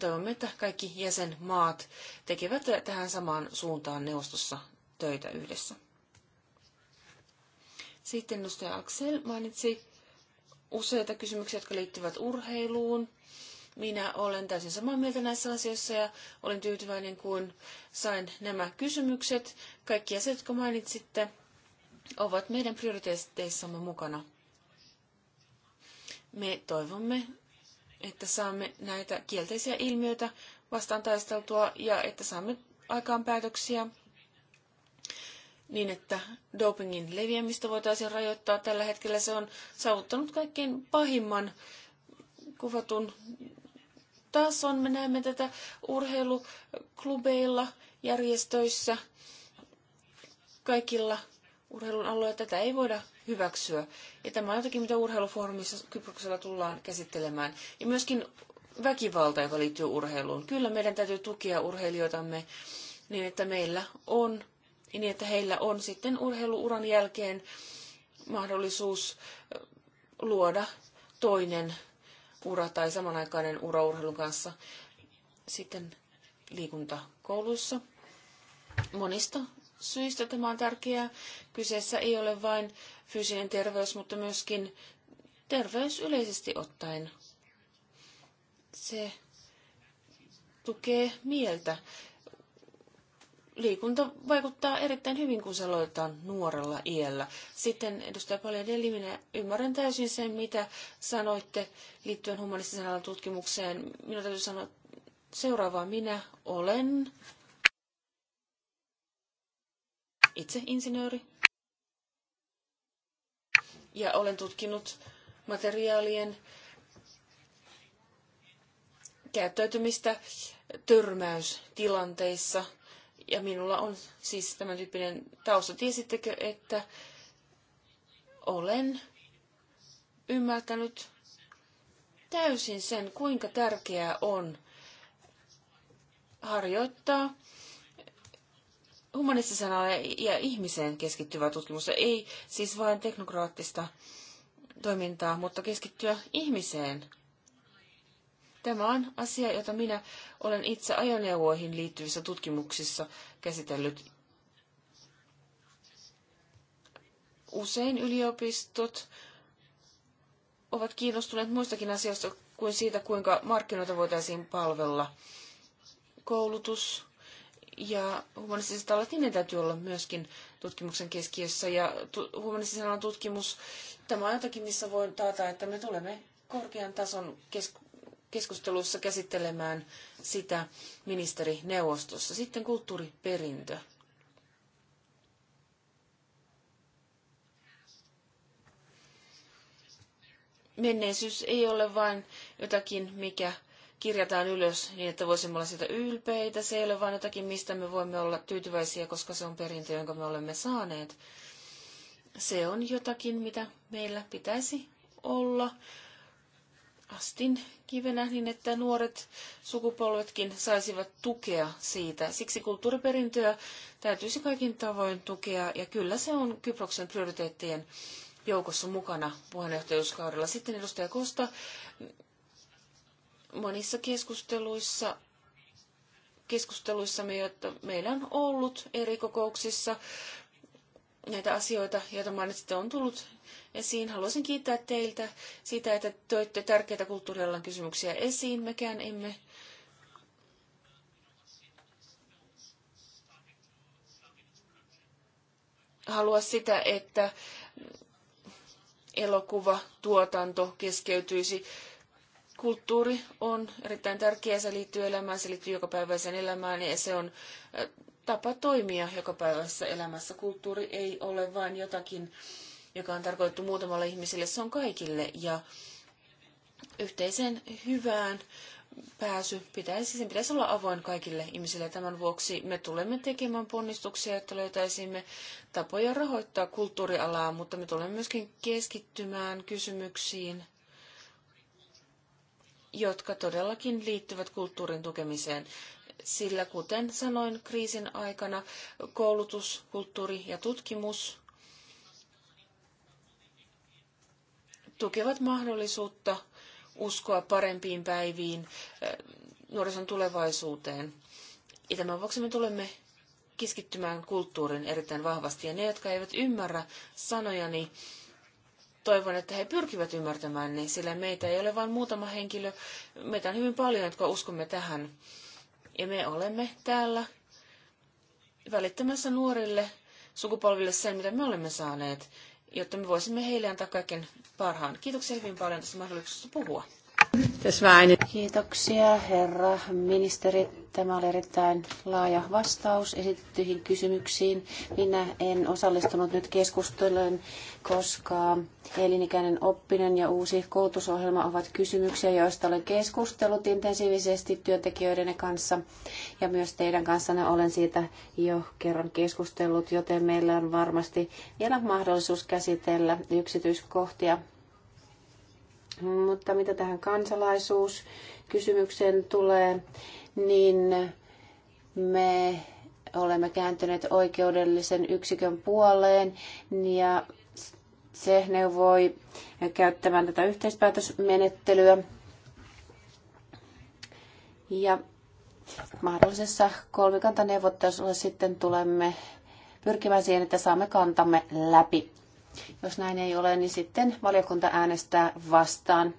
toivomme, että kaikki jäsenmaat tekevät tähän samaan suuntaan neuvostossa töitä yhdessä. Sitten nostaja Axel mainitsi useita kysymyksiä, jotka liittyvät urheiluun. Minä olen täysin samaa mieltä näissä asioissa ja olen tyytyväinen, kun sain nämä kysymykset. Kaikki asiat, jotka mainitsitte, ovat meidän prioriteetteissamme mukana. Me toivomme, että saamme näitä kielteisiä ilmiöitä vastaan taisteltua ja että saamme aikaan päätöksiä niin, että dopingin leviämistä voitaisiin rajoittaa. Tällä hetkellä se on saavuttanut kaikkein pahimman kuvatun on, Me näemme tätä urheiluklubeilla, järjestöissä, kaikilla urheilun alueilla. Tätä ei voida hyväksyä. Ja tämä on jotakin, mitä urheilufoorumissa Kyproksella tullaan käsittelemään. Ja myöskin väkivalta, joka liittyy urheiluun. Kyllä meidän täytyy tukea urheilijoitamme niin, että meillä on, niin että heillä on sitten urheiluuran jälkeen mahdollisuus luoda toinen ura tai samanaikainen ura urheilun kanssa. Sitten liikunta Monista syistä tämä on tärkeää. Kyseessä ei ole vain fyysinen terveys, mutta myöskin terveys yleisesti ottaen. Se tukee mieltä liikunta vaikuttaa erittäin hyvin, kun se aloitetaan nuorella iällä. Sitten edustaja Paljadeli, minä ymmärrän täysin sen, mitä sanoitte liittyen humanistisen alan tutkimukseen. Minä täytyy sanoa seuraavaa. Minä olen itse insinööri ja olen tutkinut materiaalien käyttäytymistä törmäystilanteissa – ja minulla on siis tämän tyyppinen tausta. Tiesittekö, että olen ymmärtänyt täysin sen, kuinka tärkeää on harjoittaa humanistisen ja ihmiseen keskittyvää tutkimusta. Ei siis vain teknokraattista toimintaa, mutta keskittyä ihmiseen. Tämä on asia, jota minä olen itse ajoneuvoihin liittyvissä tutkimuksissa käsitellyt. Usein yliopistot ovat kiinnostuneet muistakin asioista kuin siitä, kuinka markkinoita voitaisiin palvella. Koulutus ja humanistiset alat, niin ne täytyy olla myöskin tutkimuksen keskiössä. Ja tu- humanistisen alan tutkimus, tämä on jotakin, missä voin taata, että me tulemme korkean tason kesk- keskusteluissa käsittelemään sitä ministerineuvostossa. Sitten kulttuuriperintö. Menneisyys ei ole vain jotakin, mikä kirjataan ylös niin, että voisimme olla siitä ylpeitä. Se ei ole vain jotakin, mistä me voimme olla tyytyväisiä, koska se on perintö, jonka me olemme saaneet. Se on jotakin, mitä meillä pitäisi olla astin kivenä niin, että nuoret sukupolvetkin saisivat tukea siitä. Siksi kulttuuriperintöä täytyisi kaikin tavoin tukea, ja kyllä se on Kyproksen prioriteettien joukossa mukana puheenjohtajuuskaudella. Sitten edustaja Kosta, monissa keskusteluissa keskusteluissamme, joita meillä on ollut eri kokouksissa näitä asioita, joita mainitsitte, on tullut esiin. Haluaisin kiittää teiltä siitä, että toitte tärkeitä kulttuurialan kysymyksiä esiin. Mekään emme halua sitä, että elokuvatuotanto keskeytyisi. Kulttuuri on erittäin tärkeä, se liittyy elämään, se liittyy jokapäiväiseen elämään ja se on äh, tapa toimia jokapäiväisessä elämässä. Kulttuuri ei ole vain jotakin, joka on tarkoitettu muutamalle ihmiselle, se on kaikille. Ja yhteiseen hyvään pääsy pitäisi, sen pitäisi olla avoin kaikille ihmisille. Tämän vuoksi me tulemme tekemään ponnistuksia, että löytäisimme tapoja rahoittaa kulttuurialaa, mutta me tulemme myöskin keskittymään kysymyksiin, jotka todellakin liittyvät kulttuurin tukemiseen sillä kuten sanoin kriisin aikana, koulutus, kulttuuri ja tutkimus tukevat mahdollisuutta uskoa parempiin päiviin, eh, nuorison tulevaisuuteen. Ja tämän vuoksi me tulemme keskittymään kulttuurin erittäin vahvasti. Ja ne, jotka eivät ymmärrä sanojani, toivon, että he pyrkivät ymmärtämään ne, sillä meitä ei ole vain muutama henkilö. Meitä on hyvin paljon, jotka uskomme tähän. Ja me olemme täällä välittämässä nuorille sukupolville sen, mitä me olemme saaneet, jotta me voisimme heille antaa kaiken parhaan. Kiitoksia hyvin paljon tästä mahdollisuudesta puhua. Kiitoksia herra ministeri. Tämä oli erittäin laaja vastaus esitettyihin kysymyksiin. Minä en osallistunut nyt keskusteluun, koska elinikäinen oppinen ja uusi koulutusohjelma ovat kysymyksiä, joista olen keskustellut intensiivisesti työntekijöiden kanssa ja myös teidän kanssanne olen siitä jo kerran keskustellut, joten meillä on varmasti vielä mahdollisuus käsitellä yksityiskohtia mutta mitä tähän kansalaisuuskysymykseen tulee, niin me olemme kääntyneet oikeudellisen yksikön puoleen ja se neuvoi käyttämään tätä yhteispäätösmenettelyä. Ja mahdollisessa kolmikantaneuvottelussa sitten tulemme pyrkimään siihen, että saamme kantamme läpi. Jos näin ei ole, niin sitten valiokunta äänestää vastaan.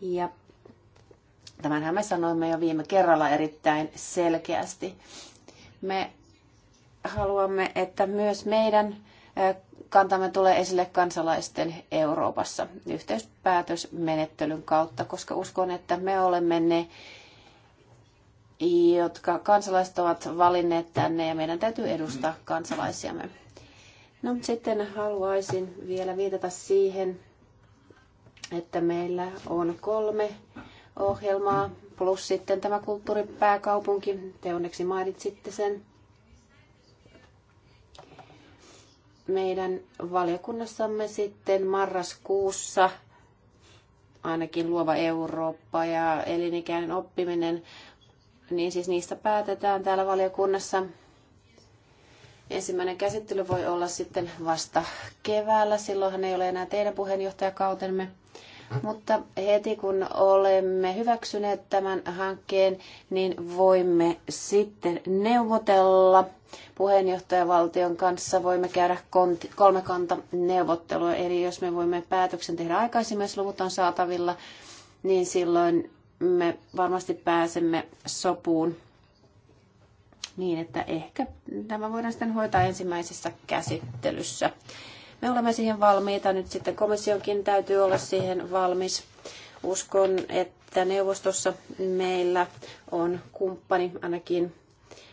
Ja tämänhän me sanoimme jo viime kerralla erittäin selkeästi. Me haluamme, että myös meidän kantamme tulee esille kansalaisten Euroopassa yhteispäätösmenettelyn kautta, koska uskon, että me olemme ne, jotka kansalaiset ovat valinneet tänne ja meidän täytyy edustaa kansalaisiamme. No sitten haluaisin vielä viitata siihen, että meillä on kolme ohjelmaa plus sitten tämä kulttuuripääkaupunki. Te onneksi mainitsitte sen. Meidän valiokunnassamme sitten marraskuussa ainakin luova Eurooppa ja elinikäinen oppiminen, niin siis niistä päätetään täällä valiokunnassa. Ensimmäinen käsittely voi olla sitten vasta keväällä, silloinhan ei ole enää teidän puheenjohtajakautemme. Mutta heti kun olemme hyväksyneet tämän hankkeen, niin voimme sitten neuvotella puheenjohtajavaltion kanssa. Voimme käydä kolmekanta neuvottelua, eli jos me voimme päätöksen tehdä aikaisemmin, jos luvut on saatavilla, niin silloin me varmasti pääsemme sopuun niin, että ehkä tämä voidaan sitten hoitaa ensimmäisessä käsittelyssä. Me olemme siihen valmiita, nyt sitten komissionkin täytyy olla siihen valmis. Uskon, että neuvostossa meillä on kumppani ainakin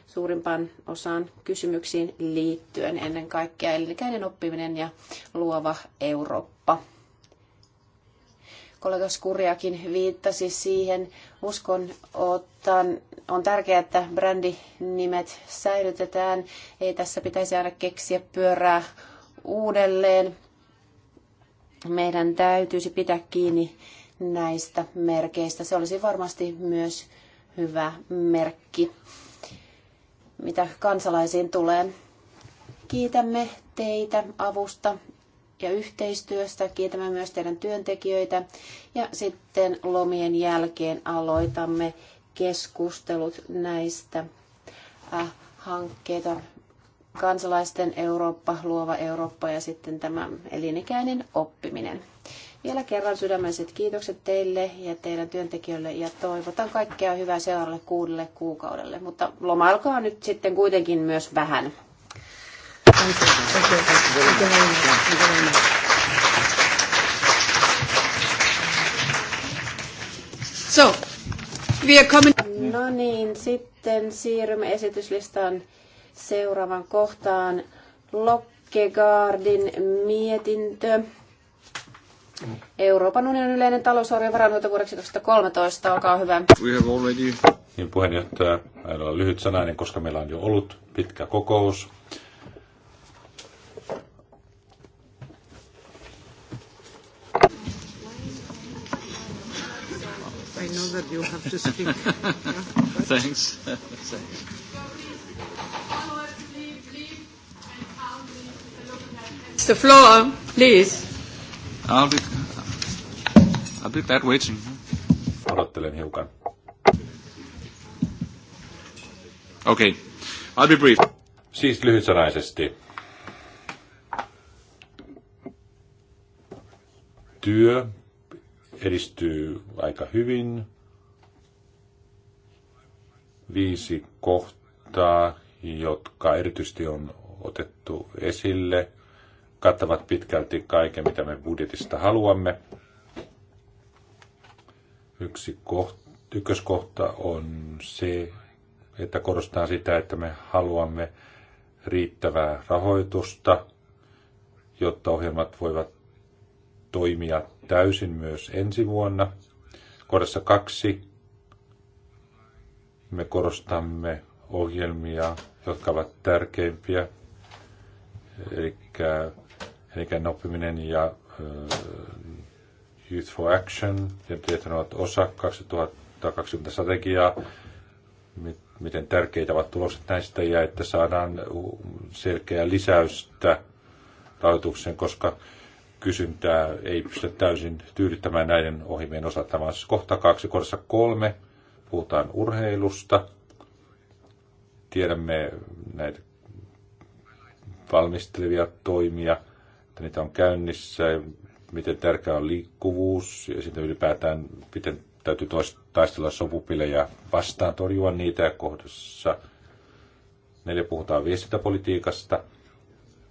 suurimpaan osaan kysymyksiin liittyen ennen kaikkea elinikäinen oppiminen ja luova Eurooppa kollega Skurjakin viittasi siihen. Uskon, että on tärkeää, että brändinimet säilytetään. Ei tässä pitäisi aina keksiä pyörää uudelleen. Meidän täytyisi pitää kiinni näistä merkeistä. Se olisi varmasti myös hyvä merkki, mitä kansalaisiin tulee. Kiitämme teitä avusta ja yhteistyöstä. Kiitämme myös teidän työntekijöitä. Ja sitten lomien jälkeen aloitamme keskustelut näistä äh, hankkeita. Kansalaisten Eurooppa, luova Eurooppa ja sitten tämä elinikäinen oppiminen. Vielä kerran sydämelliset kiitokset teille ja teidän työntekijöille ja toivotan kaikkea hyvää seuraavalle kuudelle kuukaudelle. Mutta lomailkaa nyt sitten kuitenkin myös vähän. Thank you. Thank you. Thank you very much. Thank you very much. Thank you very much. No niin, sitten siirrymme esityslistan seuraavan kohtaan. Lokkegaardin mietintö. Euroopan unionin yleinen talousarvio varainhoito vuodeksi 2013. Olkaa hyvä. We have already... Niin puheenjohtaja, lyhyt sanainen, koska meillä on jo ollut pitkä kokous. that you have to speak. yeah, Thanks. Thanks. The floor, please. I'll be, I'll be back waiting. Odottelen hiukan. Okei. Okay. I'll be brief. Siis lyhytsanaisesti. Työ edistyy aika hyvin viisi kohtaa, jotka erityisesti on otettu esille, kattavat pitkälti kaiken, mitä me budjetista haluamme. Yksi kohta, ykköskohta on se, että korostaa sitä, että me haluamme riittävää rahoitusta, jotta ohjelmat voivat toimia täysin myös ensi vuonna. Kohdassa kaksi me korostamme ohjelmia, jotka ovat tärkeimpiä, eli, eli oppiminen ja Youth for Action, ja tietysti ovat osa 2020 strategiaa, miten tärkeitä ovat tulokset näistä, ja että saadaan selkeää lisäystä rahoitukseen, koska kysyntää ei pysty täysin tyydyttämään näiden ohjelmien osalta, vaan siis kohta kaksi, kohdassa kolme – puhutaan urheilusta. Tiedämme näitä valmistelevia toimia, että niitä on käynnissä, miten tärkeä on liikkuvuus ja sitten ylipäätään, miten täytyy taistella sopupilejä vastaan, torjua niitä ja kohdassa. Neljä puhutaan viestintäpolitiikasta.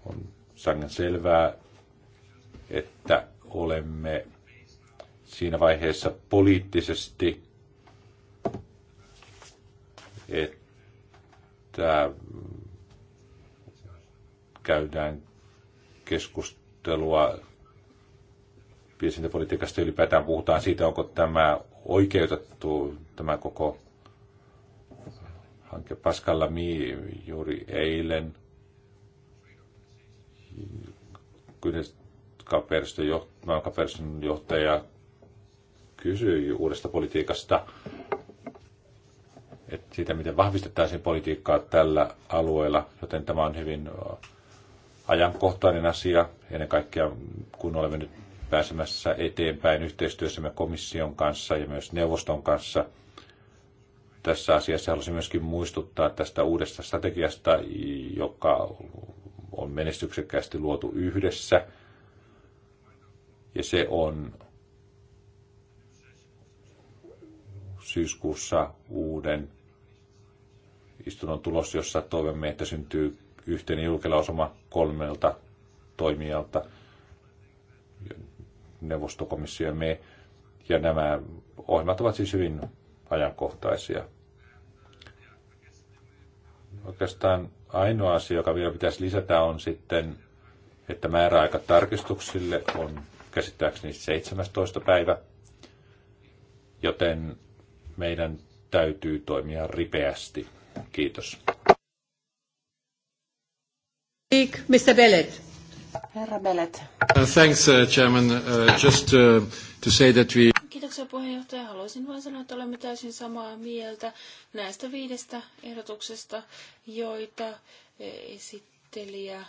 On sangen selvää, että olemme siinä vaiheessa poliittisesti että käydään keskustelua viestintäpolitiikasta ylipäätään puhutaan siitä, onko tämä oikeutettu, tämä koko hanke Pascal Lamy juuri eilen. Kaperstön johtaja kysyi uudesta politiikasta että siitä, miten vahvistettaisiin politiikkaa tällä alueella, joten tämä on hyvin ajankohtainen asia, ennen kaikkea kun olemme nyt pääsemässä eteenpäin yhteistyössämme komission kanssa ja myös neuvoston kanssa. Tässä asiassa haluaisin myöskin muistuttaa tästä uudesta strategiasta, joka on menestyksekkäästi luotu yhdessä. Ja se on syyskuussa uuden istunnon tulos, jossa toivomme, että syntyy yhteinen julkilausuma kolmelta toimijalta, neuvostokomissio ja me. Ja nämä ohjelmat ovat siis hyvin ajankohtaisia. Oikeastaan ainoa asia, joka vielä pitäisi lisätä, on sitten, että määräaika tarkistuksille on käsittääkseni 17. päivä, joten meidän täytyy toimia ripeästi. Kiitos. Mr. Bellet. Herra Bellet. Uh, thanks, uh, Chairman. Uh, just uh, to say that we... Kiitoksia puheenjohtaja. Haluaisin vain sanoa, että olemme täysin samaa mieltä näistä viidestä ehdotuksesta, joita eh, esittelijä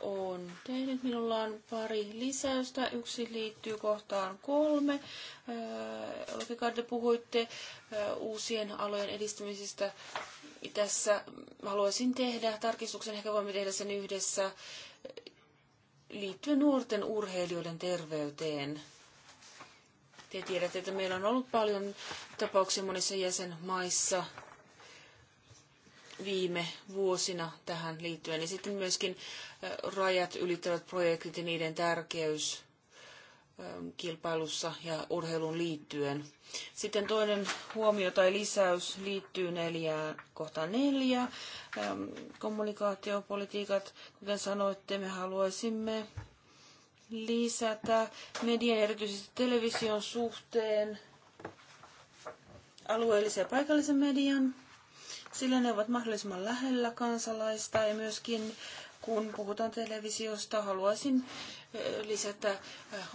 on tehnyt. Minulla on pari lisäystä. Yksi liittyy kohtaan kolme. Eh, Lokikard, puhuitte eh, uusien alojen edistämisestä tässä haluaisin tehdä tarkistuksen, ehkä voimme tehdä sen yhdessä, liittyen nuorten urheilijoiden terveyteen. Te tiedätte, että meillä on ollut paljon tapauksia monissa jäsenmaissa viime vuosina tähän liittyen. Ja sitten myöskin rajat ylittävät projektit ja niiden tärkeys kilpailussa ja urheilun liittyen. Sitten toinen huomio tai lisäys liittyy neljään, kohtaan neljä. Kommunikaatiopolitiikat, kuten sanoitte, me haluaisimme lisätä median, erityisesti television suhteen alueellisen ja paikallisen median, sillä ne ovat mahdollisimman lähellä kansalaista ja myöskin kun puhutaan televisiosta, haluaisin lisätä eh,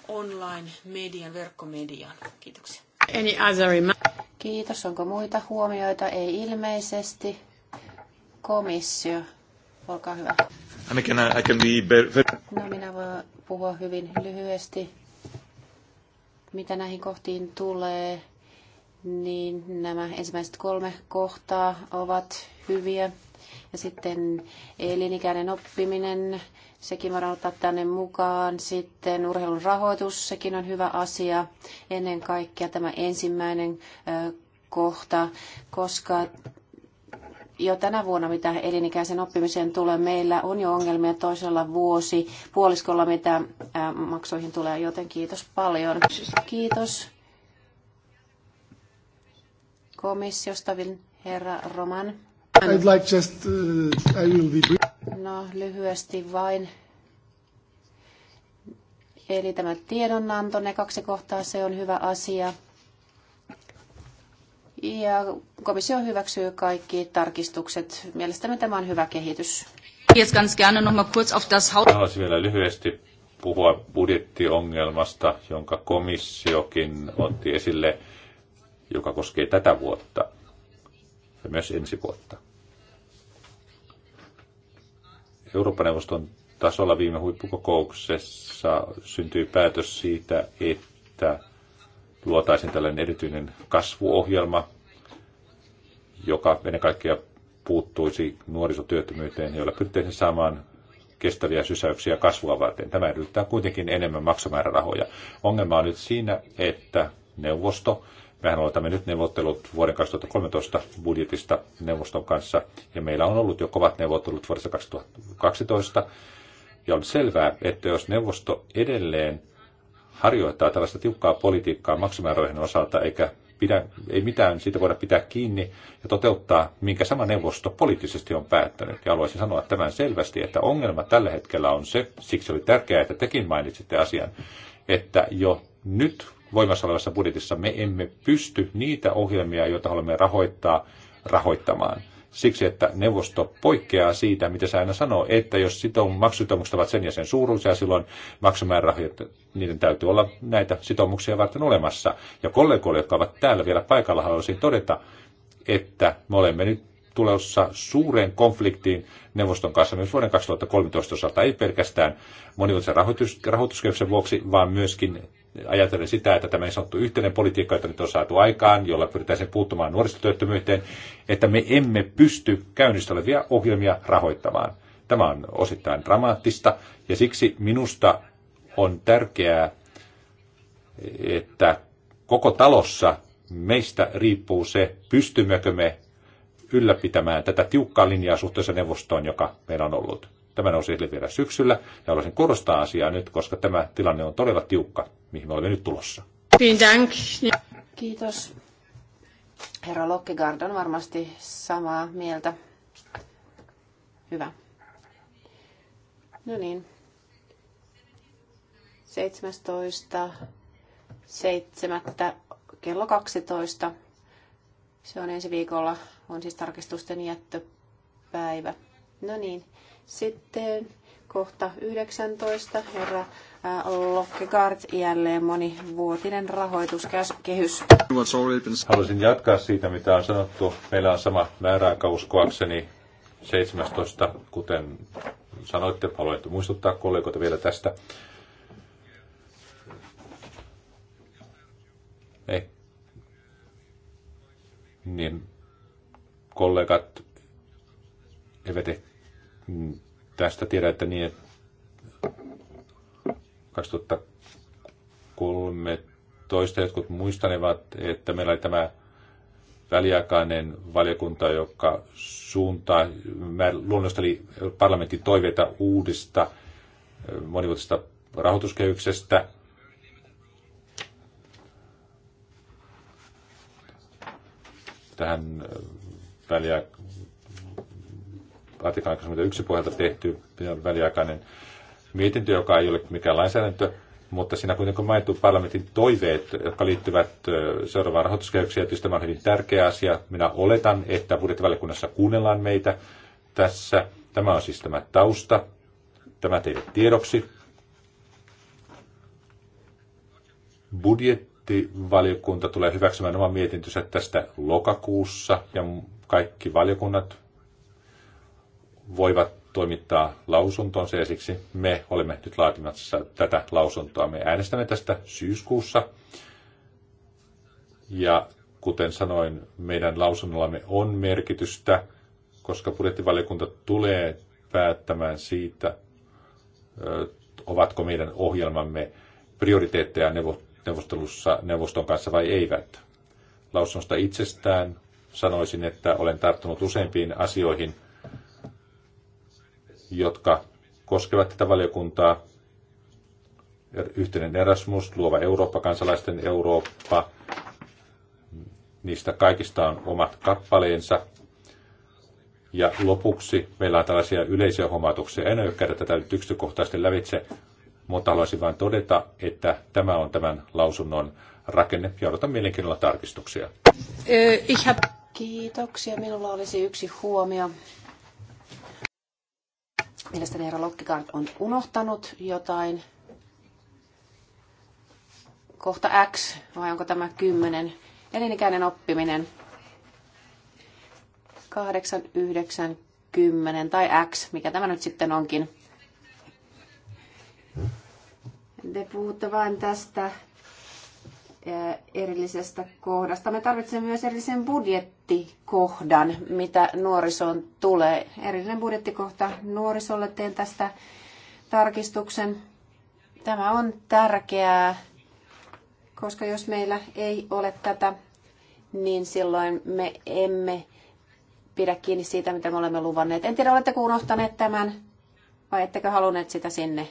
online-median, verkkomedian. Kiitoksia. Any other Kiitos. Onko muita huomioita? Ei ilmeisesti. Komissio, olkaa hyvä. I can, I can be... No minä voin puhua hyvin lyhyesti. Mitä näihin kohtiin tulee, niin nämä ensimmäiset kolme kohtaa ovat hyviä. Ja sitten elinikäinen oppiminen, Sekin voidaan ottaa tänne mukaan. Sitten urheilun rahoitus, sekin on hyvä asia. Ennen kaikkea tämä ensimmäinen kohta, koska jo tänä vuonna, mitä elinikäisen oppimiseen tulee, meillä on jo ongelmia toisella vuosi puoliskolla, mitä maksuihin tulee, joten kiitos paljon. Kiitos komissiosta, herra Roman. I'd like just, uh, I will be... No lyhyesti vain. Eli tämä tiedonanto, ne kaksi kohtaa, se on hyvä asia. Ja komissio hyväksyy kaikki tarkistukset. Mielestäni tämä on hyvä kehitys. Jetzt ganz gerne noch mal kurz auf das Haluaisin vielä lyhyesti puhua budjettiongelmasta, jonka komissiokin otti esille, joka koskee tätä vuotta ja myös ensi vuotta. Eurooppa-neuvoston tasolla viime huippukokouksessa syntyi päätös siitä, että luotaisiin tällainen erityinen kasvuohjelma, joka ennen kaikkea puuttuisi nuorisotyöttömyyteen, jolla pyrittäisiin saamaan kestäviä sysäyksiä kasvua varten. Tämä edellyttää kuitenkin enemmän maksamäärärahoja. Ongelma on nyt siinä, että neuvosto Mehän aloitamme nyt neuvottelut vuoden 2013 budjetista neuvoston kanssa, ja meillä on ollut jo kovat neuvottelut vuodessa 2012, ja on selvää, että jos neuvosto edelleen harjoittaa tällaista tiukkaa politiikkaa maksumäärärahojen osalta, eikä pidä, ei mitään siitä voida pitää kiinni ja toteuttaa, minkä sama neuvosto poliittisesti on päättänyt. Ja haluaisin sanoa tämän selvästi, että ongelma tällä hetkellä on se, siksi oli tärkeää, että tekin mainitsitte asian, että jo nyt voimassa olevassa budjetissa. Me emme pysty niitä ohjelmia, joita haluamme rahoittaa, rahoittamaan. Siksi, että neuvosto poikkeaa siitä, mitä se aina sanoo, että jos sitoum- maksusitoumukset ovat sen ja sen suuruisia, silloin maksumäärärahoja, niiden täytyy olla näitä sitoumuksia varten olemassa. Ja kollegoille, jotka ovat täällä vielä paikalla, haluaisin todeta, että me olemme nyt tulossa suureen konfliktiin neuvoston kanssa myös vuoden 2013 osalta, ei pelkästään monivuotisen rahoitus, rahoituskehyksen vuoksi, vaan myöskin ajatellen sitä, että tämä niin sanottu yhteinen politiikka, jota nyt on saatu aikaan, jolla pyritään sen puuttumaan nuorisotyöttömyyteen, että me emme pysty käynnistä olevia ohjelmia rahoittamaan. Tämä on osittain dramaattista ja siksi minusta on tärkeää, että koko talossa meistä riippuu se, pystymmekö me ylläpitämään tätä tiukkaa linjaa suhteessa neuvostoon, joka meillä on ollut. Tämä nousi esille vielä syksyllä ja haluaisin korostaa asiaa nyt, koska tämä tilanne on todella tiukka, mihin me olemme nyt tulossa. Kiitos. Herra Lokkegaard on varmasti samaa mieltä. Hyvä. No niin. 17.7. kello 12. Se on ensi viikolla, on siis tarkistusten jättöpäivä. No niin, sitten kohta 19, herra äh, Lokkegaard, jälleen monivuotinen rahoituskehys. Haluaisin jatkaa siitä, mitä on sanottu. Meillä on sama määräaika uskoakseni 17, kuten sanoitte. Haluaisin muistuttaa kollegoita vielä tästä. Ei. Eh. Niin, kollegat eivät ehkä Tästä tiedän, että niin 2013 jotkut muistanevat, että meillä oli tämä väliaikainen valiokunta, joka suuntaa, luonnosteli parlamentin toiveita uudesta monivuotisesta rahoituskehyksestä. Tähän väliaikaan artiklan 21 pohjalta tehty väliaikainen mietintö, joka ei ole mikään lainsäädäntö, mutta siinä kuitenkin mainittu parlamentin toiveet, jotka liittyvät seuraavaan rahoituskehykseen. Tietysti tämä on hyvin tärkeä asia. Minä oletan, että budjettivaliokunnassa kuunnellaan meitä tässä. Tämä on siis tämä tausta. Tämä teille tiedoksi. Budjettivaliokunta tulee hyväksymään oman mietintönsä tästä lokakuussa ja kaikki valiokunnat voivat toimittaa lausuntonsa ja siksi me olemme nyt laatimassa tätä lausuntoa. Me äänestämme tästä syyskuussa ja kuten sanoin, meidän lausunnollamme on merkitystä, koska budjettivaliokunta tulee päättämään siitä, ovatko meidän ohjelmamme prioriteetteja neuvostelussa neuvoston kanssa vai eivät. Lausunnosta itsestään sanoisin, että olen tarttunut useimpiin asioihin, jotka koskevat tätä valiokuntaa. Yhteinen Erasmus, Luova Eurooppa, Kansalaisten Eurooppa. Niistä kaikista on omat kappaleensa. Ja lopuksi meillä on tällaisia yleisiä huomautuksia. En ole käydä tätä nyt yksityiskohtaisesti lävitse, mutta haluaisin vain todeta, että tämä on tämän lausunnon rakenne ja odotan mielenkiinnolla tarkistuksia. Kiitoksia. Minulla olisi yksi huomio. Mielestäni herra Lokkikant on unohtanut jotain. Kohta X, vai onko tämä 10? Elinikäinen oppiminen. 8, 9, 10 tai X, mikä tämä nyt sitten onkin. Te puhutte vain tästä Eh, erillisestä kohdasta. Me tarvitsemme myös erillisen budjettikohdan, mitä nuorisoon tulee. Erillinen budjettikohta nuorisolle teen tästä tarkistuksen. Tämä on tärkeää, koska jos meillä ei ole tätä, niin silloin me emme pidä kiinni siitä, mitä me olemme luvanneet. En tiedä, oletteko unohtaneet tämän vai ettekö halunneet sitä sinne.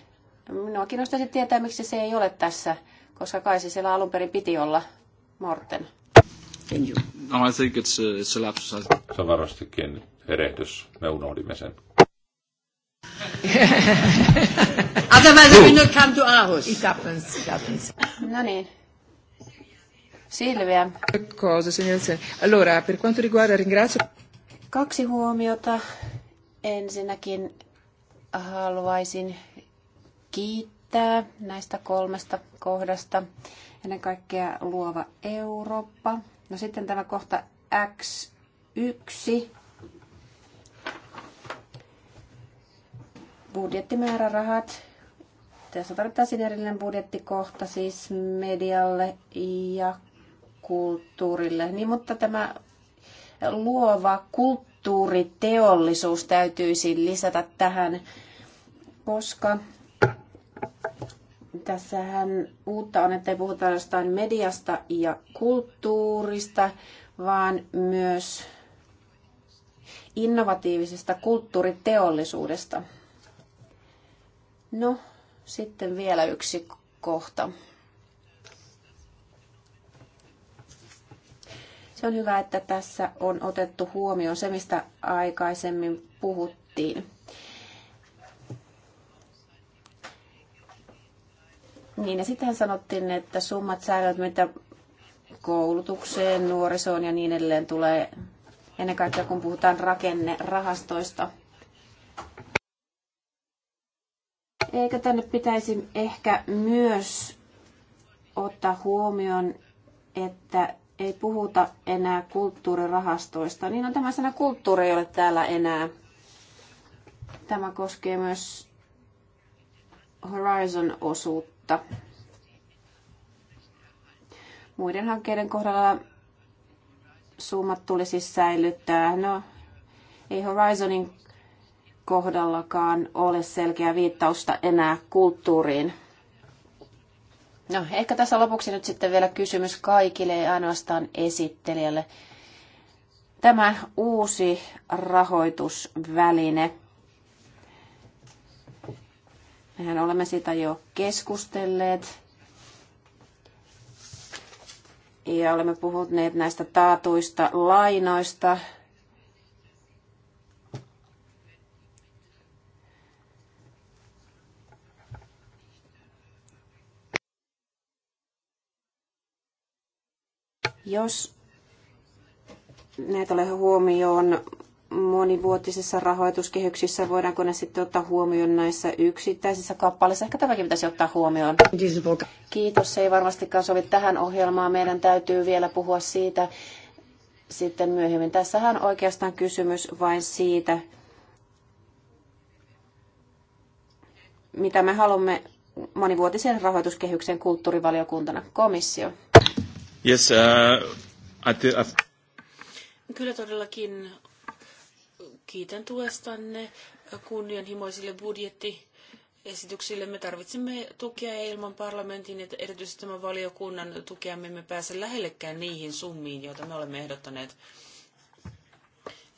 Minua kiinnostaisi tietää, miksi se ei ole tässä koska kai se siellä alun perin piti olla Morten. No, I think it's a, uh, it's a lapsus. Se on varmastikin erehdys. Me unohdimme sen. Otherwise I will not come to our house. It happens, it happens. No niin. Silvia. Cosa, signor Allora, per quanto riguarda ringrazio... Kaksi huomiota. Ensinnäkin haluaisin kiittää päättää näistä kolmesta kohdasta. Ennen kaikkea luova Eurooppa. No sitten tämä kohta X1. Budjettimäärärahat. Tässä tarvittaisiin erillinen budjettikohta siis medialle ja kulttuurille. Niin, mutta tämä luova kulttuuriteollisuus täytyisi lisätä tähän, koska Tässähän uutta on, että ei puhuta ainoastaan mediasta ja kulttuurista, vaan myös innovatiivisesta kulttuuriteollisuudesta. No, sitten vielä yksi kohta. Se on hyvä, että tässä on otettu huomioon se, mistä aikaisemmin puhuttiin. Niin ja sitten sanottiin, että summat säädöt, mitä koulutukseen, nuorisoon ja niin edelleen tulee ennen kaikkea, kun puhutaan rakennerahastoista. Eikö tänne pitäisi ehkä myös ottaa huomioon, että ei puhuta enää kulttuurirahastoista. Niin on tämä sana kulttuuri ei ole täällä enää. Tämä koskee myös Horizon-osuutta mutta muiden hankkeiden kohdalla summat tulisi säilyttää. No, ei Horizonin kohdallakaan ole selkeää viittausta enää kulttuuriin. No, ehkä tässä lopuksi nyt sitten vielä kysymys kaikille, ei ainoastaan esittelijälle. Tämä uusi rahoitusväline – Mehän olemme siitä jo keskustelleet ja olemme puhuneet näistä taatuista lainoista. Jos näitä ole huomioon monivuotisissa rahoituskehyksissä, voidaanko ne sitten ottaa huomioon näissä yksittäisissä kappaleissa. Ehkä tämäkin pitäisi ottaa huomioon. Kiitos, se ei varmastikaan sovi tähän ohjelmaan. Meidän täytyy vielä puhua siitä sitten myöhemmin. Tässähän on oikeastaan kysymys vain siitä, mitä me haluamme monivuotisen rahoituskehyksen kulttuurivaliokuntana. Komissio. Yes, uh, I Kyllä todellakin kiitän tuestanne kunnianhimoisille budjettiesityksille. Me tarvitsemme tukea ja ilman parlamentin ja erityisesti tämän valiokunnan tukea me emme pääse lähellekään niihin summiin, joita me olemme ehdottaneet.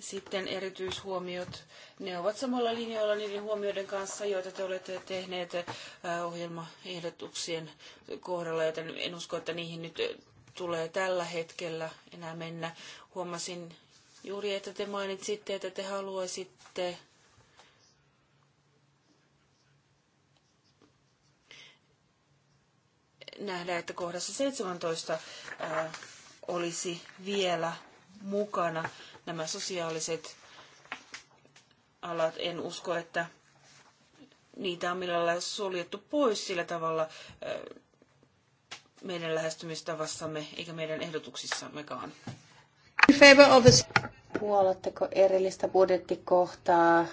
Sitten erityishuomiot. Ne ovat samalla linjoilla niiden huomioiden kanssa, joita te olette tehneet äh, ohjelmaehdotuksien kohdalla, joten en usko, että niihin nyt tulee tällä hetkellä enää mennä. Huomasin Juuri, että te mainitsitte, että te haluaisitte nähdä, että kohdassa 17 ää, olisi vielä mukana nämä sosiaaliset alat. En usko, että niitä on millään lailla suljettu pois sillä tavalla ää, meidän lähestymistavassamme eikä meidän ehdotuksissammekaan. In favor of a... Puolatteko erillistä budjettikohtaa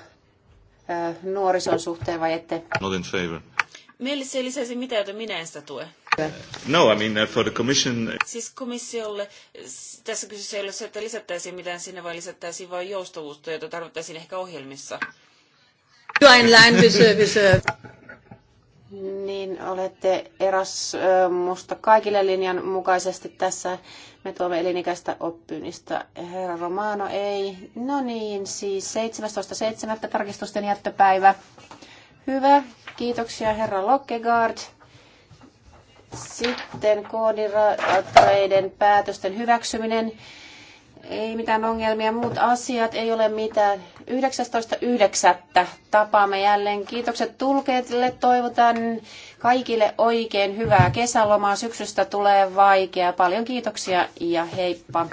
nuorison suhteen vai ette? Not in favor. Mielissä ei lisäisi mitään, joten minä en sitä tue. No, I mean uh, for the commission... Uh, siis komissiolle tässä kyseessä ei ole se, että lisättäisiin mitään sinne, vai lisättäisiin vain joustavuutta, jota tarvittaisiin ehkä ohjelmissa. Työ in niin, olette eräs musta kaikille linjan mukaisesti tässä. Me tuomme elinikäistä oppimista. Herra Romano ei. No niin, siis 17.7. tarkistusten jättöpäivä. Hyvä, kiitoksia herra Lokkegaard. Sitten koodiraattoreiden päätösten hyväksyminen. Ei mitään ongelmia, muut asiat, ei ole mitään. 19.9. tapaamme jälleen. Kiitokset tulkeille, toivotan kaikille oikein hyvää kesälomaa. Syksystä tulee vaikea. Paljon kiitoksia ja heippa.